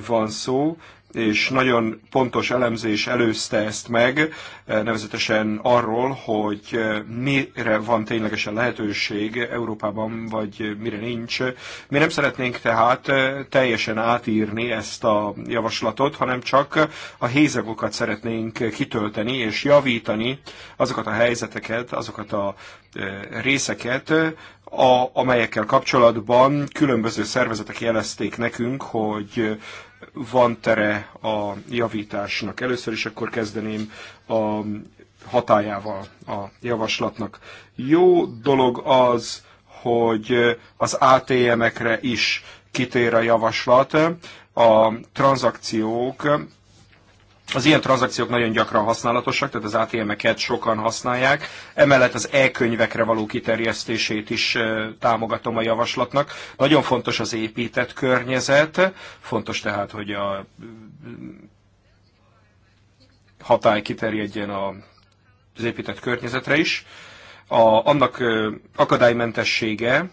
van szó, és nagyon pontos elemzés előzte ezt meg, eh, nevezetesen arról, hogy eh, mire van ténylegesen lehetőség Európában, vagy mire nincs. Mi nem szeretnénk tehát eh, teljesen átírni ezt a javaslatot, hanem csak a hézagokat szeretnénk kitölteni és javítani azokat a helyzeteket, azokat a részeket, a, amelyekkel kapcsolatban különböző szervezetek jelezték nekünk, hogy van tere a javításnak. Először is akkor kezdeném a hatájával a javaslatnak. Jó dolog az, hogy az ATM-ekre is kitér a javaslat. A tranzakciók az ilyen tranzakciók nagyon gyakran használatosak, tehát az ATM-eket sokan használják. Emellett az e-könyvekre való kiterjesztését is támogatom a javaslatnak. Nagyon fontos az épített környezet, fontos tehát, hogy a hatály kiterjedjen az épített környezetre is. A, annak akadálymentessége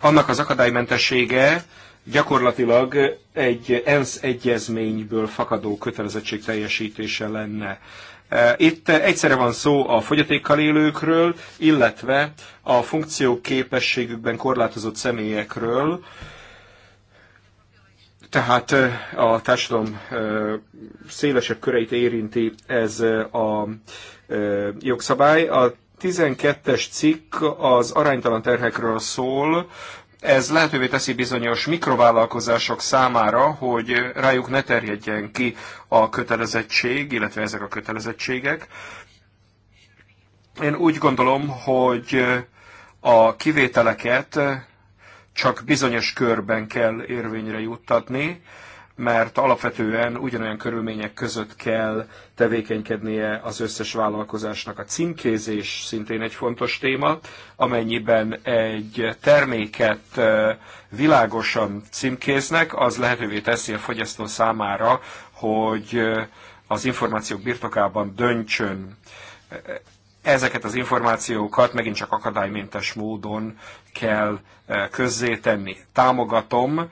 annak az akadálymentessége gyakorlatilag egy ENSZ egyezményből fakadó kötelezettség teljesítése lenne. E, itt egyszerre van szó a fogyatékkal élőkről, illetve a funkcióképességükben korlátozott személyekről, tehát e, a társadalom e, szélesebb köreit érinti ez a jogszabály. A 12-es cikk az aránytalan terhekről szól, ez lehetővé teszi bizonyos mikrovállalkozások számára, hogy rájuk ne terjedjen ki a kötelezettség, illetve ezek a kötelezettségek. Én úgy gondolom, hogy a kivételeket csak bizonyos körben kell érvényre juttatni, mert alapvetően ugyanolyan körülmények között kell tevékenykednie az összes vállalkozásnak. A címkézés szintén egy fontos téma, amennyiben egy terméket világosan címkéznek, az lehetővé teszi a fogyasztó számára, hogy az információk birtokában döntsön. Ezeket az információkat megint csak akadálymentes módon kell közzétenni. Támogatom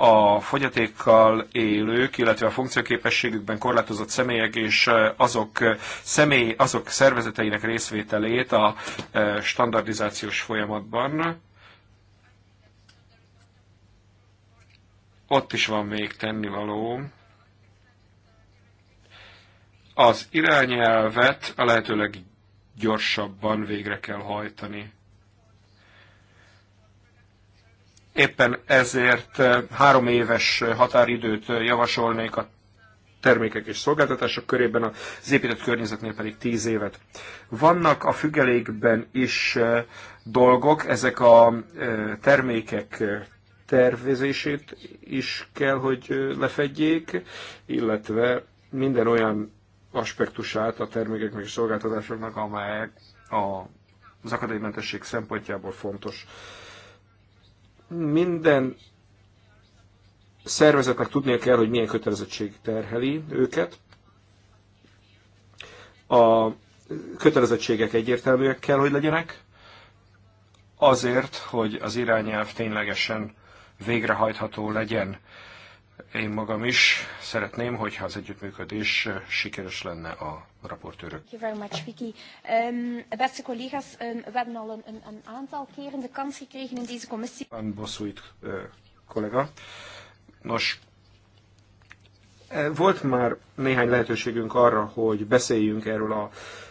a fogyatékkal élők, illetve a funkcióképességükben korlátozott személyek és azok, személy, azok szervezeteinek részvételét a standardizációs folyamatban. Ott is van még tennivaló. Az irányelvet a lehetőleg gyorsabban végre kell hajtani. Éppen ezért eh, három éves határidőt eh, javasolnék a termékek és szolgáltatások körében, az épített környezetnél pedig tíz évet. Vannak a függelékben is eh, dolgok, ezek a termékek tervezését is kell, hogy lefedjék, illetve minden olyan aspektusát a termékeknek és szolgáltatásoknak, amelyek a, az akadálymentesség szempontjából fontos. Minden szervezetnek tudnia kell, hogy milyen kötelezettség terheli őket. A kötelezettségek egyértelműek kell, hogy legyenek, azért, hogy az irányelv ténylegesen végrehajtható legyen. Én magam is szeretném, hogyha az együttműködés sikeres lenne a raportőrök. Thank you very much, Vicky. Um, beste collega's, um, we hebben al een, een aantal keren de kans gekregen in deze commissie. Van Bosszuit uh, eh, kollega. Nos, eh, volt már néhány lehetőségünk arra, hogy beszéljünk erről a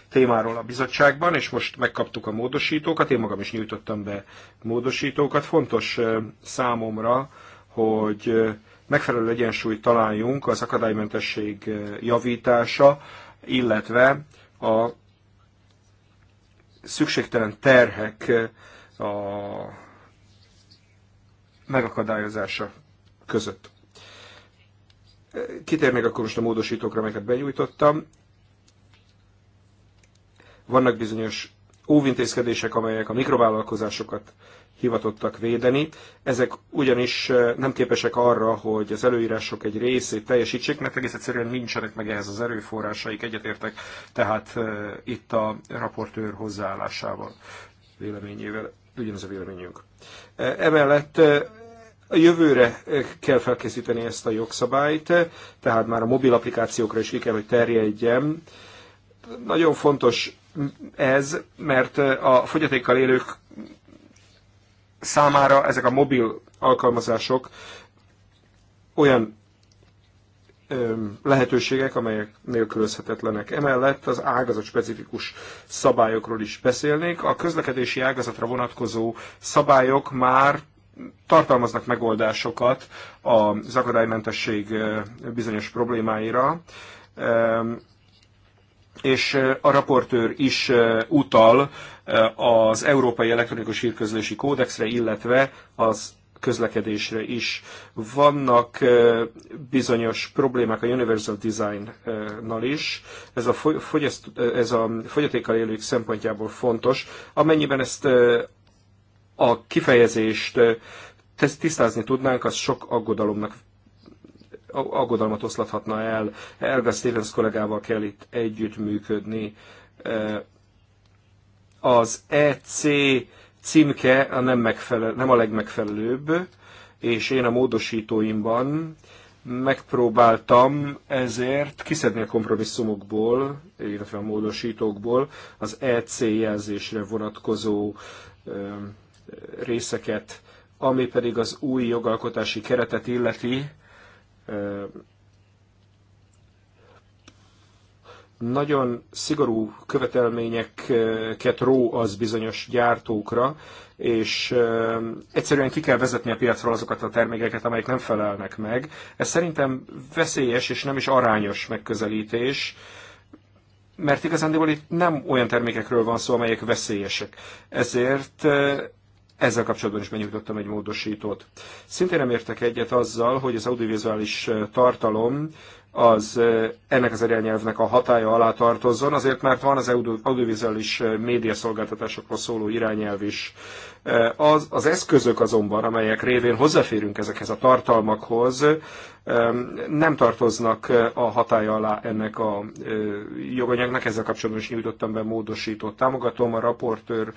témáról a bizottságban, és most megkaptuk a módosítókat, én magam is nyújtottam be módosítókat. Fontos eh, számomra, hogy megfelelő egyensúlyt találjunk az akadálymentesség eh, javítása, illetve a szükségtelen terhek eh, a megakadályozása között. még akkor most a módosítókra, amelyeket benyújtottam. Vannak bizonyos óvintézkedések, amelyek a mikrovállalkozásokat hivatottak védeni. Ezek ugyanis nem képesek arra, hogy az előírások egy részét teljesítsék, mert egész egyszerűen nincsenek meg ehhez az erőforrásaik, egyetértek tehát itt a raportőr hozzáállásával, véleményével. Ugyanez a véleményünk. Emellett a jövőre kell felkészíteni ezt a jogszabályt, tehát már a mobil applikációkra is ki kell, hogy terjedjen. Nagyon fontos ez, mert a fogyatékkal élők számára ezek a mobil alkalmazások olyan lehetőségek, amelyek nélkülözhetetlenek. Emellett az ágazat specifikus szabályokról is beszélnék. A közlekedési ágazatra vonatkozó szabályok már tartalmaznak megoldásokat a akadálymentesség bizonyos problémáira, és a raportőr is utal az Európai Elektronikus Hírközlési Kódexre, illetve az közlekedésre is. Vannak bizonyos problémák a Universal Design-nal is. Ez a, fogyaszt, ez a fogyatékkal élők szempontjából fontos. Amennyiben ezt a kifejezést tisztázni tudnánk, az sok aggodalomnak aggodalmat oszlathatna el. Elga Stevens kollégával kell itt együttműködni az EC címke a nem, megfelel, nem a legmegfelelőbb, és én a módosítóimban megpróbáltam ezért kiszedni a kompromisszumokból, illetve a módosítókból az EC jelzésre vonatkozó részeket, ami pedig az új jogalkotási keretet illeti, nagyon szigorú követelményeket ró az bizonyos gyártókra, és egyszerűen ki kell vezetni a piacról azokat a termékeket, amelyek nem felelnek meg. Ez szerintem veszélyes és nem is arányos megközelítés, mert igazándiból itt nem olyan termékekről van szó, amelyek veszélyesek. Ezért ezzel kapcsolatban is benyújtottam egy módosítót. Szintén nem értek egyet azzal, hogy az audiovizuális tartalom az ennek az irányelvnek a hatája alá tartozzon, azért mert van az audiovizuális médiaszolgáltatásokról szóló irányelv is. Az, az eszközök azonban, amelyek révén hozzáférünk ezekhez a tartalmakhoz, nem tartoznak a hatája alá ennek a joganyagnak, ezzel kapcsolatban is nyújtottam be módosítót. Támogatom a raportőr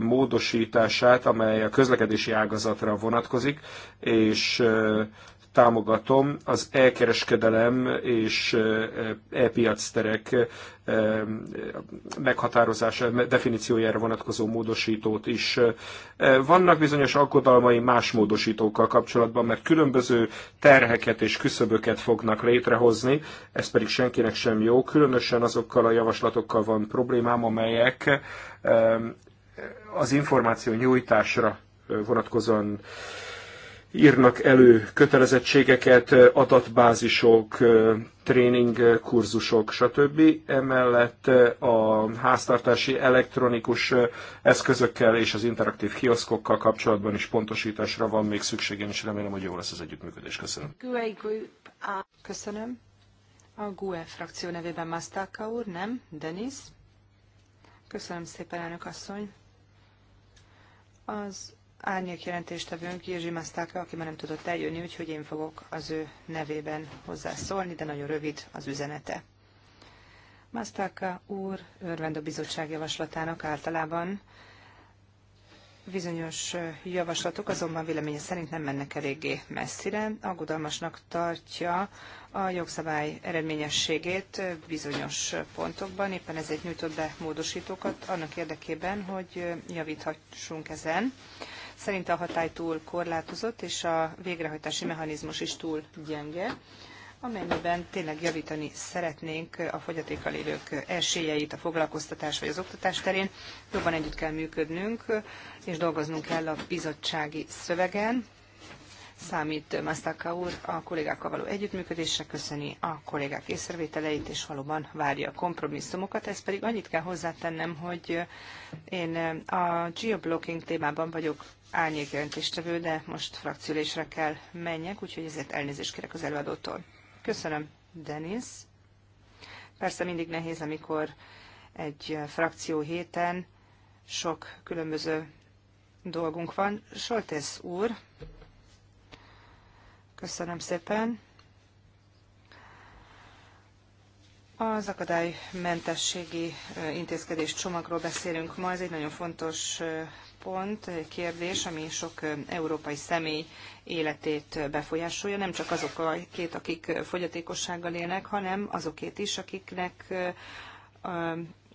módosítását, amely a közlekedési ágazatra vonatkozik, és támogatom. Az elkereskedelem és e meghatározása, definíciójára vonatkozó módosítót is. Vannak bizonyos alkodalmai más módosítókkal kapcsolatban, mert különböző terheket és küszöböket fognak létrehozni, ez pedig senkinek sem jó, különösen azokkal a javaslatokkal van problémám, amelyek az információ nyújtásra vonatkozóan írnak elő kötelezettségeket, adatbázisok, tréning, kurzusok, stb. Emellett a háztartási elektronikus eszközökkel és az interaktív kioszkokkal kapcsolatban is pontosításra van még szükségem, és remélem, hogy jó lesz az együttműködés. Köszönöm. Köszönöm. A GUE frakció nevében Mastalka úr, nem? Denis? Köszönöm szépen, elnök asszony. Az árnyék jelentéstevőnk Jirzsi Masztáka, aki már nem tudott eljönni, úgyhogy én fogok az ő nevében hozzászólni, de nagyon rövid az üzenete. Masztáka úr örvend a bizottság javaslatának általában. Bizonyos javaslatok azonban véleménye szerint nem mennek eléggé messzire. Aggodalmasnak tartja a jogszabály eredményességét bizonyos pontokban, éppen ezért nyújtott be módosítókat annak érdekében, hogy javíthassunk ezen. Szerinte a hatály túl korlátozott, és a végrehajtási mechanizmus is túl gyenge, amennyiben tényleg javítani szeretnénk a fogyatékkal élők esélyeit a foglalkoztatás vagy az oktatás terén. Jobban együtt kell működnünk, és dolgoznunk kell a bizottsági szövegen. Számít Masztaka úr a kollégákkal való együttműködésre, köszöni a kollégák észrevételeit, és valóban várja a kompromisszumokat. Ez pedig annyit kell hozzátennem, hogy én a geoblocking témában vagyok árnyék jelentéstevő, de most frakciülésre kell menjek, úgyhogy ezért elnézést kérek az előadótól. Köszönöm, Denis. Persze mindig nehéz, amikor egy frakció héten sok különböző dolgunk van. Soltész úr, köszönöm szépen. Az akadálymentességi intézkedés csomagról beszélünk ma, ez egy nagyon fontos pont, eh, kérdés, ami sok eh, európai személy életét eh, befolyásolja, nem csak azokét, akik fogyatékossággal élnek, hanem azokét is, akiknek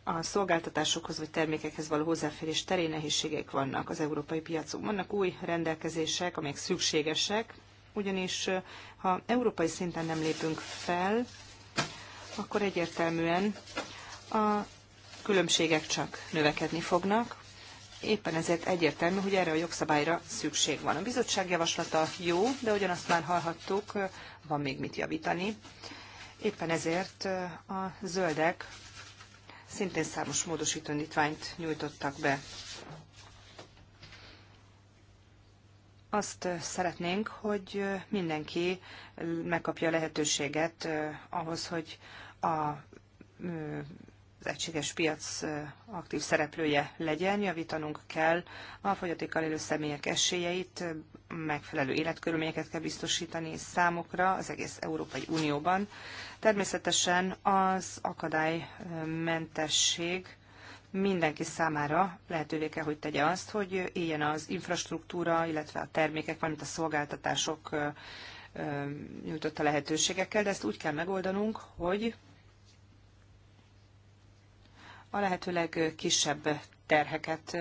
a szolgáltatásokhoz vagy termékekhez való hozzáférés terén nehézségek vannak az európai piacon. Vannak új rendelkezések, amelyek szükségesek, ugyanis ha európai szinten nem lépünk fel, akkor egyértelműen a különbségek csak növekedni fognak, éppen ezért egyértelmű, hogy erre a jogszabályra szükség van. A bizottság javaslata jó, de ugyanazt már hallhattuk, van még mit javítani. Éppen ezért a zöldek szintén számos módosító indítványt nyújtottak be. Azt szeretnénk, hogy mindenki megkapja a lehetőséget ahhoz, hogy a egységes piac aktív szereplője legyen, javítanunk kell a fogyatékkal élő személyek esélyeit, megfelelő életkörülményeket kell biztosítani számokra az egész Európai Unióban. Természetesen az akadálymentesség mindenki számára lehetővé kell, hogy tegye azt, hogy éljen az infrastruktúra, illetve a termékek, valamint a szolgáltatások nyújtotta lehetőségekkel, de ezt úgy kell megoldanunk, hogy a lehető legkisebb terheket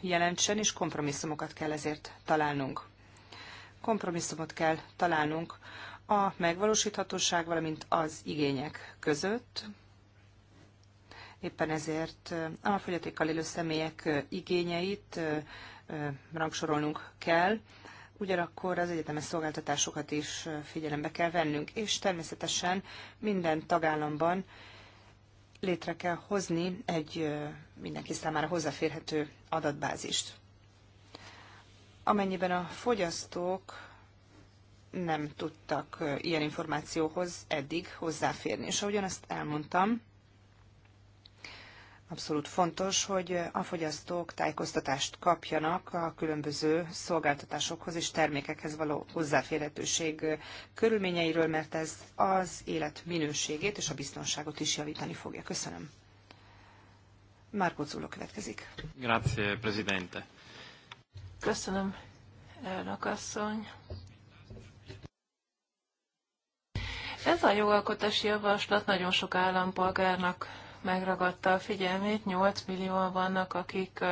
jelentsen, és kompromisszumokat kell ezért találnunk. Kompromisszumot kell találnunk a megvalósíthatóság, valamint az igények között. Éppen ezért a fogyatékkal élő személyek igényeit rangsorolnunk kell, ugyanakkor az egyetemes szolgáltatásokat is figyelembe kell vennünk, és természetesen minden tagállamban létre kell hozni egy mindenki számára hozzáférhető adatbázist. Amennyiben a fogyasztók nem tudtak ilyen információhoz eddig hozzáférni. És ahogyan azt elmondtam, abszolút fontos, hogy a fogyasztók tájékoztatást kapjanak a különböző szolgáltatásokhoz és termékekhez való hozzáférhetőség körülményeiről, mert ez az élet minőségét és a biztonságot is javítani fogja. Köszönöm. Márkó Zullo következik. Grazie, Presidente. Köszönöm, elnök asszony. Ez a jogalkotási javaslat nagyon sok állampolgárnak megragadta a figyelmét, 8 millióan vannak, akik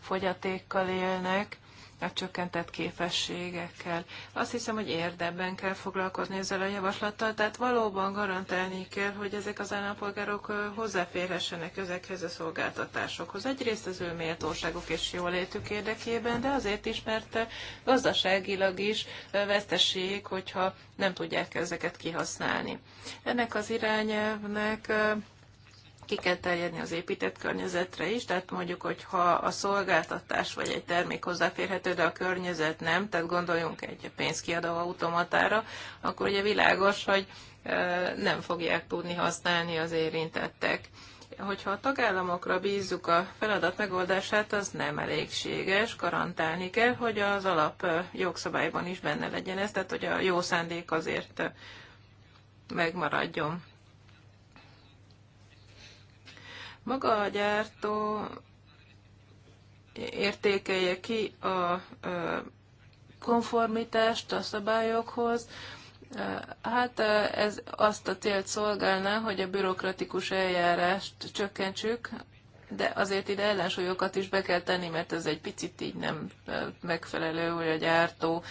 fogyatékkal élnek, a csökkentett képességekkel. Azt hiszem, hogy érdemben kell foglalkozni ezzel a javaslattal, tehát valóban garantálni kell, hogy ezek az állampolgárok hozzáférhessenek ezekhez a szolgáltatásokhoz. Egyrészt az ő méltóságok és jólétük érdekében, de azért is, mert gazdaságilag is veszteség, hogyha nem tudják ezeket kihasználni. Ennek az irányelvnek ki kell terjedni az épített környezetre is, tehát mondjuk, hogyha a szolgáltatás vagy egy termék hozzáférhető, de a környezet nem, tehát gondoljunk egy pénzkiadó automatára, akkor ugye világos, hogy nem fogják tudni használni az érintettek. Hogyha a tagállamokra bízzuk a feladat megoldását, az nem elégséges, garantálni kell, hogy az alap jogszabályban is benne legyen ez, tehát hogy a jó szándék azért megmaradjon. Maga a gyártó értékelje ki a konformitást a szabályokhoz, Hát ez azt a célt szolgálná, hogy a bürokratikus eljárást csökkentsük, de azért ide ellensúlyokat is be kell tenni, mert ez egy picit így nem megfelelő, hogy a gyártó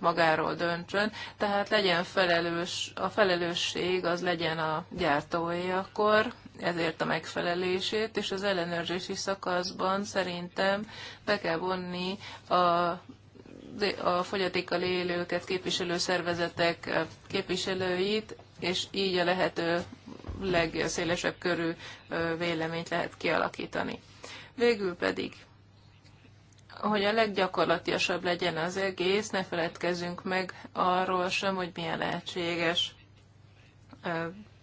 magáról döntsön. Tehát legyen felelős, a felelősség az legyen a gyártóé akkor, ezért a megfelelését, és az ellenőrzési szakaszban szerintem be kell vonni a a fogyatékkal élőket képviselő szervezetek képviselőit, és így a lehető legszélesebb körű véleményt lehet kialakítani. Végül pedig, hogy a leggyakorlatiasabb legyen az egész, ne feledkezzünk meg arról sem, hogy milyen lehetséges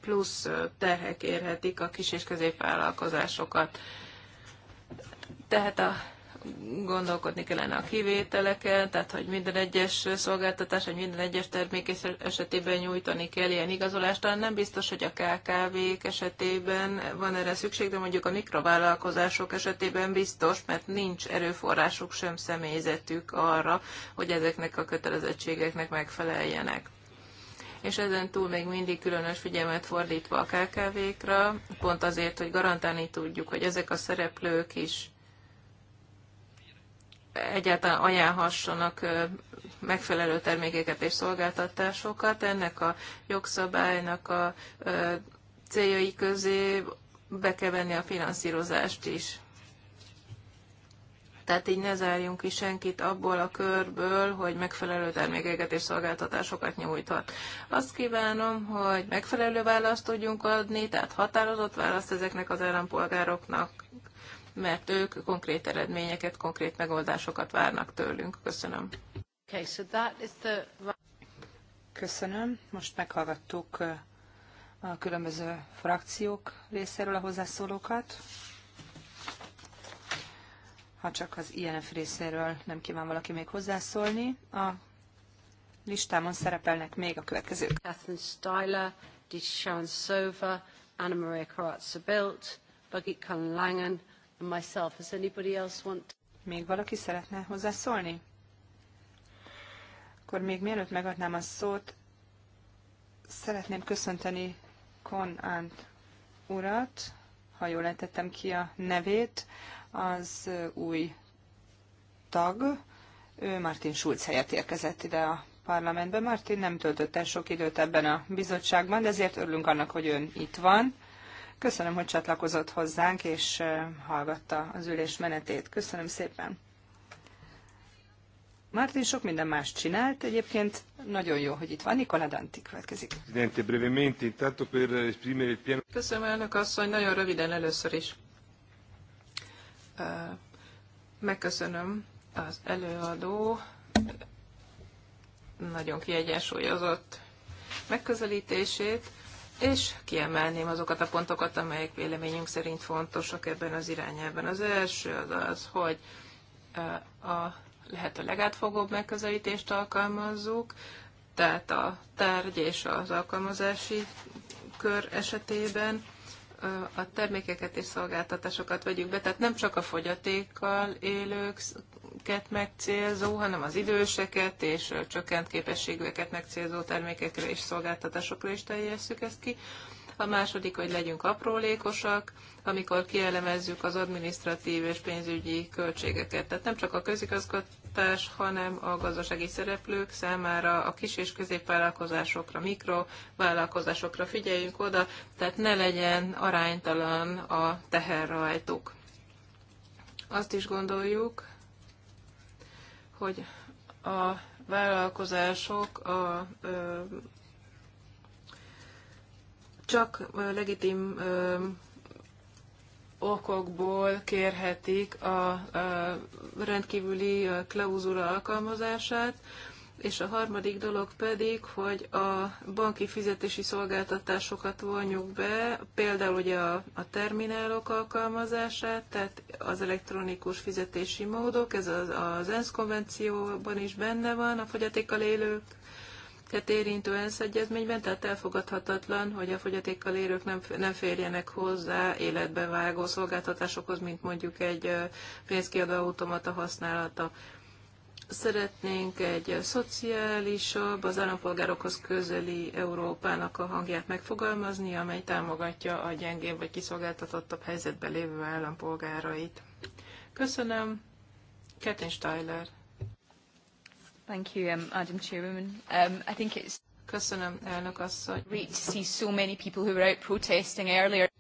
plusz terhek érhetik a kis és középvállalkozásokat. Tehát a gondolkodni kellene a kivételeken, tehát hogy minden egyes szolgáltatás, vagy minden egyes termék esetében nyújtani kell ilyen igazolást. Talán nem biztos, hogy a KKV-k esetében van erre szükség, de mondjuk a mikrovállalkozások esetében biztos, mert nincs erőforrásuk sem személyzetük arra, hogy ezeknek a kötelezettségeknek megfeleljenek és ezen túl még mindig különös figyelmet fordítva a KKV-kra, pont azért, hogy garantálni tudjuk, hogy ezek a szereplők is egyáltalán ajánlhassanak megfelelő termékeket és szolgáltatásokat. Ennek a jogszabálynak a céljai közé be kell venni a finanszírozást is. Tehát így ne zárjunk ki senkit abból a körből, hogy megfelelő termékeket és szolgáltatásokat nyújthat. Azt kívánom, hogy megfelelő választ tudjunk adni, tehát határozott választ ezeknek az állampolgároknak mert ők konkrét eredményeket, konkrét megoldásokat várnak tőlünk. Köszönöm. Okay, so that is the... Köszönöm. Most meghallgattuk a különböző frakciók részéről a hozzászólókat. Ha csak az INF részéről nem kíván valaki még hozzászólni, a listámon szerepelnek még a következők. Catherine Styler, Dishan Sova, Anna Maria Karatsa-Bilt, Bagit langen and myself. Does anybody else want Még valaki szeretne hozzászólni? Akkor még mielőtt megadnám a szót, szeretném köszönteni Kon Ant urat, ha jól lehetettem ki a nevét, az új tag, ő Martin Schulz helyett érkezett ide a parlamentbe. Martin nem töltött el sok időt ebben a bizottságban, de ezért örülünk annak, hogy ön itt van. Köszönöm, hogy csatlakozott hozzánk, és hallgatta az ülés menetét. Köszönöm szépen. Martin sok minden más csinált, egyébként nagyon jó, hogy itt van. Nikola Danti következik. Köszönöm, elnök asszony, nagyon röviden először is. Megköszönöm az előadó nagyon kiegyensúlyozott megközelítését és kiemelném azokat a pontokat, amelyek véleményünk szerint fontosak ebben az irányában. Az első az az, hogy a lehető legátfogóbb megközelítést alkalmazzuk, tehát a tárgy és az alkalmazási kör esetében a termékeket és szolgáltatásokat vegyük be, tehát nem csak a fogyatékkal élők ket megcélzó, hanem az időseket és csökkent képességűeket megcélzó termékekre és szolgáltatásokra is teljesszük ezt ki. A második, hogy legyünk aprólékosak, amikor kielemezzük az administratív és pénzügyi költségeket. Tehát nem csak a közigazgatás, hanem a gazdasági szereplők számára, a kis és középvállalkozásokra, mikrovállalkozásokra figyeljünk oda, tehát ne legyen aránytalan a teherrajtuk. Azt is gondoljuk, hogy a vállalkozások a ö, csak legitim ö, okokból kérhetik a, a rendkívüli klauzula alkalmazását, és a harmadik dolog pedig, hogy a banki fizetési szolgáltatásokat vonjuk be, például ugye a, a terminálok alkalmazását, tehát az elektronikus fizetési módok, ez az, az ENSZ konvencióban is benne van, a fogyatékkal élők tehát érintő ENSZ egyezményben, tehát elfogadhatatlan, hogy a fogyatékkal érők nem, nem férjenek hozzá életbe vágó szolgáltatásokhoz, mint mondjuk egy pénzkiadó automata használata szeretnénk egy szociálisabb, az állampolgárokhoz közeli Európának a hangját megfogalmazni, amely támogatja a gyengébb vagy kiszolgáltatottabb helyzetben lévő állampolgárait. Köszönöm. Katyn Steiler. Thank you, um, Adam Chairwoman. Um, I think it's Köszönöm, elnök asszony. Great to see so many people who were out protesting earlier.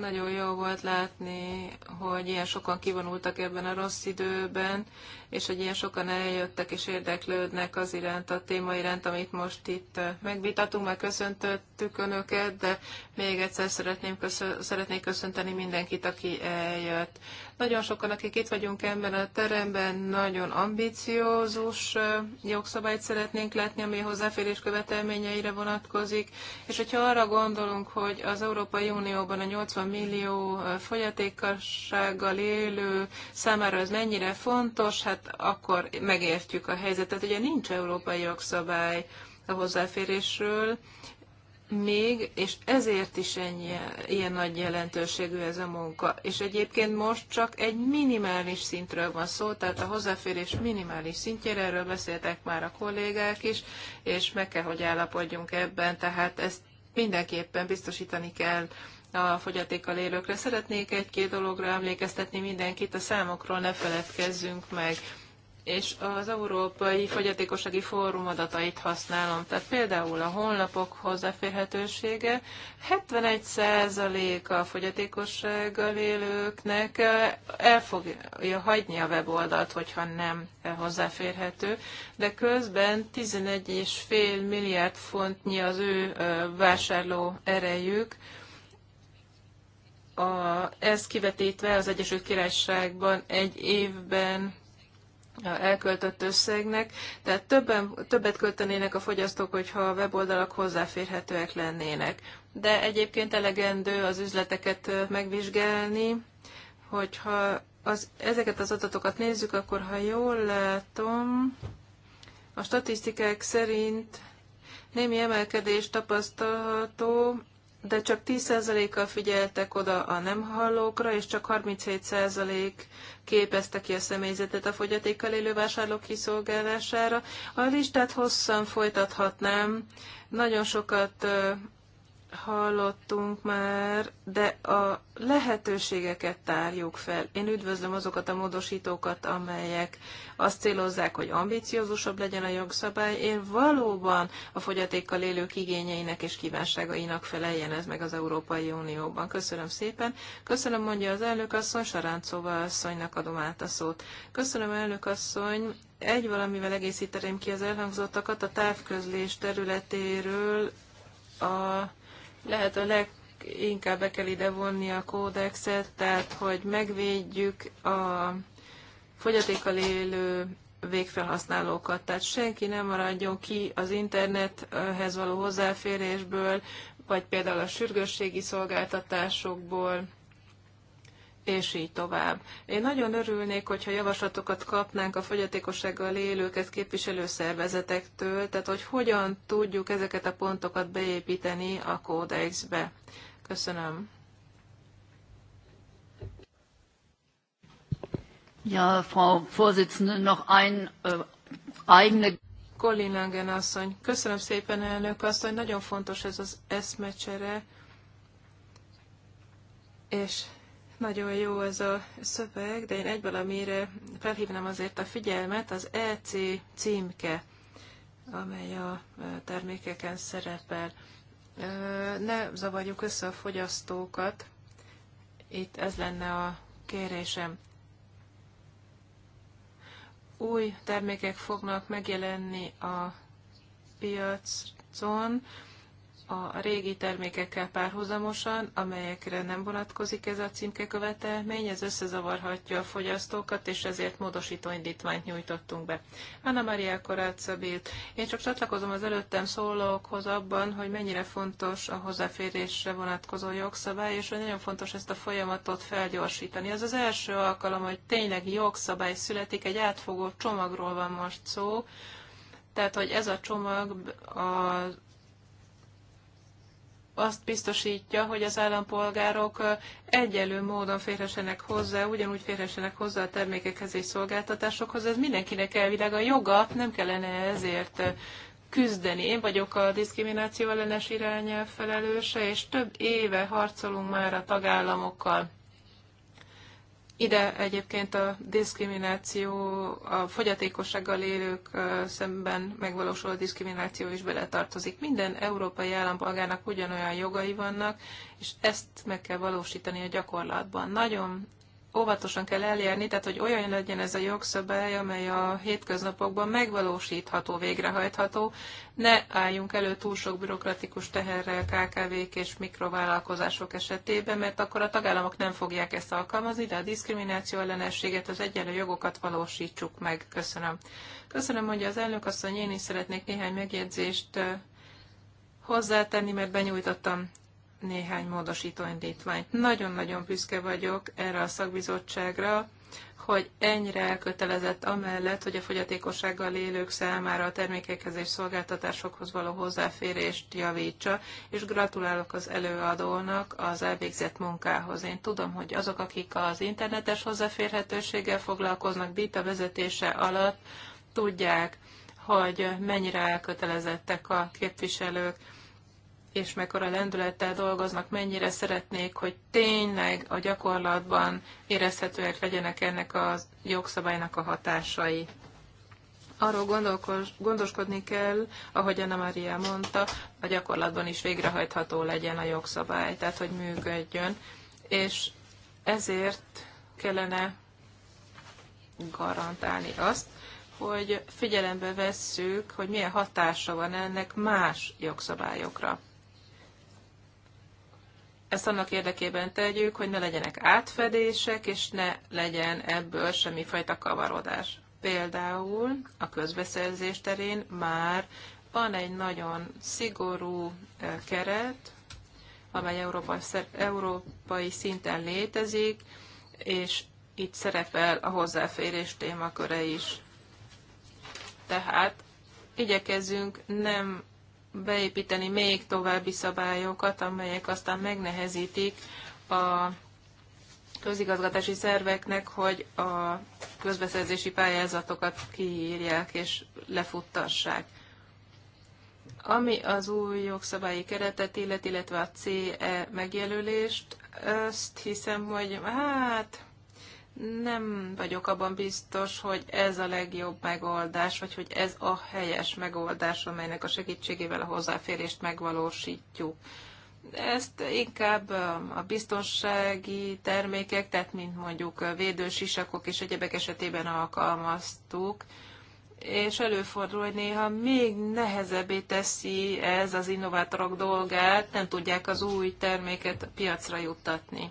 Nagyon jó volt látni, hogy ilyen sokan kivonultak ebben a rossz időben, és hogy ilyen sokan eljöttek és érdeklődnek az iránt, a téma iránt, amit most itt megvitatunk, megköszöntöttük köszöntöttük Önöket, de még egyszer szeretném köszö- szeretnék köszönteni mindenkit, aki eljött. Nagyon sokan, akik itt vagyunk ebben a teremben, nagyon ambiciózus jogszabályt szeretnénk látni, ami hozzáférés követelményeire vonatkozik. És hogyha arra gondolunk, hogy az Európai Unióban a 80 millió fogyatékossággal élő számára ez mennyire fontos, hát akkor megértjük a helyzetet. Ugye nincs európai jogszabály a hozzáférésről, még, és ezért is ennyi, ilyen nagy jelentőségű ez a munka. És egyébként most csak egy minimális szintről van szó, tehát a hozzáférés minimális szintjére, erről beszéltek már a kollégák is, és meg kell, hogy állapodjunk ebben, tehát ezt mindenképpen biztosítani kell a fogyatékkal élőkre. Szeretnék egy-két dologra emlékeztetni mindenkit, a számokról ne feledkezzünk meg és az Európai Fogyatékossági Fórum adatait használom. Tehát például a honlapok hozzáférhetősége 71% a fogyatékossággal élőknek el fogja hagyni a weboldalt, hogyha nem hozzáférhető, de közben 11,5 milliárd fontnyi az ő vásárló erejük, a, ez kivetítve az Egyesült Királyságban egy évben elköltött összegnek, tehát többen, többet költenének a fogyasztók, hogyha a weboldalak hozzáférhetőek lennének. De egyébként elegendő az üzleteket megvizsgálni, hogyha az, ezeket az adatokat nézzük, akkor ha jól látom, a statisztikák szerint némi emelkedés tapasztalható de csak 10%-kal figyeltek oda a nem hallókra, és csak 37% képezte ki a személyzetet a fogyatékkal élő vásárlók kiszolgálására. A listát hosszan folytathatnám, nagyon sokat hallottunk már, de a lehetőségeket tárjuk fel. Én üdvözlöm azokat a módosítókat, amelyek azt célozzák, hogy ambiciózusabb legyen a jogszabály. Én valóban a fogyatékkal élők igényeinek és kívánságainak feleljen ez meg az Európai Unióban. Köszönöm szépen. Köszönöm, mondja az elnök asszony, Saráncova asszonynak adom át a szót. Köszönöm, elnök asszony. Egy valamivel egészíteném ki az elhangzottakat a távközlés területéről a lehet a inkább be kell ide vonni a kódexet, tehát hogy megvédjük a fogyatékkal élő végfelhasználókat. Tehát senki nem maradjon ki az internethez való hozzáférésből, vagy például a sürgősségi szolgáltatásokból és így tovább. Én nagyon örülnék, hogyha javaslatokat kapnánk a fogyatékossággal élőket képviselő szervezetektől, tehát hogy hogyan tudjuk ezeket a pontokat beépíteni a kódexbe. Köszönöm. Ja, Frau Vorsitzende, noch ein äh, eigene... Colin Langen asszony. Köszönöm szépen, elnök asszony. Nagyon fontos ez az eszmecsere. És nagyon jó ez a szöveg, de én egy valamire felhívnám azért a figyelmet, az EC címke, amely a e, termékeken szerepel. E, ne zavarjuk össze a fogyasztókat, itt ez lenne a kérésem. Új termékek fognak megjelenni a piacon, a régi termékekkel párhuzamosan, amelyekre nem vonatkozik ez a címke követelmény, ez összezavarhatja a fogyasztókat, és ezért módosító indítványt nyújtottunk be. Anna Maria Korácsabilt. Én csak csatlakozom az előttem szólókhoz abban, hogy mennyire fontos a hozzáférésre vonatkozó jogszabály, és hogy nagyon fontos ezt a folyamatot felgyorsítani. Az az első alkalom, hogy tényleg jogszabály születik, egy átfogó csomagról van most szó, tehát, hogy ez a csomag az azt biztosítja, hogy az állampolgárok egyelő módon férhessenek hozzá, ugyanúgy férhessenek hozzá a termékekhez és szolgáltatásokhoz. Ez mindenkinek elvileg a joga, nem kellene ezért küzdeni. Én vagyok a diszkrimináció ellenes irányelv felelőse, és több éve harcolunk már a tagállamokkal ide egyébként a diszkrimináció, a fogyatékossággal élők szemben megvalósuló diszkrimináció is beletartozik. Minden európai állampolgárnak ugyanolyan jogai vannak, és ezt meg kell valósítani a gyakorlatban. Nagyon óvatosan kell eljárni, tehát hogy olyan legyen ez a jogszabály, amely a hétköznapokban megvalósítható, végrehajtható, ne álljunk elő túl sok bürokratikus teherrel KKV-k és mikrovállalkozások esetében, mert akkor a tagállamok nem fogják ezt alkalmazni, de a diszkrimináció ellenességet, az egyenlő jogokat valósítsuk meg. Köszönöm. Köszönöm, hogy az elnök asszony, én is szeretnék néhány megjegyzést hozzátenni, mert benyújtottam néhány módosító indítványt. Nagyon-nagyon büszke vagyok erre a szakbizottságra, hogy ennyire elkötelezett amellett, hogy a fogyatékossággal élők számára a termékekhez és szolgáltatásokhoz való hozzáférést javítsa, és gratulálok az előadónak az elvégzett munkához. Én tudom, hogy azok, akik az internetes hozzáférhetőséggel foglalkoznak BITA vezetése alatt, tudják, hogy mennyire elkötelezettek a képviselők és mekkora lendülettel dolgoznak, mennyire szeretnék, hogy tényleg a gyakorlatban érezhetőek legyenek ennek a jogszabálynak a hatásai. Arról gondoskodni kell, ahogy Anna Maria mondta, a gyakorlatban is végrehajtható legyen a jogszabály, tehát hogy működjön. És ezért kellene garantálni azt, hogy figyelembe vesszük, hogy milyen hatása van ennek más jogszabályokra. Ezt annak érdekében tegyük, hogy ne legyenek átfedések, és ne legyen ebből semmifajta kavarodás. Például a közbeszerzés terén már van egy nagyon szigorú e, keret, amely Európa, európai szinten létezik, és itt szerepel a hozzáférés témaköre is. Tehát igyekezünk nem beépíteni még további szabályokat, amelyek aztán megnehezítik a közigazgatási szerveknek, hogy a közbeszerzési pályázatokat kiírják és lefuttassák. Ami az új jogszabályi keretet illet, illetve a CE megjelölést, azt hiszem, hogy hát nem vagyok abban biztos, hogy ez a legjobb megoldás, vagy hogy ez a helyes megoldás, amelynek a segítségével a hozzáférést megvalósítjuk. Ezt inkább a biztonsági termékek, tehát mint mondjuk védősisakok és egyebek esetében alkalmaztuk, és előfordul, hogy néha még nehezebbé teszi ez az innovátorok dolgát, nem tudják az új terméket piacra juttatni.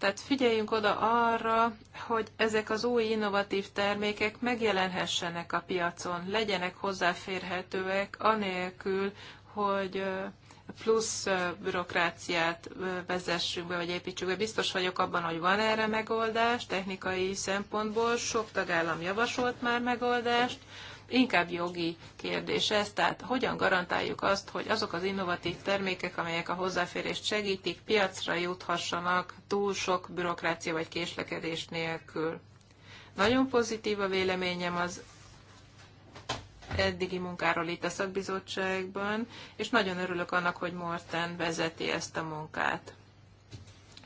Tehát figyeljünk oda arra, hogy ezek az új innovatív termékek megjelenhessenek a piacon, legyenek hozzáférhetőek, anélkül, hogy plusz bürokráciát vezessünk be, vagy építsük be. Biztos vagyok abban, hogy van erre megoldás, technikai szempontból sok tagállam javasolt már megoldást, inkább jogi kérdés ez, tehát hogyan garantáljuk azt, hogy azok az innovatív termékek, amelyek a hozzáférést segítik, piacra juthassanak túl sok bürokrácia vagy késlekedés nélkül. Nagyon pozitív a véleményem az eddigi munkáról itt a szakbizottságban, és nagyon örülök annak, hogy Morten vezeti ezt a munkát.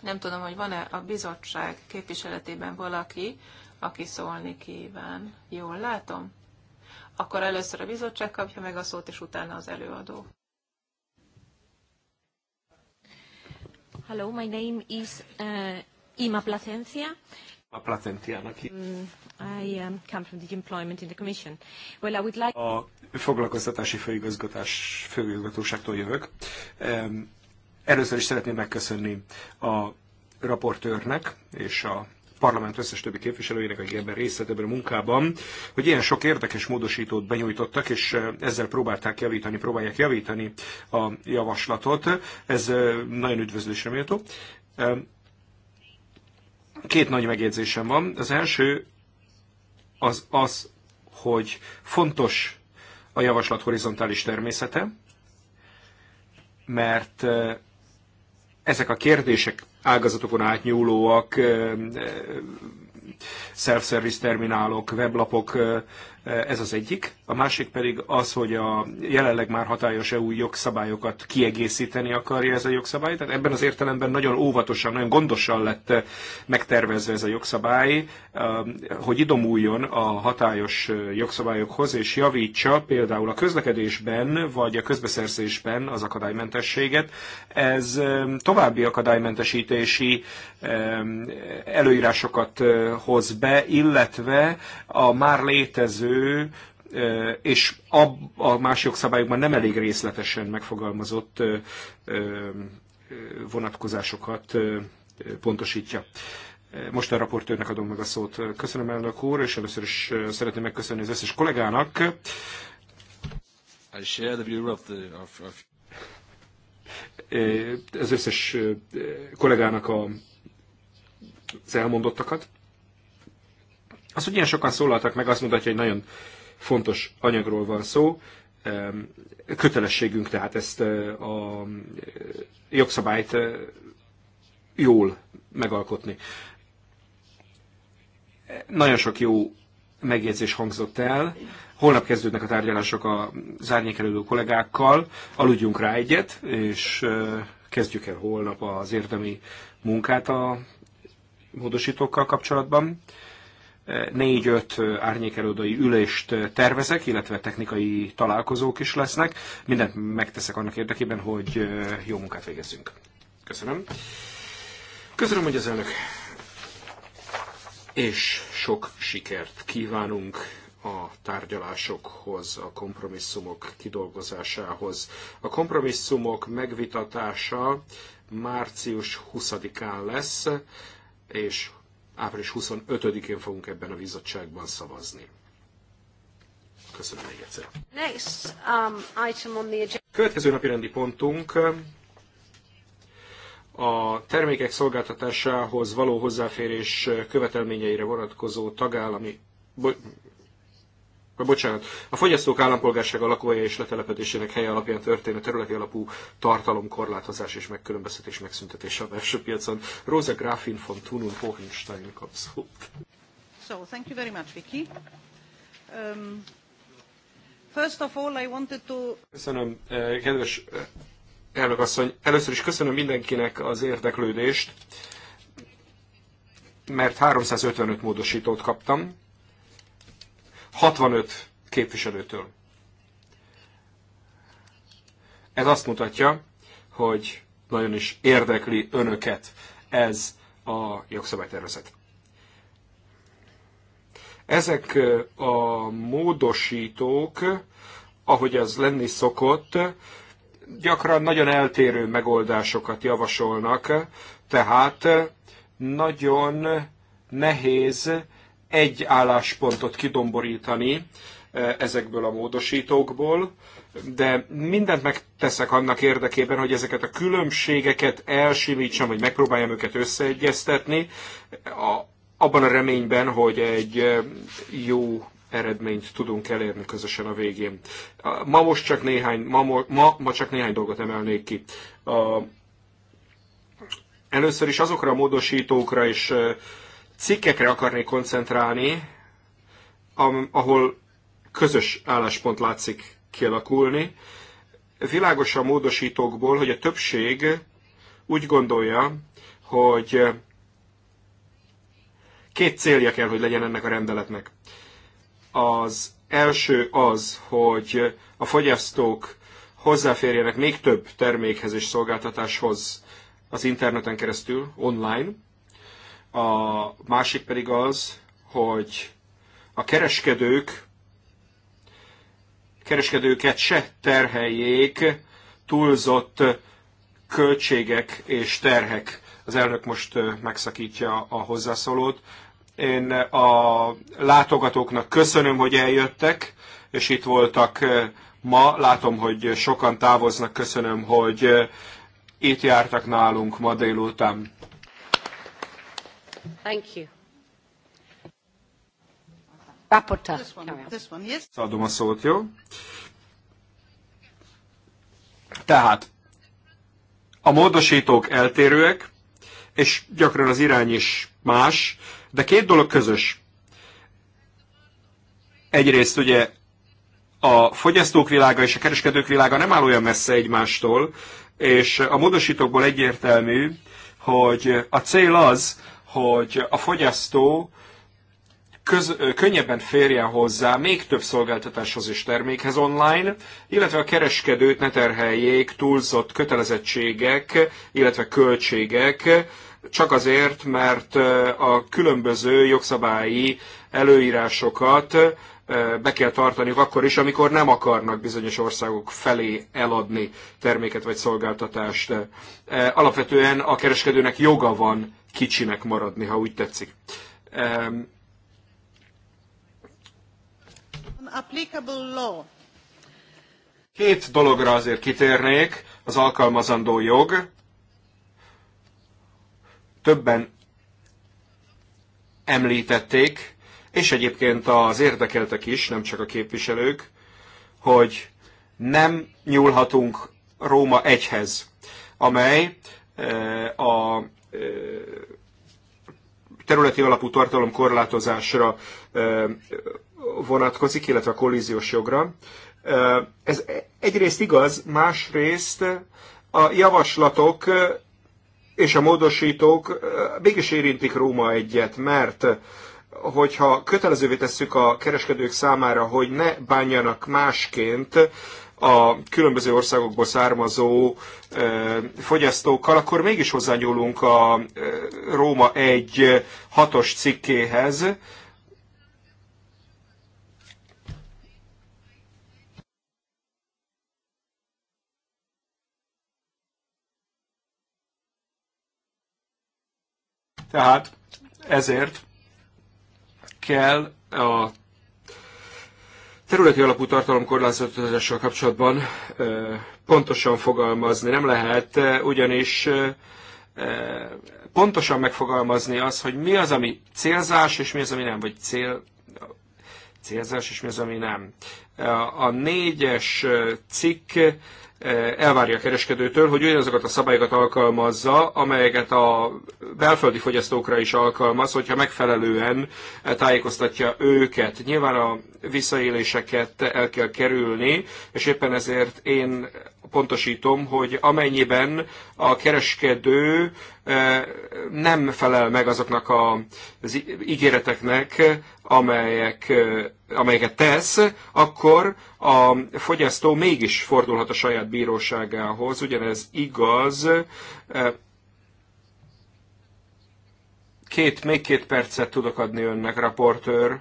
Nem tudom, hogy van-e a bizottság képviseletében valaki, aki szólni kíván. Jól látom? Akkor először a bizottság kapja meg a szót, és utána az előadó. Hello, my name is uh, Ima Placencia. A Placentiának. Mm, I um, come from the employment in the commission. Well, I would like... A foglalkoztatási főigazgatás, főigazgatóságtól jövök. Um, először is szeretném megköszönni a raportőrnek és a parlament összes többi képviselőjének, akik ebben részt vett ebben a munkában, hogy ilyen sok érdekes módosítót benyújtottak, és ezzel próbálták javítani, próbálják javítani a javaslatot. Ez nagyon üdvözlésre méltó. Két nagy megjegyzésem van. Az első az az, hogy fontos a javaslat horizontális természete, mert ezek a kérdések ágazatokon átnyúlóak, self-service terminálok, weblapok ez az egyik. A másik pedig az, hogy a jelenleg már hatályos EU jogszabályokat kiegészíteni akarja ez a jogszabály. Tehát ebben az értelemben nagyon óvatosan, nagyon gondosan lett megtervezve ez a jogszabály, um, hogy idomuljon a hatályos uh, jogszabályokhoz, és javítsa például a közlekedésben, vagy a közbeszerzésben az akadálymentességet. Ez um, további akadálymentesítési um, előírásokat uh, hoz be, illetve a már létező és a, a más jogszabályokban nem elég részletesen megfogalmazott vonatkozásokat pontosítja. Most a raportőrnek adom meg a szót. Köszönöm elnök úr, és először is szeretném megköszönni az összes kollégának. I share the view of the, of, of... Az összes kollégának a, az elmondottakat. Az, hogy ilyen sokan szólaltak meg, azt mutatja, hogy nagyon fontos anyagról van szó. Kötelességünk tehát ezt a jogszabályt jól megalkotni. Nagyon sok jó megjegyzés hangzott el. Holnap kezdődnek a tárgyalások az árnyékelődő kollégákkal. Aludjunk rá egyet, és kezdjük el holnap az érdemi munkát a módosítókkal kapcsolatban négy-öt árnyékelődői ülést tervezek, illetve technikai találkozók is lesznek. Mindent megteszek annak érdekében, hogy jó munkát végezzünk. Köszönöm. Köszönöm, hogy az elnök. És sok sikert kívánunk a tárgyalásokhoz, a kompromisszumok kidolgozásához. A kompromisszumok megvitatása március 20-án lesz, és április 25-én fogunk ebben a bizottságban szavazni. Köszönöm még egyszer. Next, um, item on the Következő napi rendi pontunk a termékek szolgáltatásához való hozzáférés követelményeire vonatkozó tagállami bocsánat, a fogyasztók állampolgársága lakója és letelepedésének helye alapján történő területi alapú tartalom korlátozás és megkülönböztetés megszüntetése a belső piacon. Rosa Grafin von Thunun Hohenstein kap szót. So, thank you very much, Vicky. Um, first of all, I wanted to... Köszönöm, eh, kedves eh, elnök asszony. Először is köszönöm mindenkinek az érdeklődést, mert 355 módosítót kaptam 65 képviselőtől. Ez azt mutatja, hogy nagyon is érdekli önöket ez a jogszabálytervezet. Ezek a módosítók, ahogy az lenni szokott, gyakran nagyon eltérő megoldásokat javasolnak, tehát nagyon nehéz egy álláspontot kidomborítani eh, ezekből a módosítókból, de mindent megteszek annak érdekében, hogy ezeket a különbségeket elsimítsam, vagy megpróbáljam őket összeegyeztetni, abban a reményben, hogy egy eh, jó eredményt tudunk elérni közösen a végén. Ma most csak néhány, ma, ma, ma csak néhány dolgot emelnék ki. A, először is azokra a módosítókra is cikkekre akarnék koncentrálni, ahol közös álláspont látszik kialakulni. Világos a módosítókból, hogy a többség úgy gondolja, hogy két célja kell, hogy legyen ennek a rendeletnek. Az első az, hogy a fogyasztók hozzáférjenek még több termékhez és szolgáltatáshoz az interneten keresztül, online a másik pedig az, hogy a kereskedők kereskedőket se terheljék túlzott költségek és terhek. Az elnök most megszakítja a hozzászólót. Én a látogatóknak köszönöm, hogy eljöttek, és itt voltak ma. Látom, hogy sokan távoznak. Köszönöm, hogy itt jártak nálunk ma délután. Adom a szót, jó? Tehát a módosítók eltérőek, és gyakran az irány is más, de két dolog közös. Egyrészt ugye a fogyasztók világa és a kereskedők világa nem áll olyan messze egymástól, és a módosítókból egyértelmű, hogy a cél az, hogy a fogyasztó köz, könnyebben férjen hozzá még több szolgáltatáshoz és termékhez online, illetve a kereskedőt ne terheljék túlzott kötelezettségek, illetve költségek, csak azért, mert a különböző jogszabályi előírásokat be kell tartaniuk akkor is, amikor nem akarnak bizonyos országok felé eladni terméket vagy szolgáltatást. Alapvetően a kereskedőnek joga van kicsinek maradni, ha úgy tetszik. Két dologra azért kitérnék, az alkalmazandó jog. Többen említették, és egyébként az érdekeltek is, nem csak a képviselők, hogy nem nyúlhatunk Róma egyhez, amely e, a e, területi alapú korlátozásra e, vonatkozik, illetve a kollíziós jogra. Ez egyrészt igaz, másrészt a javaslatok és a módosítók mégis érintik Róma egyet, mert hogyha kötelezővé tesszük a kereskedők számára, hogy ne bánjanak másként a különböző országokból származó fogyasztókkal, akkor mégis hozzányúlunk a Róma 1 hatos cikkéhez, Tehát ezért kell a területi alapú tartalomkorlátozással kapcsolatban pontosan fogalmazni. Nem lehet ugyanis pontosan megfogalmazni az, hogy mi az, ami célzás, és mi az, ami nem, vagy cél, célzás, és mi az, ami nem. A négyes cikk elvárja a kereskedőtől, hogy ugyanazokat a szabályokat alkalmazza, amelyeket a belföldi fogyasztókra is alkalmaz, hogyha megfelelően tájékoztatja őket. Nyilván a visszaéléseket el kell kerülni, és éppen ezért én pontosítom, hogy amennyiben a kereskedő eh, nem felel meg azoknak az ígéreteknek, amelyek, eh, amelyeket tesz, akkor a fogyasztó mégis fordulhat a saját bíróságához. Ugyanez igaz. E, két, még két percet tudok adni önnek, raportőr.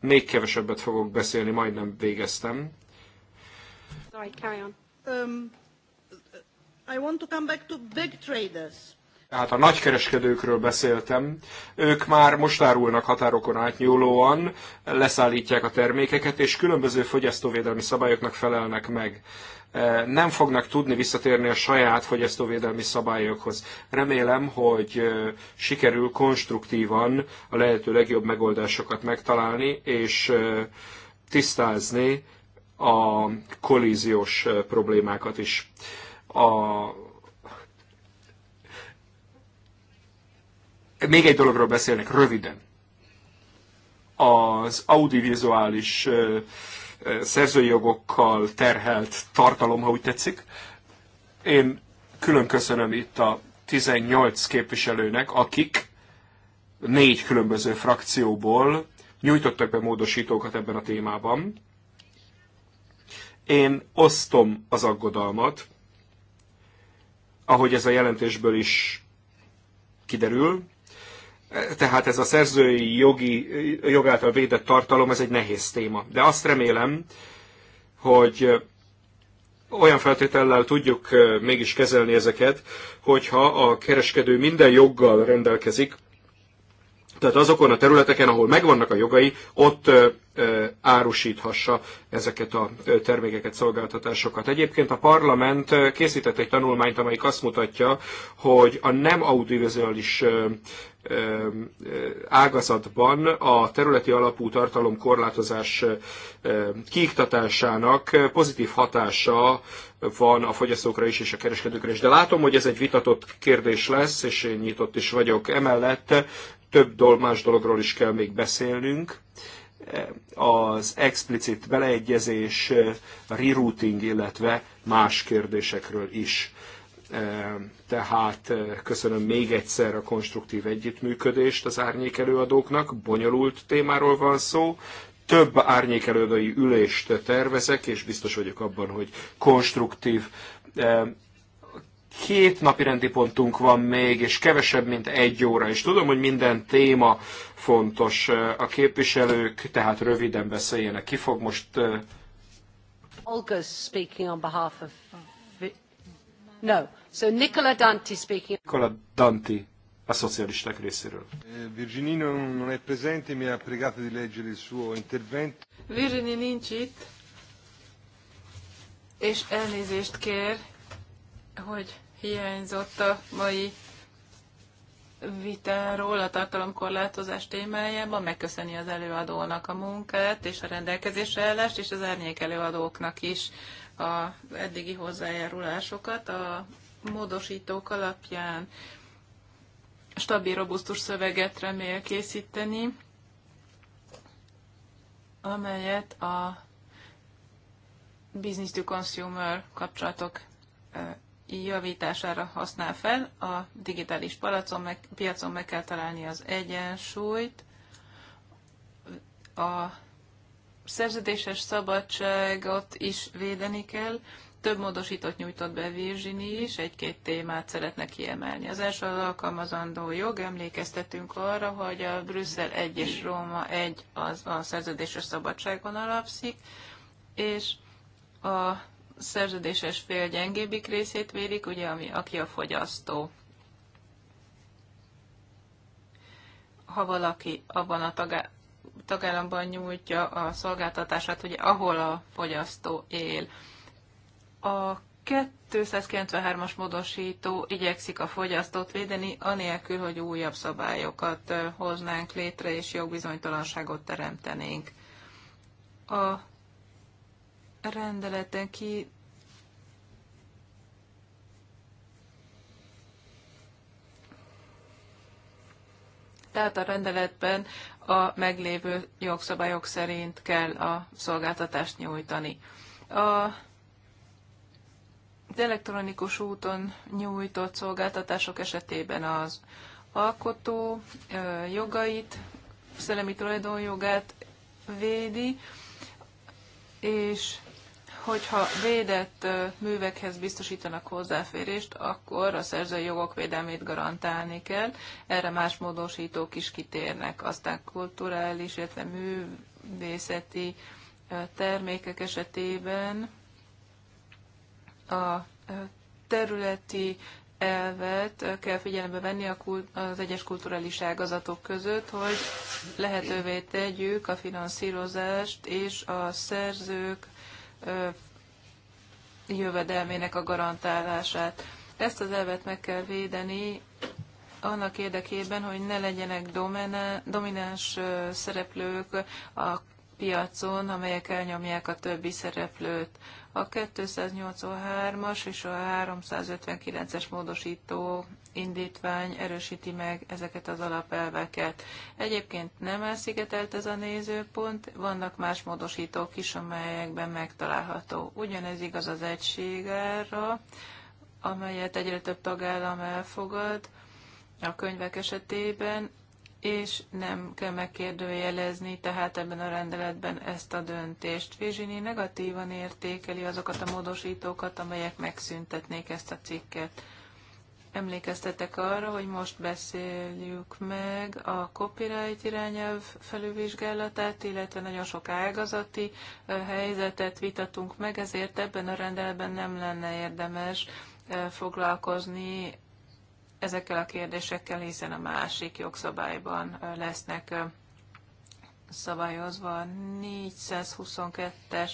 Még kevesebbet fogok beszélni, majdnem végeztem. Sorry, carry on. Um, I want to come back to big traders hát a nagykereskedőkről beszéltem, ők már most árulnak határokon átnyúlóan, leszállítják a termékeket, és különböző fogyasztóvédelmi szabályoknak felelnek meg e, nem fognak tudni visszatérni a saját fogyasztóvédelmi szabályokhoz. Remélem, hogy e, sikerül konstruktívan a lehető legjobb megoldásokat megtalálni, és e, tisztázni a kollíziós problémákat is. A Még egy dologról beszélnek röviden. Az audiovizuális szerzői jogokkal terhelt tartalom, ha úgy tetszik. Én külön köszönöm itt a 18 képviselőnek, akik négy különböző frakcióból nyújtottak be módosítókat ebben a témában. Én osztom az aggodalmat, ahogy ez a jelentésből is kiderül, tehát ez a szerzői jogi, jogáltal védett tartalom, ez egy nehéz téma. De azt remélem, hogy olyan feltétellel tudjuk eh, mégis kezelni ezeket, hogyha a kereskedő minden joggal rendelkezik, tehát azokon a területeken, ahol megvannak a jogai, ott árusíthassa ezeket a termékeket, szolgáltatásokat. Egyébként a parlament készített egy tanulmányt, amelyik azt mutatja, hogy a nem audiovizuális ágazatban a területi alapú tartalom korlátozás kiiktatásának pozitív hatása van a fogyasztókra is és a kereskedőkre is. De látom, hogy ez egy vitatott kérdés lesz, és én nyitott is vagyok emellett több dol, más dologról is kell még beszélnünk. Az explicit beleegyezés, rerouting, illetve más kérdésekről is. Tehát köszönöm még egyszer a konstruktív együttműködést az árnyék előadóknak. Bonyolult témáról van szó. Több árnyékelődői ülést tervezek, és biztos vagyok abban, hogy konstruktív Hét napi rendi pontunk van még, és kevesebb, mint egy óra. És tudom, hogy minden téma fontos a képviselők, tehát röviden beszéljenek. Ki fog most... Olga speaking on behalf of... No. So Nicola Danti speaking. Nicola Danti a szocialisták részéről. Eh, Virginino non è presente, mi ha pregato di leggere il suo intervento. Virginie nincs itt, és elnézést kér, hogy hiányzott a mai vitáról a tartalomkorlátozás témájában, megköszöni az előadónak a munkát és a rendelkezésre állást, és az árnyék előadóknak is a eddigi hozzájárulásokat a módosítók alapján stabil, robusztus szöveget remél készíteni, amelyet a business to consumer kapcsolatok eh, javítására használ fel. A digitális palacon meg, piacon meg kell találni az egyensúlyt, a szerződéses szabadságot is védeni kell. Több módosítót nyújtott be Virginie is, egy-két témát szeretne kiemelni. Az első az alkalmazandó jog, emlékeztetünk arra, hogy a Brüsszel 1 és Róma 1 az a szerződéses szabadságon alapszik, és a szerződéses fél gyengébbik részét vérik, ugye, ami, aki a fogyasztó. Ha valaki abban a tagállamban nyújtja a szolgáltatását, ugye, ahol a fogyasztó él. A 293-as módosító igyekszik a fogyasztót védeni, anélkül, hogy újabb szabályokat hoznánk létre és jogbizonytalanságot teremtenénk. A rendeleten ki tehát a rendeletben a meglévő jogszabályok szerint kell a szolgáltatást nyújtani. A elektronikus úton nyújtott szolgáltatások esetében az alkotó jogait, szellemi tulajdonjogát védi, és hogyha védett művekhez biztosítanak hozzáférést, akkor a szerzői jogok védelmét garantálni kell. Erre más módosítók is kitérnek. Aztán kulturális, illetve művészeti termékek esetében a területi elvet kell figyelembe venni az egyes kulturális ágazatok között, hogy lehetővé tegyük a finanszírozást és a szerzők jövedelmének a garantálását. Ezt az elvet meg kell védeni annak érdekében, hogy ne legyenek domináns szereplők a piacon, amelyek elnyomják a többi szereplőt. A 283-as és a 359-es módosító indítvány erősíti meg ezeket az alapelveket. Egyébként nem elszigetelt ez a nézőpont, vannak más módosítók is, amelyekben megtalálható. Ugyanez igaz az egységára, amelyet egyre több tagállam elfogad a könyvek esetében, és nem kell megkérdőjelezni, tehát ebben a rendeletben ezt a döntést. Virginie negatívan értékeli azokat a módosítókat, amelyek megszüntetnék ezt a cikket emlékeztetek arra, hogy most beszéljük meg a copyright irányelv felülvizsgálatát, illetve nagyon sok ágazati helyzetet vitatunk meg, ezért ebben a rendelben nem lenne érdemes foglalkozni ezekkel a kérdésekkel, hiszen a másik jogszabályban lesznek szabályozva. 422-es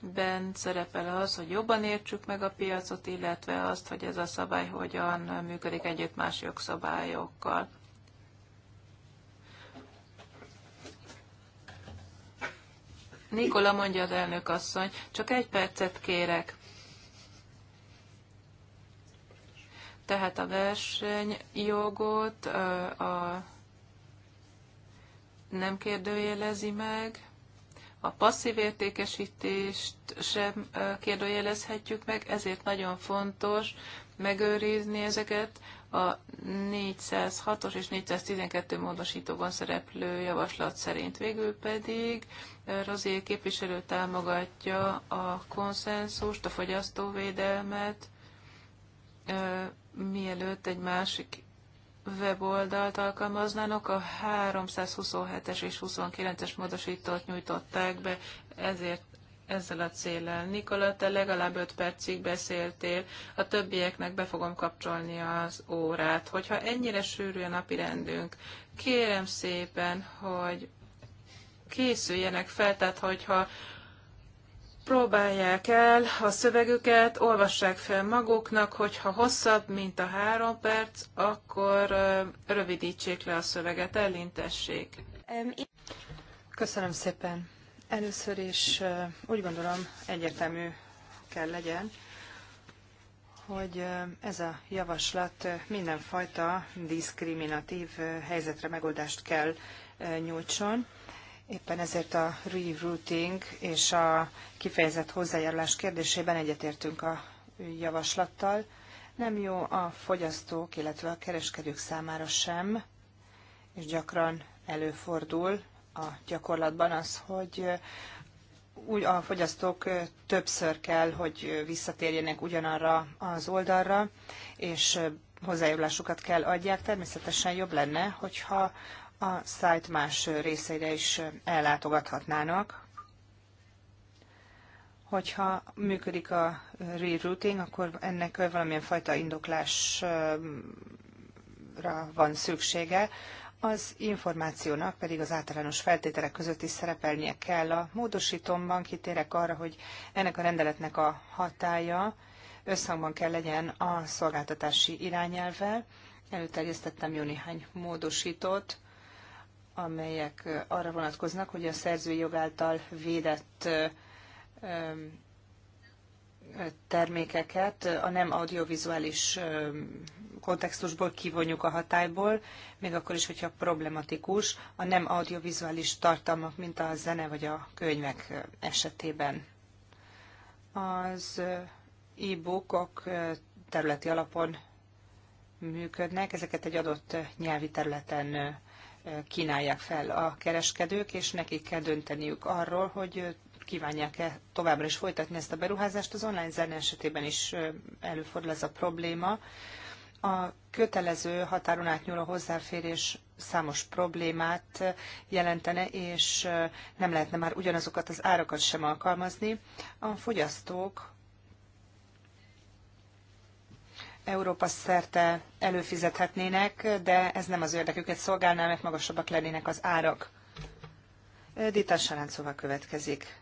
ben szerepel az, hogy jobban értsük meg a piacot, illetve azt, hogy ez a szabály hogyan működik együtt más jogszabályokkal. Nikola mondja az elnök asszony, csak egy percet kérek. Tehát a versenyjogot a nem kérdőjelezi meg, a passzív értékesítést sem kérdőjelezhetjük meg, ezért nagyon fontos megőrizni ezeket a 406-os és 412 módosítóban szereplő javaslat szerint. Végül pedig Rozier képviselő támogatja a konszenzust, a fogyasztóvédelmet, mielőtt egy másik weboldalt alkalmaznának, a 327-es és 29-es módosítót nyújtották be, ezért ezzel a célral. Nikola, te legalább 5 percig beszéltél, a többieknek be fogom kapcsolni az órát. Hogyha ennyire sűrű a napi rendünk, kérem szépen, hogy készüljenek fel, tehát hogyha próbálják el a szövegüket, olvassák fel maguknak, hogyha hosszabb, mint a három perc, akkor rövidítsék le a szöveget, ellintessék. Köszönöm szépen. Először is úgy gondolom egyértelmű kell legyen, hogy ez a javaslat mindenfajta diszkriminatív helyzetre megoldást kell nyújtson Éppen ezért a rerouting és a kifejezett hozzájárulás kérdésében egyetértünk a javaslattal. Nem jó a fogyasztók, illetve a kereskedők számára sem, és gyakran előfordul a gyakorlatban az, hogy úgy a fogyasztók többször kell, hogy visszatérjenek ugyanarra az oldalra, és hozzájárulásukat kell adják. Természetesen jobb lenne, hogyha a szájt más részeire is ellátogathatnának. Hogyha működik a rerouting, akkor ennek valamilyen fajta indoklásra van szüksége, az információnak pedig az általános feltételek között is szerepelnie kell. A módosítomban kitérek arra, hogy ennek a rendeletnek a hatája összhangban kell legyen a szolgáltatási irányelvvel. Előterjesztettem jó néhány módosítót, amelyek arra vonatkoznak, hogy a szerzői jog által védett termékeket a nem audiovizuális kontextusból kivonjuk a hatályból, még akkor is, hogyha problematikus a nem audiovizuális tartalmak, mint a zene vagy a könyvek esetében. Az e-bookok területi alapon működnek, ezeket egy adott nyelvi területen kínálják fel a kereskedők, és nekik kell dönteniük arról, hogy kívánják-e továbbra is folytatni ezt a beruházást. Az online zene esetében is előfordul ez a probléma. A kötelező határon átnyúló hozzáférés számos problémát jelentene, és nem lehetne már ugyanazokat az árakat sem alkalmazni. A fogyasztók Európa szerte előfizethetnének, de ez nem az érdeküket szolgálná, mert magasabbak lennének az árak. Dita Saráncova következik.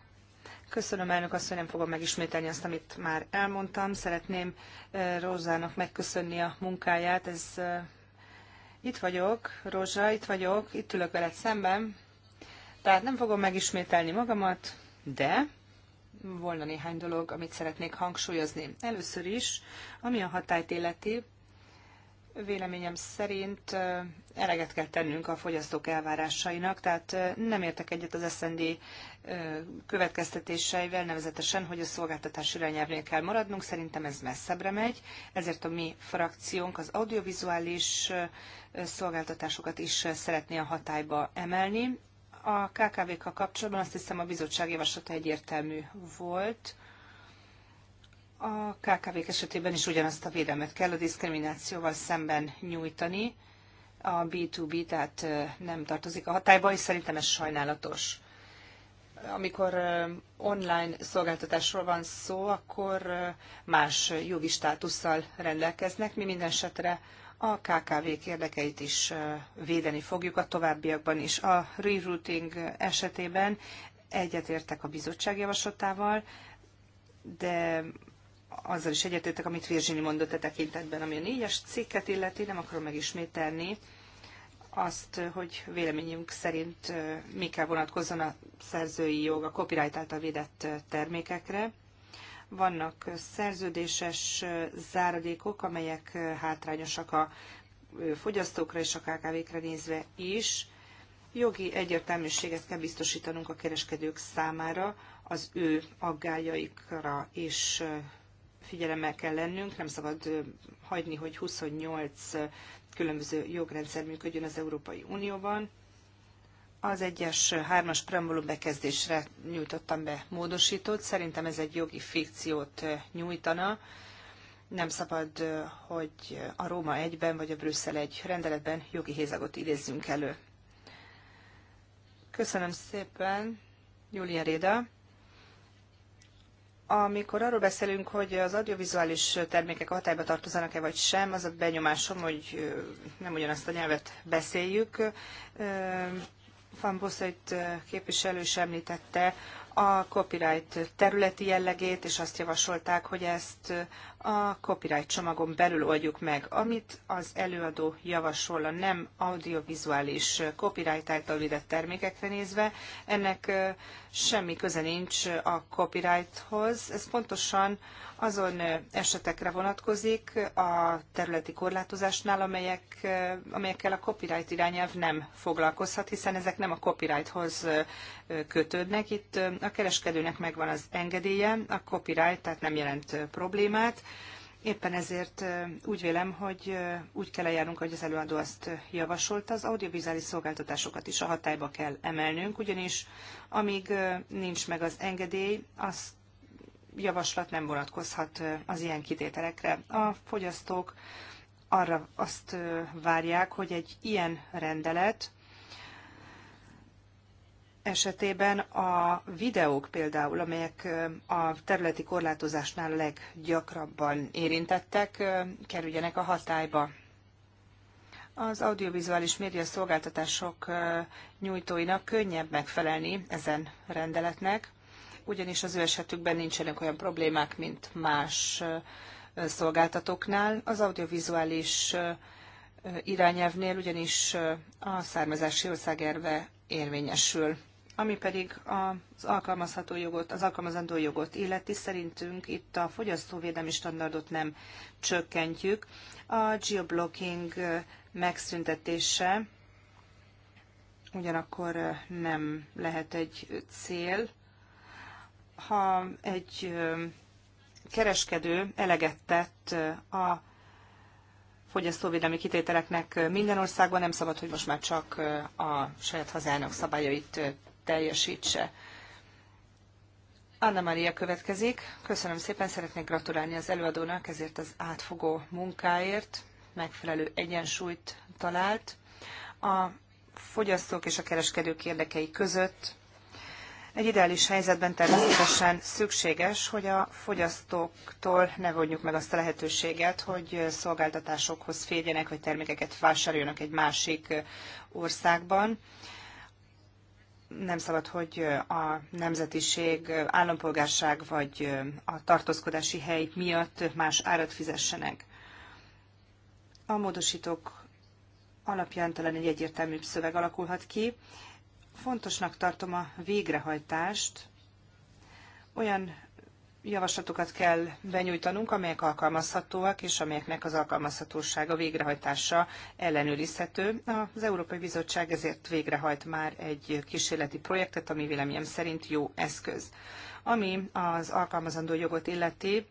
Köszönöm, elnök azt, hogy nem fogom megismételni azt, amit már elmondtam. Szeretném Rózának megköszönni a munkáját. Ez, itt vagyok, Rózsa, itt vagyok, itt ülök veled szemben. Tehát nem fogom megismételni magamat, de volna néhány dolog, amit szeretnék hangsúlyozni. Először is, ami a hatályt illeti, véleményem szerint eleget kell tennünk a fogyasztók elvárásainak, tehát nem értek egyet az SND következtetéseivel, nevezetesen, hogy a szolgáltatás irányelvnél kell maradnunk, szerintem ez messzebbre megy, ezért a mi frakciónk az audiovizuális szolgáltatásokat is szeretné a hatályba emelni, a KKV-kkal kapcsolatban azt hiszem a bizottság javaslata egyértelmű volt. A KKV-k esetében is ugyanazt a védelmet kell a diszkriminációval szemben nyújtani. A B2B tehát nem tartozik a hatályba, és szerintem ez sajnálatos. Amikor online szolgáltatásról van szó, akkor más jogi státusszal rendelkeznek. Mi minden esetre a KKV-k érdekeit is védeni fogjuk a továbbiakban is. A rerouting esetében egyetértek a bizottság javaslatával, de azzal is egyetértek, amit Virginie mondott a e tekintetben, ami a négyes cikket illeti, nem akarom megismételni azt, hogy véleményünk szerint mi kell vonatkozzon a szerzői jog a copyright által védett termékekre. Vannak szerződéses záradékok, amelyek hátrányosak a fogyasztókra és a KKV-kre nézve is. Jogi egyértelműséget kell biztosítanunk a kereskedők számára, az ő aggájaikra és figyelemmel kell lennünk, nem szabad hagyni, hogy 28 különböző jogrendszer működjön az Európai Unióban az egyes hármas preambulum bekezdésre nyújtottam be módosítót. Szerintem ez egy jogi fikciót nyújtana. Nem szabad, hogy a Róma egyben vagy a Brüsszel egy rendeletben jogi hézagot idézzünk elő. Köszönöm szépen, Júlia Réda. Amikor arról beszélünk, hogy az audiovizuális termékek hatályba tartozanak-e vagy sem, az a benyomásom, hogy nem ugyanazt a nyelvet beszéljük. Van Bosszait képviselő is említette a copyright területi jellegét, és azt javasolták, hogy ezt a copyright csomagon belül oldjuk meg. Amit az előadó javasol a nem audiovizuális copyright által védett termékekre nézve, ennek semmi köze nincs a copyrighthoz. Ez pontosan azon esetekre vonatkozik a területi korlátozásnál, amelyek, amelyekkel a copyright irányelv nem foglalkozhat, hiszen ezek nem a copyrighthoz kötődnek. Itt a kereskedőnek megvan az engedélye, a copyright tehát nem jelent problémát, Éppen ezért úgy vélem, hogy úgy kell eljárnunk, hogy az előadó azt javasolta, az audiovizuális szolgáltatásokat is a hatályba kell emelnünk, ugyanis amíg nincs meg az engedély, az javaslat nem vonatkozhat az ilyen kitételekre. A fogyasztók arra azt várják, hogy egy ilyen rendelet esetében a videók például, amelyek a területi korlátozásnál leggyakrabban érintettek, kerüljenek a hatályba. Az audiovizuális média szolgáltatások nyújtóinak könnyebb megfelelni ezen rendeletnek, ugyanis az ő esetükben nincsenek olyan problémák, mint más szolgáltatóknál. Az audiovizuális irányelvnél ugyanis a származási országerve érvényesül. Ami pedig az alkalmazható jogot, az alkalmazandó jogot illeti, szerintünk itt a fogyasztóvédelmi standardot nem csökkentjük. A geoblocking megszüntetése ugyanakkor nem lehet egy cél. Ha egy kereskedő eleget tett a fogyasztóvédelmi kitételeknek minden országban, nem szabad, hogy most már csak a saját hazának szabályait teljesítse. Anna Maria következik. Köszönöm szépen, szeretnék gratulálni az előadónak ezért az átfogó munkáért, megfelelő egyensúlyt talált a fogyasztók és a kereskedők érdekei között. Egy ideális helyzetben természetesen szükséges, hogy a fogyasztóktól ne vonjuk meg azt a lehetőséget, hogy szolgáltatásokhoz férjenek, vagy termékeket vásároljanak egy másik országban nem szabad, hogy a nemzetiség, állampolgárság vagy a tartózkodási hely miatt más árat fizessenek. A módosítók alapján talán egy egyértelműbb szöveg alakulhat ki. Fontosnak tartom a végrehajtást olyan javaslatokat kell benyújtanunk, amelyek alkalmazhatóak, és amelyeknek az alkalmazhatósága végrehajtása ellenőrizhető. Az Európai Bizottság ezért végrehajt már egy kísérleti projektet, ami véleményem szerint jó eszköz. Ami az alkalmazandó jogot illeti,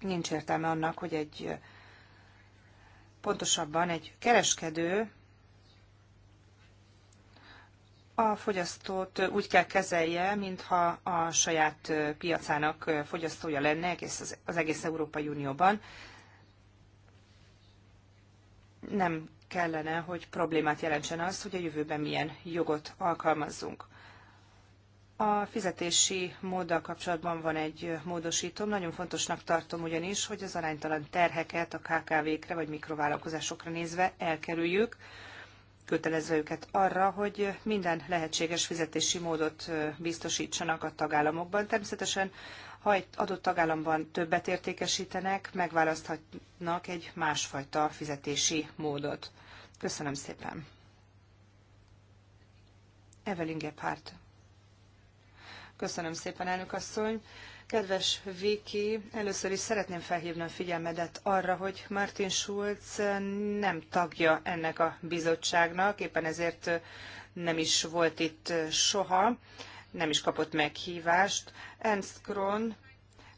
nincs értelme annak, hogy egy pontosabban egy kereskedő a fogyasztót úgy kell kezelje, mintha a saját piacának fogyasztója lenne egész, az egész Európai Unióban. Nem kellene, hogy problémát jelentsen az, hogy a jövőben milyen jogot alkalmazzunk. A fizetési móddal kapcsolatban van egy módosítom. Nagyon fontosnak tartom ugyanis, hogy az aránytalan terheket a KKV-kre vagy mikrovállalkozásokra nézve elkerüljük kötelezve őket arra, hogy minden lehetséges fizetési módot biztosítsanak a tagállamokban. Természetesen, ha egy adott tagállamban többet értékesítenek, megválaszthatnak egy másfajta fizetési módot. Köszönöm szépen. Evelyn Gephardt. Köszönöm szépen, elnök asszony. Kedves Viki, először is szeretném felhívni a figyelmedet arra, hogy Martin Schulz nem tagja ennek a bizottságnak, éppen ezért nem is volt itt soha, nem is kapott meghívást. Ernst Kron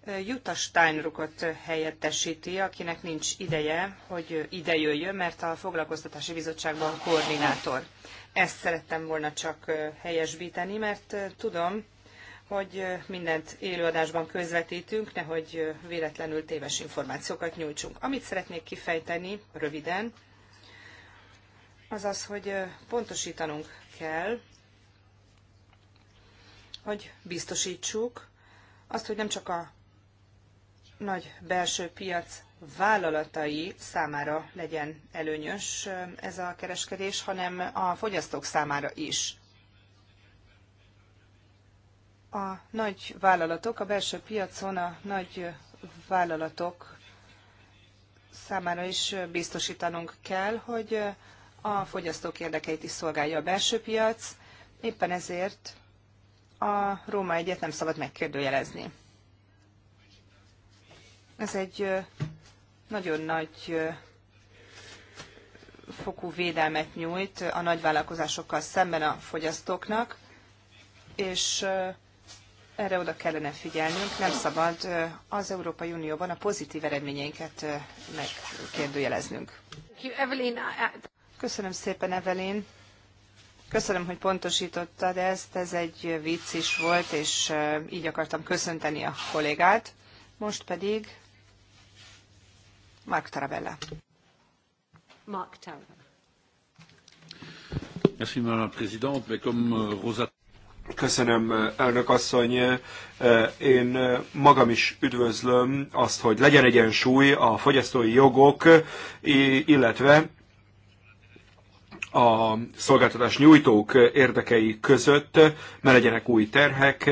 eh, Jutta Steinruckot helyettesíti, akinek nincs ideje, hogy ide jöjjön, mert a foglalkoztatási bizottságban koordinátor. Ezt szerettem volna csak eh, helyesbíteni, mert eh, tudom, hogy mindent élőadásban közvetítünk, nehogy véletlenül téves információkat nyújtsunk. Amit szeretnék kifejteni röviden, az az, hogy pontosítanunk kell, hogy biztosítsuk azt, hogy nem csak a nagy belső piac vállalatai számára legyen előnyös ez a kereskedés, hanem a fogyasztók számára is. A nagy vállalatok, a belső piacon a nagy vállalatok számára is biztosítanunk kell, hogy a fogyasztók érdekeit is szolgálja a belső piac, éppen ezért a Róma egyet nem szabad megkérdőjelezni. Ez egy nagyon nagy fokú védelmet nyújt a nagyvállalkozásokkal szemben a fogyasztóknak, és erre oda kellene figyelnünk, nem szabad az Európai Unióban a pozitív eredményeinket megkérdőjeleznünk. Köszönöm szépen, Evelyn. Köszönöm, hogy pontosítottad ezt, ez egy vicc is volt, és így akartam köszönteni a kollégát. Most pedig Mark Tarabella. Mark Tarabella. Merci, Madame la Présidente. Mais comme euh, Rosa Köszönöm, elnök asszony. Én magam is üdvözlöm azt, hogy legyen egyensúly a fogyasztói jogok, illetve a szolgáltatás nyújtók érdekei között, ne legyenek új terhek,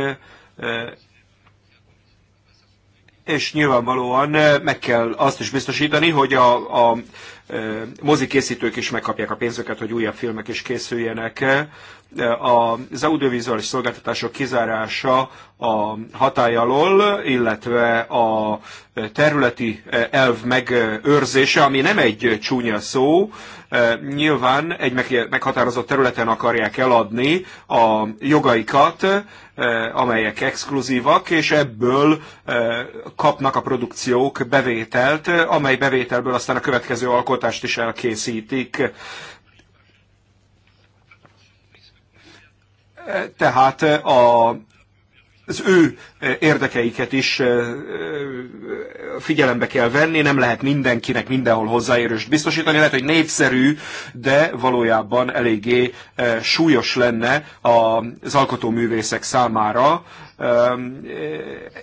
és nyilvánvalóan meg kell azt is biztosítani, hogy a, a e, mozikészítők is megkapják a pénzüket, hogy újabb filmek is készüljenek az audiovizuális szolgáltatások kizárása a hatály alól, illetve a területi e, elv megőrzése, ami nem egy csúnya szó, e, nyilván egy meghatározott területen akarják eladni a jogaikat, e, amelyek exkluzívak, és ebből kapnak a produkciók bevételt, amely bevételből aztán a következő alkotást is elkészítik. tehát a, az ő érdekeiket is figyelembe kell venni, nem lehet mindenkinek mindenhol hozzáérőst biztosítani, lehet, hogy népszerű, de valójában eléggé súlyos lenne az alkotóművészek számára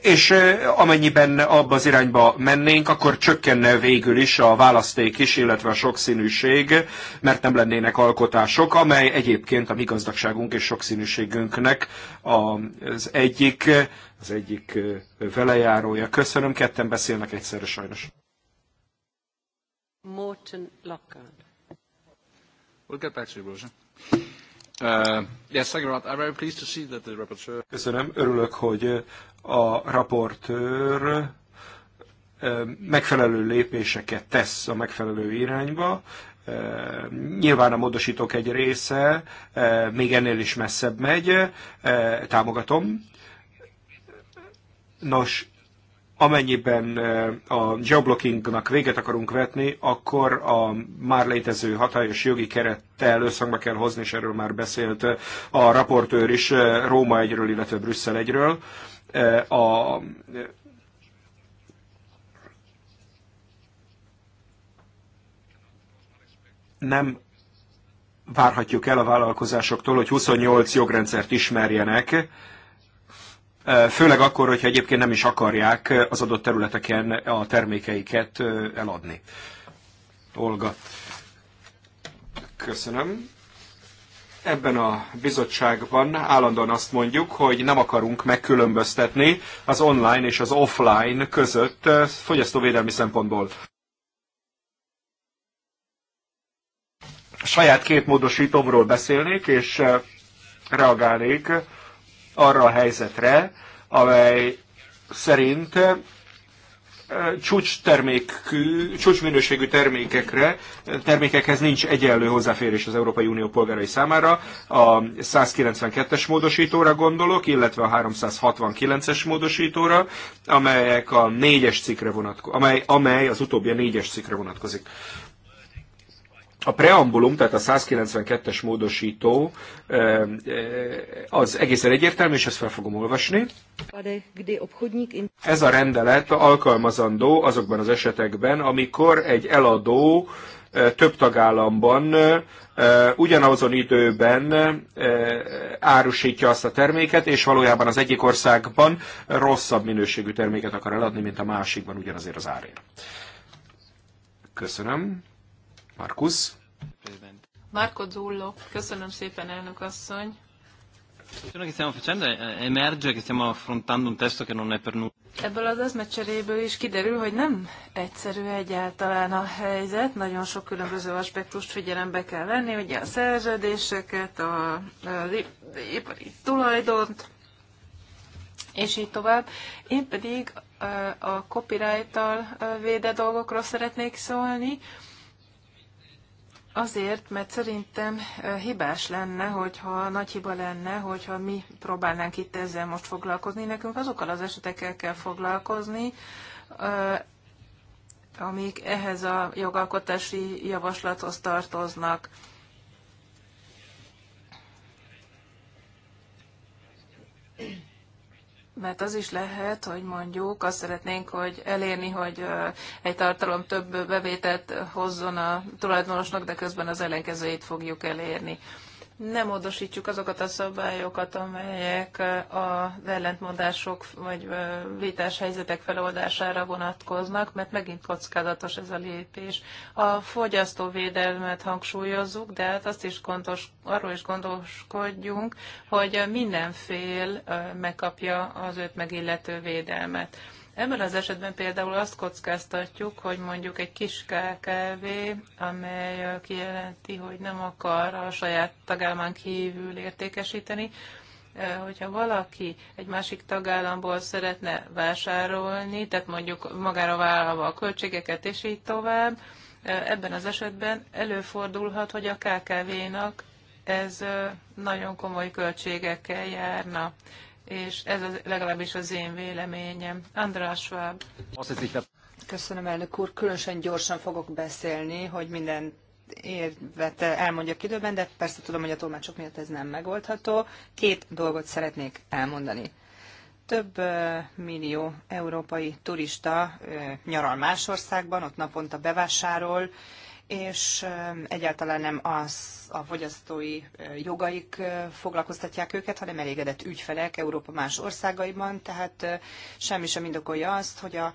és amennyiben abba az irányba mennénk, akkor csökkenne végül is a választék is, illetve a sokszínűség, mert nem lennének alkotások, amely egyébként a mi gazdagságunk és sokszínűségünknek az egyik, az egyik velejárója. Köszönöm, ketten beszélnek egyszerre sajnos. Morten Lockhart. Olga Pácsai Köszönöm, örülök, hogy a raportőr megfelelő lépéseket tesz a megfelelő irányba. Nyilván a módosítók egy része még ennél is messzebb megy, támogatom. Nos, amennyiben a geoblockingnak véget akarunk vetni, akkor a már létező hatályos jogi kerettel összhangba kell hozni, és erről már beszélt a raportőr is Róma egyről, illetve Brüsszel egyről. A nem várhatjuk el a vállalkozásoktól, hogy 28 jogrendszert ismerjenek, Főleg akkor, hogyha egyébként nem is akarják az adott területeken a termékeiket eladni. Olga. Köszönöm. Ebben a bizottságban állandóan azt mondjuk, hogy nem akarunk megkülönböztetni az online és az offline között fogyasztóvédelmi szempontból. A saját két módosítomról beszélnék, és reagálnék arra a helyzetre, amely szerint csúcs termékű, csúcsminőségű termékekre, termékekhez nincs egyenlő hozzáférés az Európai Unió polgárai számára. A 192-es módosítóra gondolok, illetve a 369-es módosítóra, amelyek a négyes cikkre vonatkozik, amely, amely az utóbbi a négyes cikkre vonatkozik a preambulum, tehát a 192-es módosító eh, eh, az egészen egyértelmű, és ezt fel fogom olvasni. Ez a rendelet alkalmazandó azokban az esetekben, amikor egy eladó eh, több tagállamban ugyanazon időben árusítja azt a terméket, és valójában az egyik országban rosszabb minőségű terméket akar eladni, mint a másikban ugyanazért az árért. Köszönöm. Markus? Marco Zullo, köszönöm szépen, elnök asszony. Eh, emerge Ebből az eszmecseréből is kiderül, hogy nem egyszerű egyáltalán a helyzet, nagyon sok különböző aspektust figyelembe kell venni, ugye a szerződéseket, a, a ipari tulajdont, és így tovább. Én pedig eh, a copyright-tal eh, védett dolgokról szeretnék szólni, Azért, mert szerintem hibás lenne, hogyha nagy hiba lenne, hogyha mi próbálnánk itt ezzel most foglalkozni. Nekünk azokkal az esetekkel kell foglalkozni, amik ehhez a jogalkotási javaslathoz tartoznak. Thank you mert az is lehet, hogy mondjuk azt szeretnénk, hogy elérni, hogy egy tartalom több bevételt hozzon a tulajdonosnak, de közben az ellenkezőjét fogjuk elérni nem módosítsuk azokat a szabályokat, amelyek eh, az ellentmondások vagy eh, vétás helyzetek feloldására vonatkoznak, mert megint kockázatos ez a lépés. A fogyasztóvédelmet hangsúlyozzuk, de hát azt is gondos, arról is gondoskodjunk, hogy minden fél eh, megkapja az őt megillető védelmet. Ebben az esetben például azt kockáztatjuk, hogy mondjuk egy kis KKV, amely kijelenti, hogy nem akar a saját tagállamán kívül értékesíteni, hogyha valaki egy másik tagállamból szeretne vásárolni, tehát mondjuk magára vállalva a költségeket és így tovább, ebben az esetben előfordulhat, hogy a KKV-nak ez nagyon komoly költségekkel járna és ez az, legalábbis az én véleményem. András Schwab. Köszönöm, elnök úr. Különösen gyorsan fogok beszélni, hogy minden érvet elmondjak időben, de persze tudom, hogy a tolmácsok miatt ez nem megoldható. Két dolgot szeretnék elmondani. Több millió európai turista nyaral más országban, ott naponta bevásárol, és egyáltalán nem az, a fogyasztói jogaik foglalkoztatják őket, hanem elégedett ügyfelek Európa más országaiban, tehát semmi sem indokolja azt, hogy a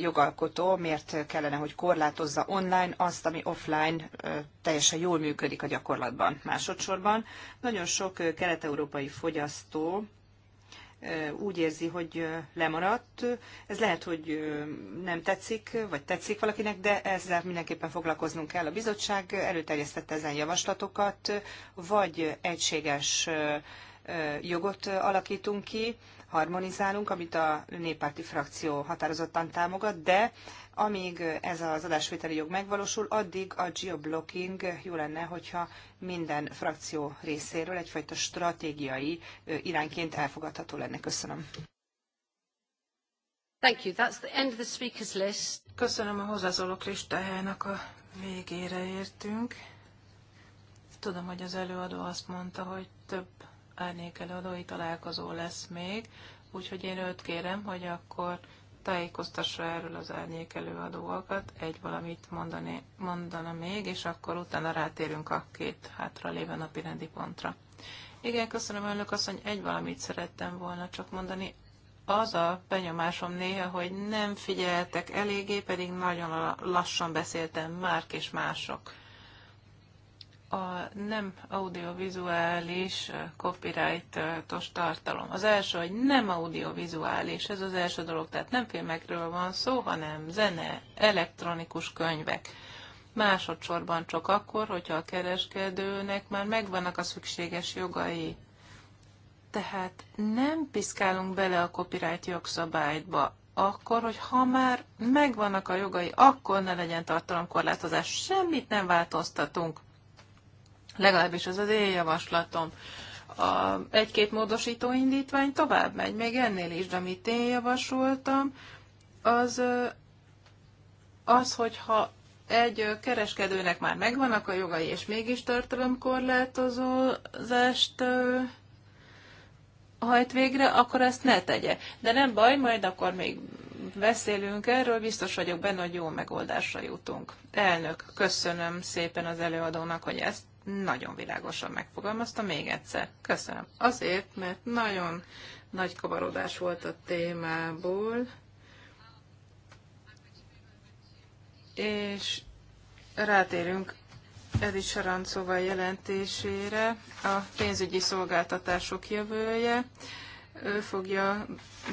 jogalkotó miért kellene, hogy korlátozza online azt, ami offline teljesen jól működik a gyakorlatban. Másodszorban nagyon sok kelet-európai fogyasztó úgy érzi, hogy lemaradt. Ez lehet, hogy nem tetszik, vagy tetszik valakinek, de ezzel mindenképpen foglalkoznunk kell. A bizottság előterjesztette ezen javaslatokat, vagy egységes jogot alakítunk ki, harmonizálunk, amit a néppárti frakció határozottan támogat, de amíg ez az adásvételi jog megvalósul, addig a geoblocking jó lenne, hogyha minden frakció részéről egyfajta stratégiai irányként elfogadható lenne. Köszönöm. Thank you. That's the end of the speakers list. Köszönöm a hozzászólók listájának a végére értünk. Tudom, hogy az előadó azt mondta, hogy több árnyék előadói találkozó lesz még, úgyhogy én őt kérem, hogy akkor tájékoztassa erről az árnyék előadóakat. Egy valamit mondani, mondana még, és akkor utána rátérünk a két hátralévő napi rendi pontra. Igen, köszönöm önök asszony, egy valamit szerettem volna csak mondani. Az a benyomásom néha, hogy nem figyeltek eléggé, pedig nagyon lassan beszéltem már, és mások a nem audiovizuális copyrightos tartalom. Az első, hogy nem audiovizuális, ez az első dolog, tehát nem filmekről van szó, hanem zene, elektronikus könyvek. Másodszorban csak akkor, hogyha a kereskedőnek már megvannak a szükséges jogai. Tehát nem piszkálunk bele a copyright jogszabályba, akkor, hogy ha már megvannak a jogai, akkor ne legyen tartalomkorlátozás, semmit nem változtatunk Legalábbis ez az én javaslatom. A egy-két módosító indítvány tovább megy, még ennél is, de amit én javasoltam, az az, hogyha egy kereskedőnek már megvannak a jogai, és mégis tartalomkorlátozást hajt végre, akkor ezt ne tegye. De nem baj, majd akkor még beszélünk erről, biztos vagyok benne, hogy jó megoldásra jutunk. Elnök, köszönöm szépen az előadónak, hogy ezt nagyon világosan megfogalmazta még egyszer. Köszönöm. Azért, mert nagyon nagy kavarodás volt a témából, és rátérünk Edi Sarancova jelentésére, a pénzügyi szolgáltatások jövője ő fogja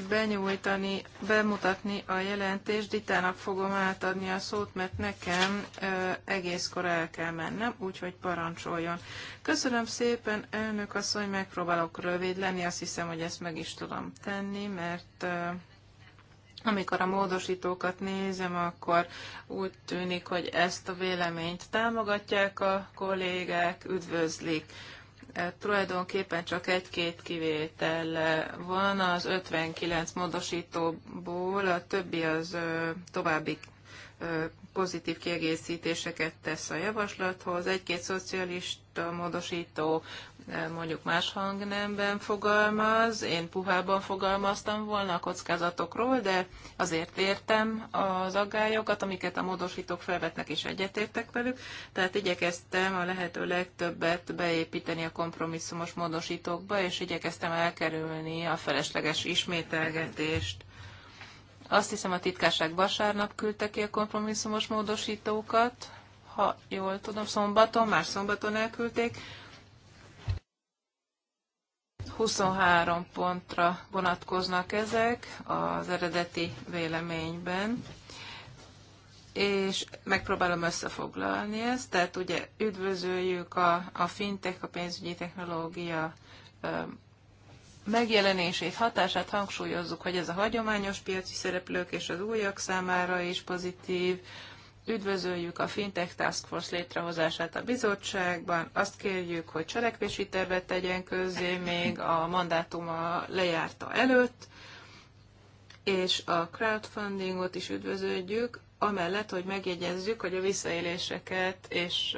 benyújtani, bemutatni a jelentést. Ditának fogom átadni a szót, mert nekem ö, egészkor el kell mennem, úgyhogy parancsoljon. Köszönöm szépen, elnök asszony, megpróbálok rövid lenni, azt hiszem, hogy ezt meg is tudom tenni, mert ö, amikor a módosítókat nézem, akkor úgy tűnik, hogy ezt a véleményt támogatják a kollégák, üdvözlik E, tulajdonképpen csak egy-két kivétel van az 59 módosítóból, a többi az további pozitív kiegészítéseket tesz a javaslathoz. Egy-két szocialista módosító mondjuk más hangnemben fogalmaz, én puhában fogalmaztam volna a kockázatokról, de azért értem az aggályokat, amiket a módosítók felvetnek, és egyetértek velük, tehát igyekeztem a lehető legtöbbet beépíteni a kompromisszumos módosítókba, és igyekeztem elkerülni a felesleges ismételgetést. Azt hiszem a titkárság vasárnap küldte ki a kompromisszumos módosítókat, ha jól tudom, szombaton, már szombaton elküldték, 23 pontra vonatkoznak ezek az eredeti véleményben, és megpróbálom összefoglalni ezt. Tehát ugye üdvözöljük a, a fintech, a pénzügyi technológia megjelenését, hatását hangsúlyozzuk, hogy ez a hagyományos piaci szereplők és az újak számára is pozitív, üdvözöljük a Fintech Task Force létrehozását a bizottságban, azt kérjük, hogy cselekvési tervet tegyen közzé még a mandátuma lejárta előtt, és a crowdfundingot is üdvözöljük, amellett, hogy megjegyezzük, hogy a visszaéléseket és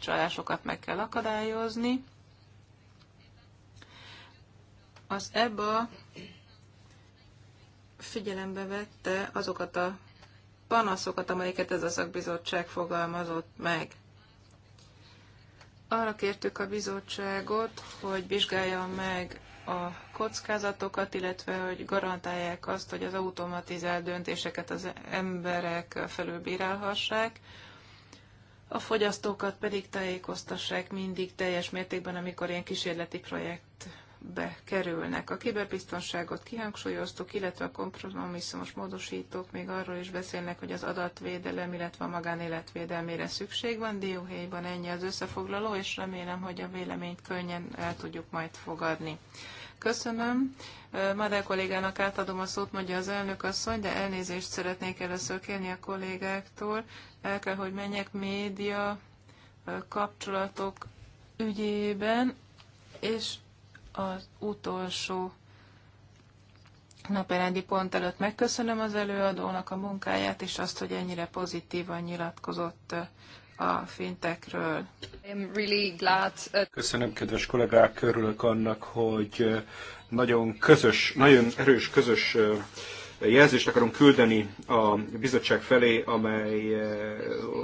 csalásokat meg kell akadályozni. Az EBA figyelembe vette azokat a panaszokat, amelyeket ez a szakbizottság fogalmazott meg. Arra kértük a bizottságot, hogy vizsgálja meg a kockázatokat, illetve hogy garantálják azt, hogy az automatizált döntéseket az emberek felülbírálhassák, a fogyasztókat pedig tájékoztassák mindig teljes mértékben, amikor ilyen kísérleti projekt be kerülnek. A kiberbiztonságot kihangsúlyoztuk, illetve a kompromisszumos módosítók még arról is beszélnek, hogy az adatvédelem, illetve a magánéletvédelmére szükség van. Dióhéjban ennyi az összefoglaló, és remélem, hogy a véleményt könnyen el tudjuk majd fogadni. Köszönöm. Madár kollégának átadom a szót, mondja az elnök asszony, de elnézést szeretnék először kérni a kollégáktól. El kell, hogy menjek média kapcsolatok ügyében, és az utolsó napirendi pont előtt megköszönöm az előadónak a munkáját, és azt, hogy ennyire pozitívan nyilatkozott uh, a fintekről. Really glad... Uh, Köszönöm, kedves kollégák, örülök annak, hogy uh, nagyon közös, nagyon erős közös jelzést akarunk küldeni a bizottság felé, amely,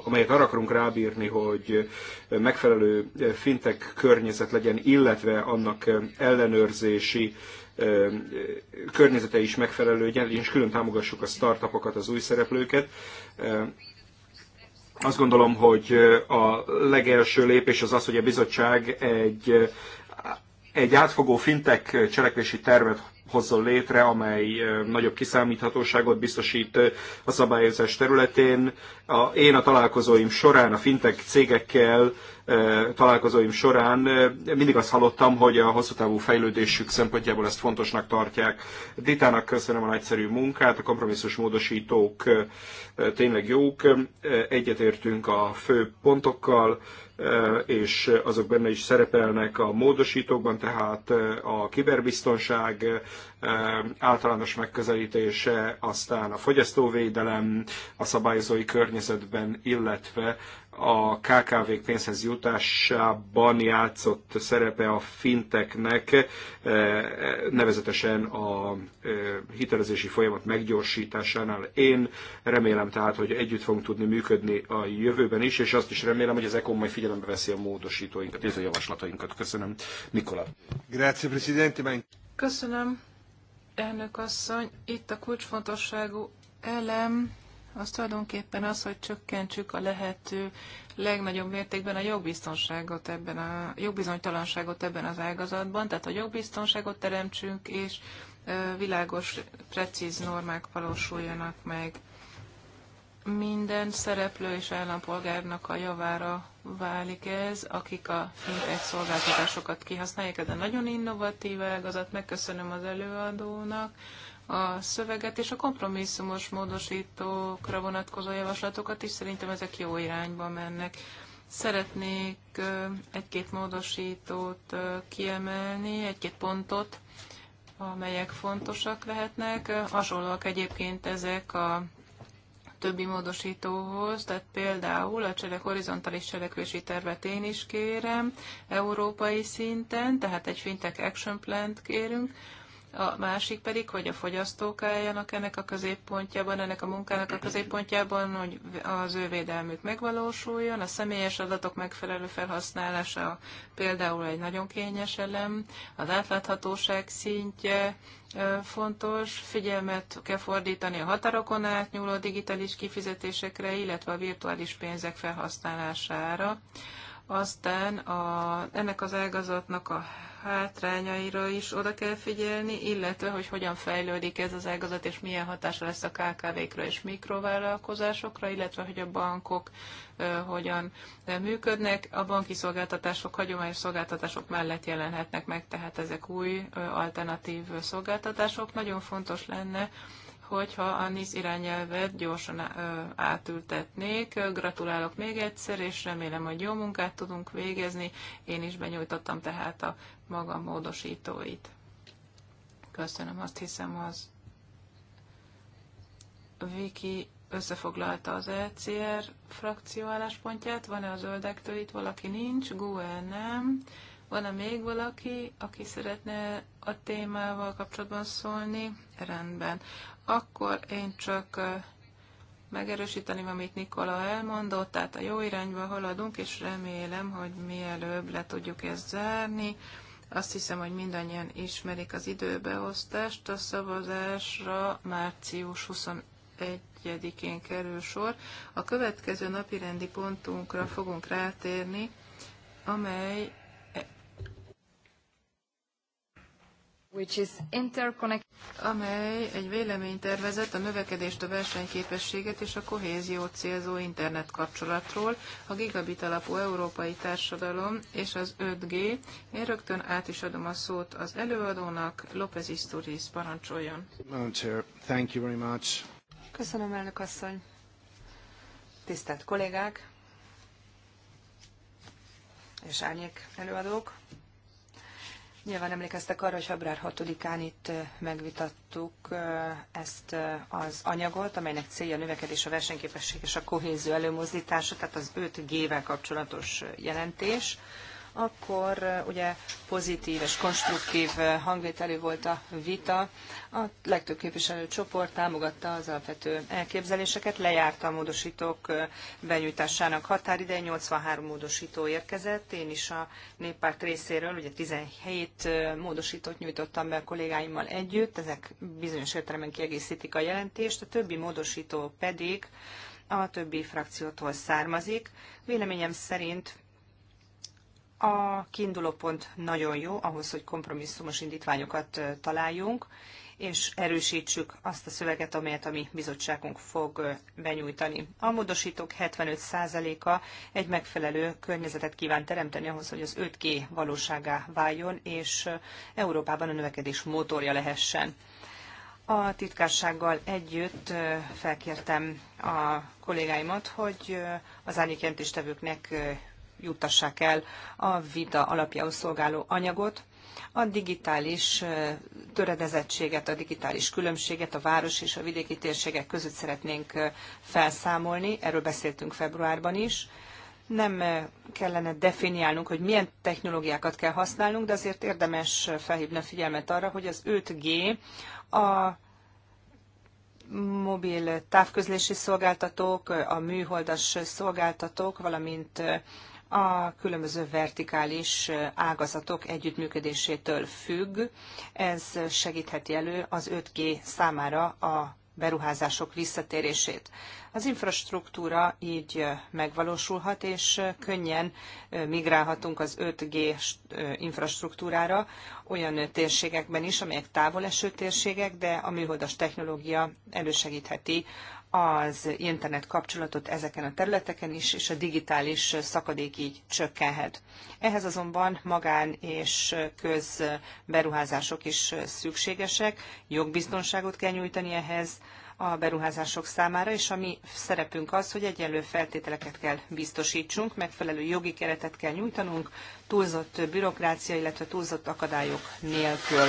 amelyet arra akarunk rábírni, hogy megfelelő fintek környezet legyen, illetve annak ellenőrzési környezete is megfelelő, és külön támogassuk a startupokat, az új szereplőket. Azt gondolom, hogy a legelső lépés az az, hogy a bizottság egy egy átfogó fintek cselekvési tervet hozzon létre, amely nagyobb kiszámíthatóságot biztosít a szabályozás területén. A, én a találkozóim során a fintech cégekkel találkozóim során mindig azt hallottam, hogy a hosszú távú fejlődésük szempontjából ezt fontosnak tartják. Ditának köszönöm a nagyszerű munkát, a kompromisszus módosítók tényleg jók, egyetértünk a fő pontokkal, és azok benne is szerepelnek a módosítókban, tehát a kiberbiztonság általános megközelítése, aztán a fogyasztóvédelem a szabályozói környezetben, illetve a kkv pénzhez jutásában játszott szerepe a finteknek, eh, nevezetesen a eh, hitelezési folyamat meggyorsításánál. Én remélem tehát, hogy együtt fogunk tudni működni a jövőben is, és azt is remélem, hogy az ECOM majd figyelembe veszi a módosítóinkat, és a javaslatainkat. Köszönöm. Nikola. Grazie, Presidente. Köszönöm, elnök asszony. Itt a kulcsfontosságú elem az tulajdonképpen az, hogy csökkentsük a lehető legnagyobb mértékben a jogbiztonságot ebben a jogbizonytalanságot ebben az ágazatban, tehát a jogbiztonságot teremtsünk, és világos, precíz normák valósuljanak meg. Minden szereplő és állampolgárnak a javára válik ez, akik a fintech szolgáltatásokat kihasználják. Ez a nagyon innovatív ágazat, megköszönöm az előadónak a szöveget, és a kompromisszumos módosítókra vonatkozó javaslatokat is szerintem ezek jó irányba mennek. Szeretnék egy-két módosítót kiemelni, egy-két pontot, amelyek fontosak lehetnek. Hasonlóak egyébként ezek a többi módosítóhoz, tehát például a cselek, horizontális cselekvési tervet én is kérem, európai szinten, tehát egy fintek Action Plant kérünk, a másik pedig, hogy a fogyasztók álljanak ennek a középpontjában, ennek a munkának a középpontjában, hogy az ő védelmük megvalósuljon, a személyes adatok megfelelő felhasználása például egy nagyon kényes elem, az átláthatóság szintje fontos, figyelmet kell fordítani a határokon átnyúló digitális kifizetésekre, illetve a virtuális pénzek felhasználására. Aztán a, ennek az ágazatnak a hátrányaira is oda kell figyelni, illetve hogy hogyan fejlődik ez az ágazat, és milyen hatása lesz a KKV-kra és mikrovállalkozásokra, illetve hogy a bankok hogyan működnek. A banki szolgáltatások hagyományos szolgáltatások mellett jelenhetnek meg, tehát ezek új alternatív szolgáltatások. Nagyon fontos lenne, hogyha a NISZ irányelvet gyorsan átültetnék. Gratulálok még egyszer, és remélem, hogy jó munkát tudunk végezni. Én is benyújtottam tehát a maga módosítóit. Köszönöm, azt hiszem az Viki összefoglalta az ECR frakció álláspontját. Van-e a zöldektől itt valaki? Nincs. Google nem. Van-e még valaki, aki szeretne a témával kapcsolatban szólni? Rendben. Akkor én csak megerősíteni, amit Nikola elmondott, tehát a jó irányba haladunk, és remélem, hogy mielőbb le tudjuk ezt zárni. Azt hiszem, hogy mindannyian ismerik az időbeosztást. A szavazásra március 21-én kerül sor. A következő napi rendi pontunkra fogunk rátérni, amely which is interconnect amely egy véleménytervezet a növekedést, a versenyképességet és a kohéziót célzó internetkapcsolatról, a gigabit alapú európai társadalom és az 5G. Én rögtön át is adom a szót az előadónak, López Isturiz, parancsoljon. Thank you very much. Köszönöm, elnök asszony. Tisztelt kollégák és árnyék előadók. Nyilván emlékeztek arra, hogy február 6-án itt megvitattuk ezt az anyagot, amelynek célja a növekedés, a versenyképesség és a kohézió előmozdítása, tehát az 5G-vel kapcsolatos jelentés akkor ugye pozitív és konstruktív hangvételű volt a vita. A legtöbb képviselő csoport támogatta az alapvető elképzeléseket, lejárta a módosítók benyújtásának határideje, 83 módosító érkezett, én is a néppárt részéről ugye 17 módosítót nyújtottam be a kollégáimmal együtt, ezek bizonyos értelemben kiegészítik a jelentést, a többi módosító pedig a többi frakciótól származik. Véleményem szerint a kiinduló pont nagyon jó ahhoz, hogy kompromisszumos indítványokat találjunk, és erősítsük azt a szöveget, amelyet a mi bizottságunk fog benyújtani. A módosítók 75%-a egy megfelelő környezetet kíván teremteni ahhoz, hogy az 5G valóságá váljon, és Európában a növekedés motorja lehessen. A titkársággal együtt felkértem a kollégáimat, hogy az árnyékjelentéstevőknek juttassák el a vita alapjául szolgáló anyagot, a digitális töredezettséget, a digitális különbséget a város és a vidéki térségek között szeretnénk felszámolni, erről beszéltünk februárban is. Nem kellene definiálnunk, hogy milyen technológiákat kell használnunk, de azért érdemes felhívni a figyelmet arra, hogy az 5G a mobil távközlési szolgáltatók, a műholdas szolgáltatók, valamint a különböző vertikális ágazatok együttműködésétől függ. Ez segítheti elő az 5G számára a beruházások visszatérését. Az infrastruktúra így megvalósulhat, és könnyen migrálhatunk az 5G infrastruktúrára olyan térségekben is, amelyek távoleső térségek, de a műholdas technológia elősegítheti az internet kapcsolatot ezeken a területeken is, és a digitális szakadék így csökkenhet. Ehhez azonban magán és közberuházások is szükségesek, jogbiztonságot kell nyújtani ehhez a beruházások számára, és a mi szerepünk az, hogy egyenlő feltételeket kell biztosítsunk, megfelelő jogi keretet kell nyújtanunk, túlzott bürokrácia, illetve túlzott akadályok nélkül.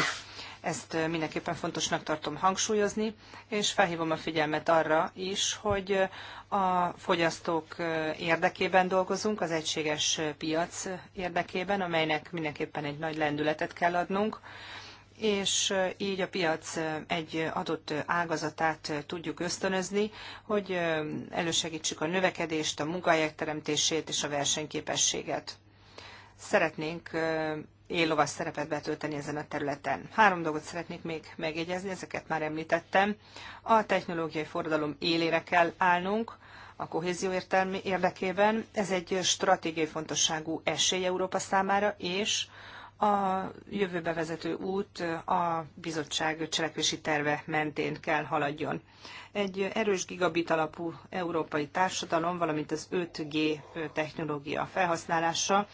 Ezt mindenképpen fontosnak tartom hangsúlyozni, és felhívom a figyelmet arra is, hogy a fogyasztók érdekében dolgozunk, az egységes piac érdekében, amelynek mindenképpen egy nagy lendületet kell adnunk és így a piac egy adott ágazatát tudjuk ösztönözni, hogy elősegítsük a növekedést, a munkahelyek teremtését és a versenyképességet. Szeretnénk éllovas szerepet betölteni ezen a területen. Három dolgot szeretnék még megjegyezni, ezeket már említettem. A technológiai forradalom élére kell állnunk, a kohézió értelmi érdekében. Ez egy stratégiai fontosságú esély Európa számára, és a jövőbe vezető út a bizottság cselekvési terve mentén kell haladjon. Egy erős gigabit alapú európai társadalom, valamint az 5G technológia felhasználása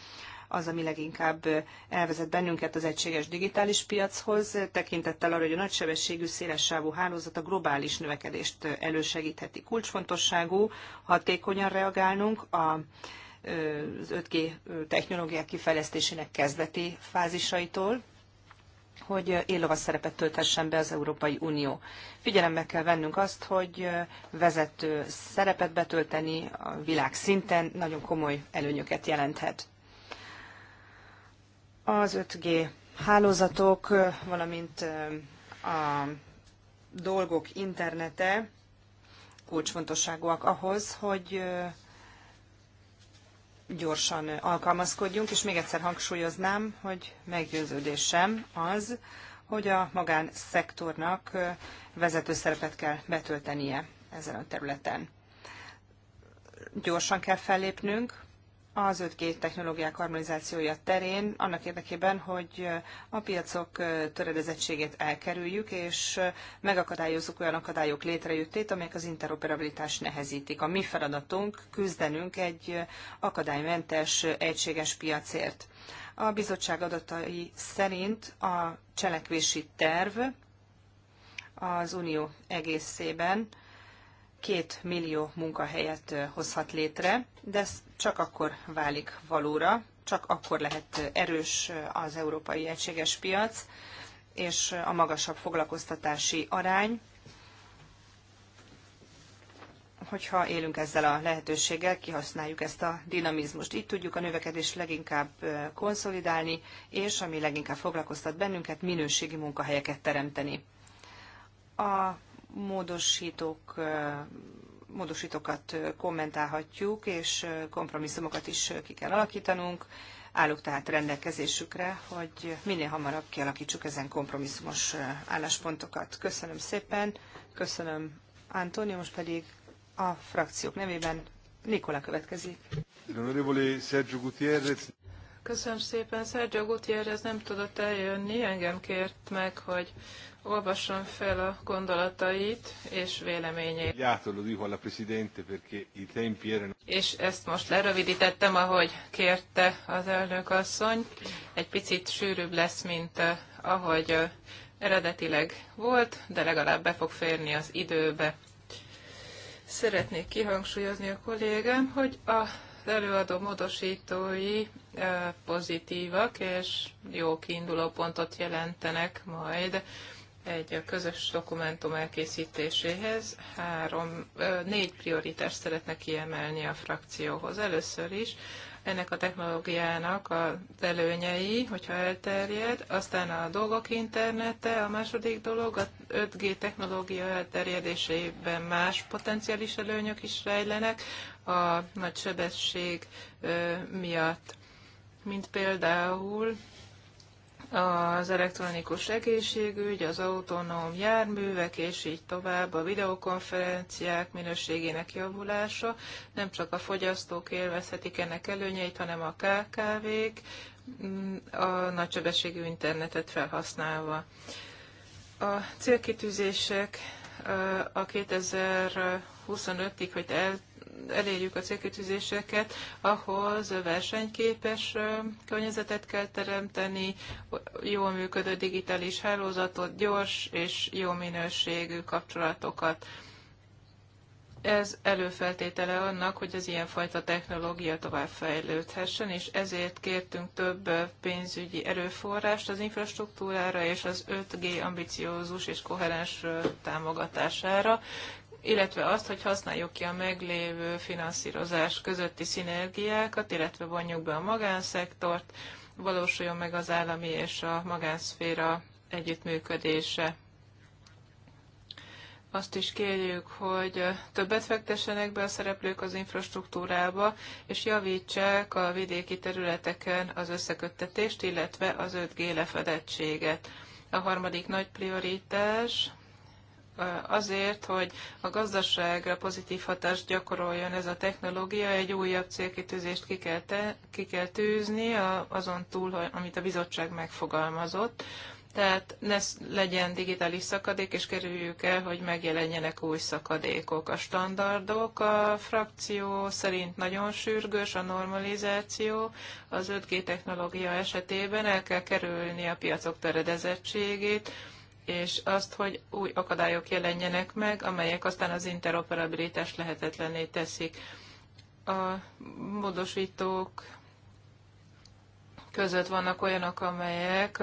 az, ami leginkább elvezet bennünket az egységes digitális piachoz, tekintettel arra, hogy a nagysebességű szélessávú hálózat a globális növekedést elősegítheti. Kulcsfontosságú hatékonyan reagálnunk a az 5G technológiák kifejlesztésének kezdeti fázisaitól, hogy éllovas szerepet tölthessen be az Európai Unió. Figyelembe kell vennünk azt, hogy vezető szerepet betölteni a világ szinten nagyon komoly előnyöket jelenthet. Az 5G hálózatok, valamint a dolgok internete kulcsfontosságúak ahhoz, hogy gyorsan alkalmazkodjunk, és még egyszer hangsúlyoznám, hogy meggyőződésem az, hogy a magánszektornak vezető szerepet kell betöltenie ezen a területen. Gyorsan kell fellépnünk, az 5G technológiák harmonizációja terén, annak érdekében, hogy a piacok töredezettségét elkerüljük, és megakadályozzuk olyan akadályok létrejöttét, amelyek az interoperabilitás nehezítik. A mi feladatunk küzdenünk egy akadálymentes, egységes piacért. A bizottság adatai szerint a cselekvési terv az Unió egészében két millió munkahelyet hozhat létre, de ez csak akkor válik valóra, csak akkor lehet erős az európai egységes piac, és a magasabb foglalkoztatási arány, hogyha élünk ezzel a lehetőséggel, kihasználjuk ezt a dinamizmust. Így tudjuk a növekedést leginkább konszolidálni, és ami leginkább foglalkoztat bennünket, minőségi munkahelyeket teremteni. A módosítók, módosítókat kommentálhatjuk, és kompromisszumokat is ki kell alakítanunk. Állok tehát rendelkezésükre, hogy minél hamarabb kialakítsuk ezen kompromisszumos álláspontokat. Köszönöm szépen, köszönöm Antonio, most pedig a frakciók nevében Nikola következik. Sergio Gutierrez. Köszönöm szépen. Sergio Gutierrez nem tudott eljönni, engem kért meg, hogy olvassam fel a gondolatait és véleményét. És ezt most lerövidítettem, ahogy kérte az elnök asszony. Egy picit sűrűbb lesz, mint eh, ahogy eh, eredetileg volt, de legalább be fog férni az időbe. Szeretnék kihangsúlyozni a kollégám, hogy a előadó módosítói pozitívak, és jó kiinduló pontot jelentenek majd egy közös dokumentum elkészítéséhez. Három, négy prioritást szeretne kiemelni a frakcióhoz. Először is ennek a technológiának az előnyei, hogyha elterjed, aztán a dolgok internete, a második dolog, a 5G technológia elterjedésében más potenciális előnyök is rejlenek a nagy sebesség miatt, mint például az elektronikus egészségügy, az autonóm járművek, és így tovább a videokonferenciák minőségének javulása. Nem csak a fogyasztók élvezhetik ennek előnyeit, hanem a KKV-k mm, a nagysebességű internetet felhasználva. A célkitűzések a 2025-ig, hogy el elérjük a célkitűzéseket, ahhoz versenyképes környezetet kell teremteni, jól működő digitális hálózatot, gyors és jó minőségű kapcsolatokat. Ez előfeltétele annak, hogy az ilyenfajta technológia továbbfejlődhessen, és ezért kértünk több pénzügyi erőforrást az infrastruktúrára és az 5G ambiciózus és koherens támogatására, illetve azt, hogy használjuk ki a meglévő finanszírozás közötti szinergiákat, illetve vonjuk be a magánszektort, valósuljon meg az állami és a magánszféra együttműködése. Azt is kérjük, hogy többet fektessenek be a szereplők az infrastruktúrába, és javítsák a vidéki területeken az összeköttetést, illetve az 5G lefedettséget. A harmadik nagy prioritás azért, hogy a gazdaságra pozitív hatást gyakoroljon ez a technológia, egy újabb célkitűzést ki kell, te, ki kell tűzni azon túl, amit a bizottság megfogalmazott. Tehát ne legyen digitális szakadék, és kerüljük el, hogy megjelenjenek új szakadékok. A standardok a frakció szerint nagyon sürgős, a normalizáció az 5G technológia esetében el kell kerülni a piacok töredezettségét, és azt, hogy új akadályok jelenjenek meg, amelyek aztán az interoperabilitást lehetetlenné teszik. A módosítók között vannak olyanok, amelyek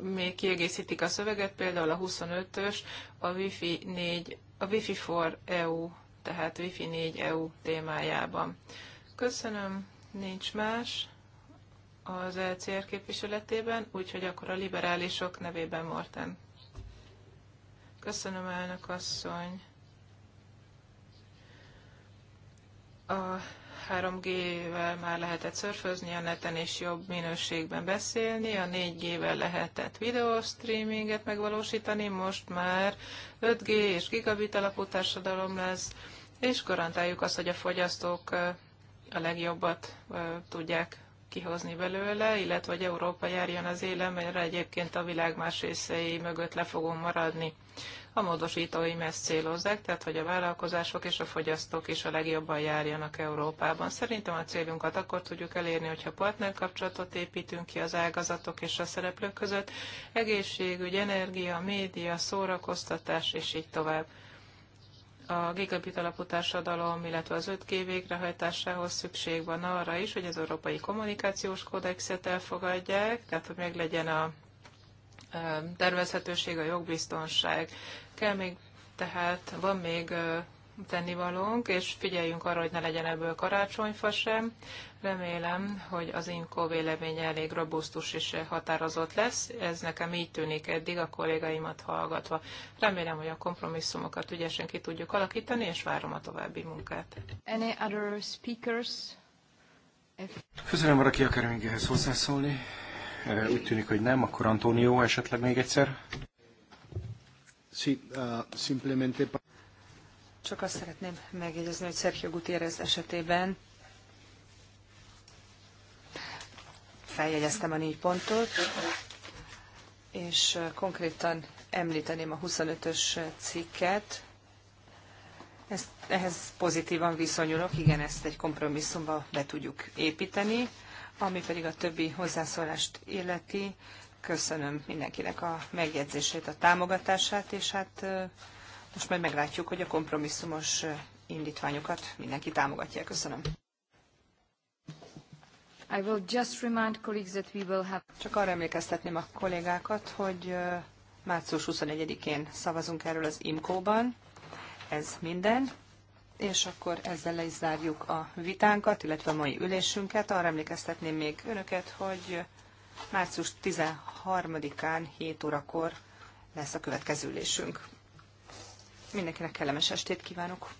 még kiegészítik a szöveget, például a 25-ös, a Wi-Fi 4, a Wi-Fi for EU, tehát Wi-Fi 4 EU témájában. Köszönöm, nincs más az LCR e képviseletében, úgyhogy akkor a liberálisok nevében Morten Köszönöm, elnök asszony. A 3G-vel már lehetett szörfözni a neten és jobb minőségben beszélni, a 4G-vel lehetett videostreaminget megvalósítani, most már 5G és gigabit alapú társadalom lesz, és garantáljuk azt, hogy a fogyasztók a legjobbat tudják kihozni belőle, illetve hogy Európa járjon az élem, mert egyébként a világ más részei mögött le fogunk maradni. A módosítóim ezt célozzák, tehát hogy a vállalkozások és a fogyasztók is a legjobban járjanak Európában. Szerintem a célunkat akkor tudjuk elérni, hogyha kapcsolatot építünk ki az ágazatok és a szereplők között, egészségügy, energia, média, szórakoztatás és így tovább a gigabit alapú társadalom, illetve az 5G végrehajtásához szükség van arra is, hogy az Európai Kommunikációs Kódexet elfogadják, tehát hogy meg legyen a tervezhetőség, a jogbiztonság. Kell még, tehát van még tennivalónk, és figyeljünk arra, hogy ne legyen ebből karácsonyfa sem. Remélem, hogy az INKO véleménye elég robusztus és határozott lesz. Ez nekem így tűnik eddig a kollégáimat hallgatva. Remélem, hogy a kompromisszumokat ügyesen ki tudjuk alakítani, és várom a további munkát. Any other speakers? If... Köszönöm, valaki akar még ehhez hozzászólni. Úgy tűnik, hogy nem, akkor Antonio esetleg még egyszer. Sí, uh, simplemente... Csak azt szeretném megjegyezni, hogy Sergio Gutierrez esetében feljegyeztem a négy pontot, és konkrétan említeném a 25-ös cikket. Ezt, ehhez pozitívan viszonyulok, igen, ezt egy kompromisszumba be tudjuk építeni, ami pedig a többi hozzászólást illeti. Köszönöm mindenkinek a megjegyzését, a támogatását, és hát most majd meglátjuk, hogy a kompromisszumos indítványokat mindenki támogatja. Köszönöm. I will just remind colleagues that we will have... Csak arra emlékeztetném a kollégákat, hogy március 21-én szavazunk erről az IMCO-ban. Ez minden. És akkor ezzel le is zárjuk a vitánkat, illetve a mai ülésünket. Arra emlékeztetném még önöket, hogy március 13-án 7 órakor lesz a következő ülésünk. Mindenkinek kellemes estét kívánok!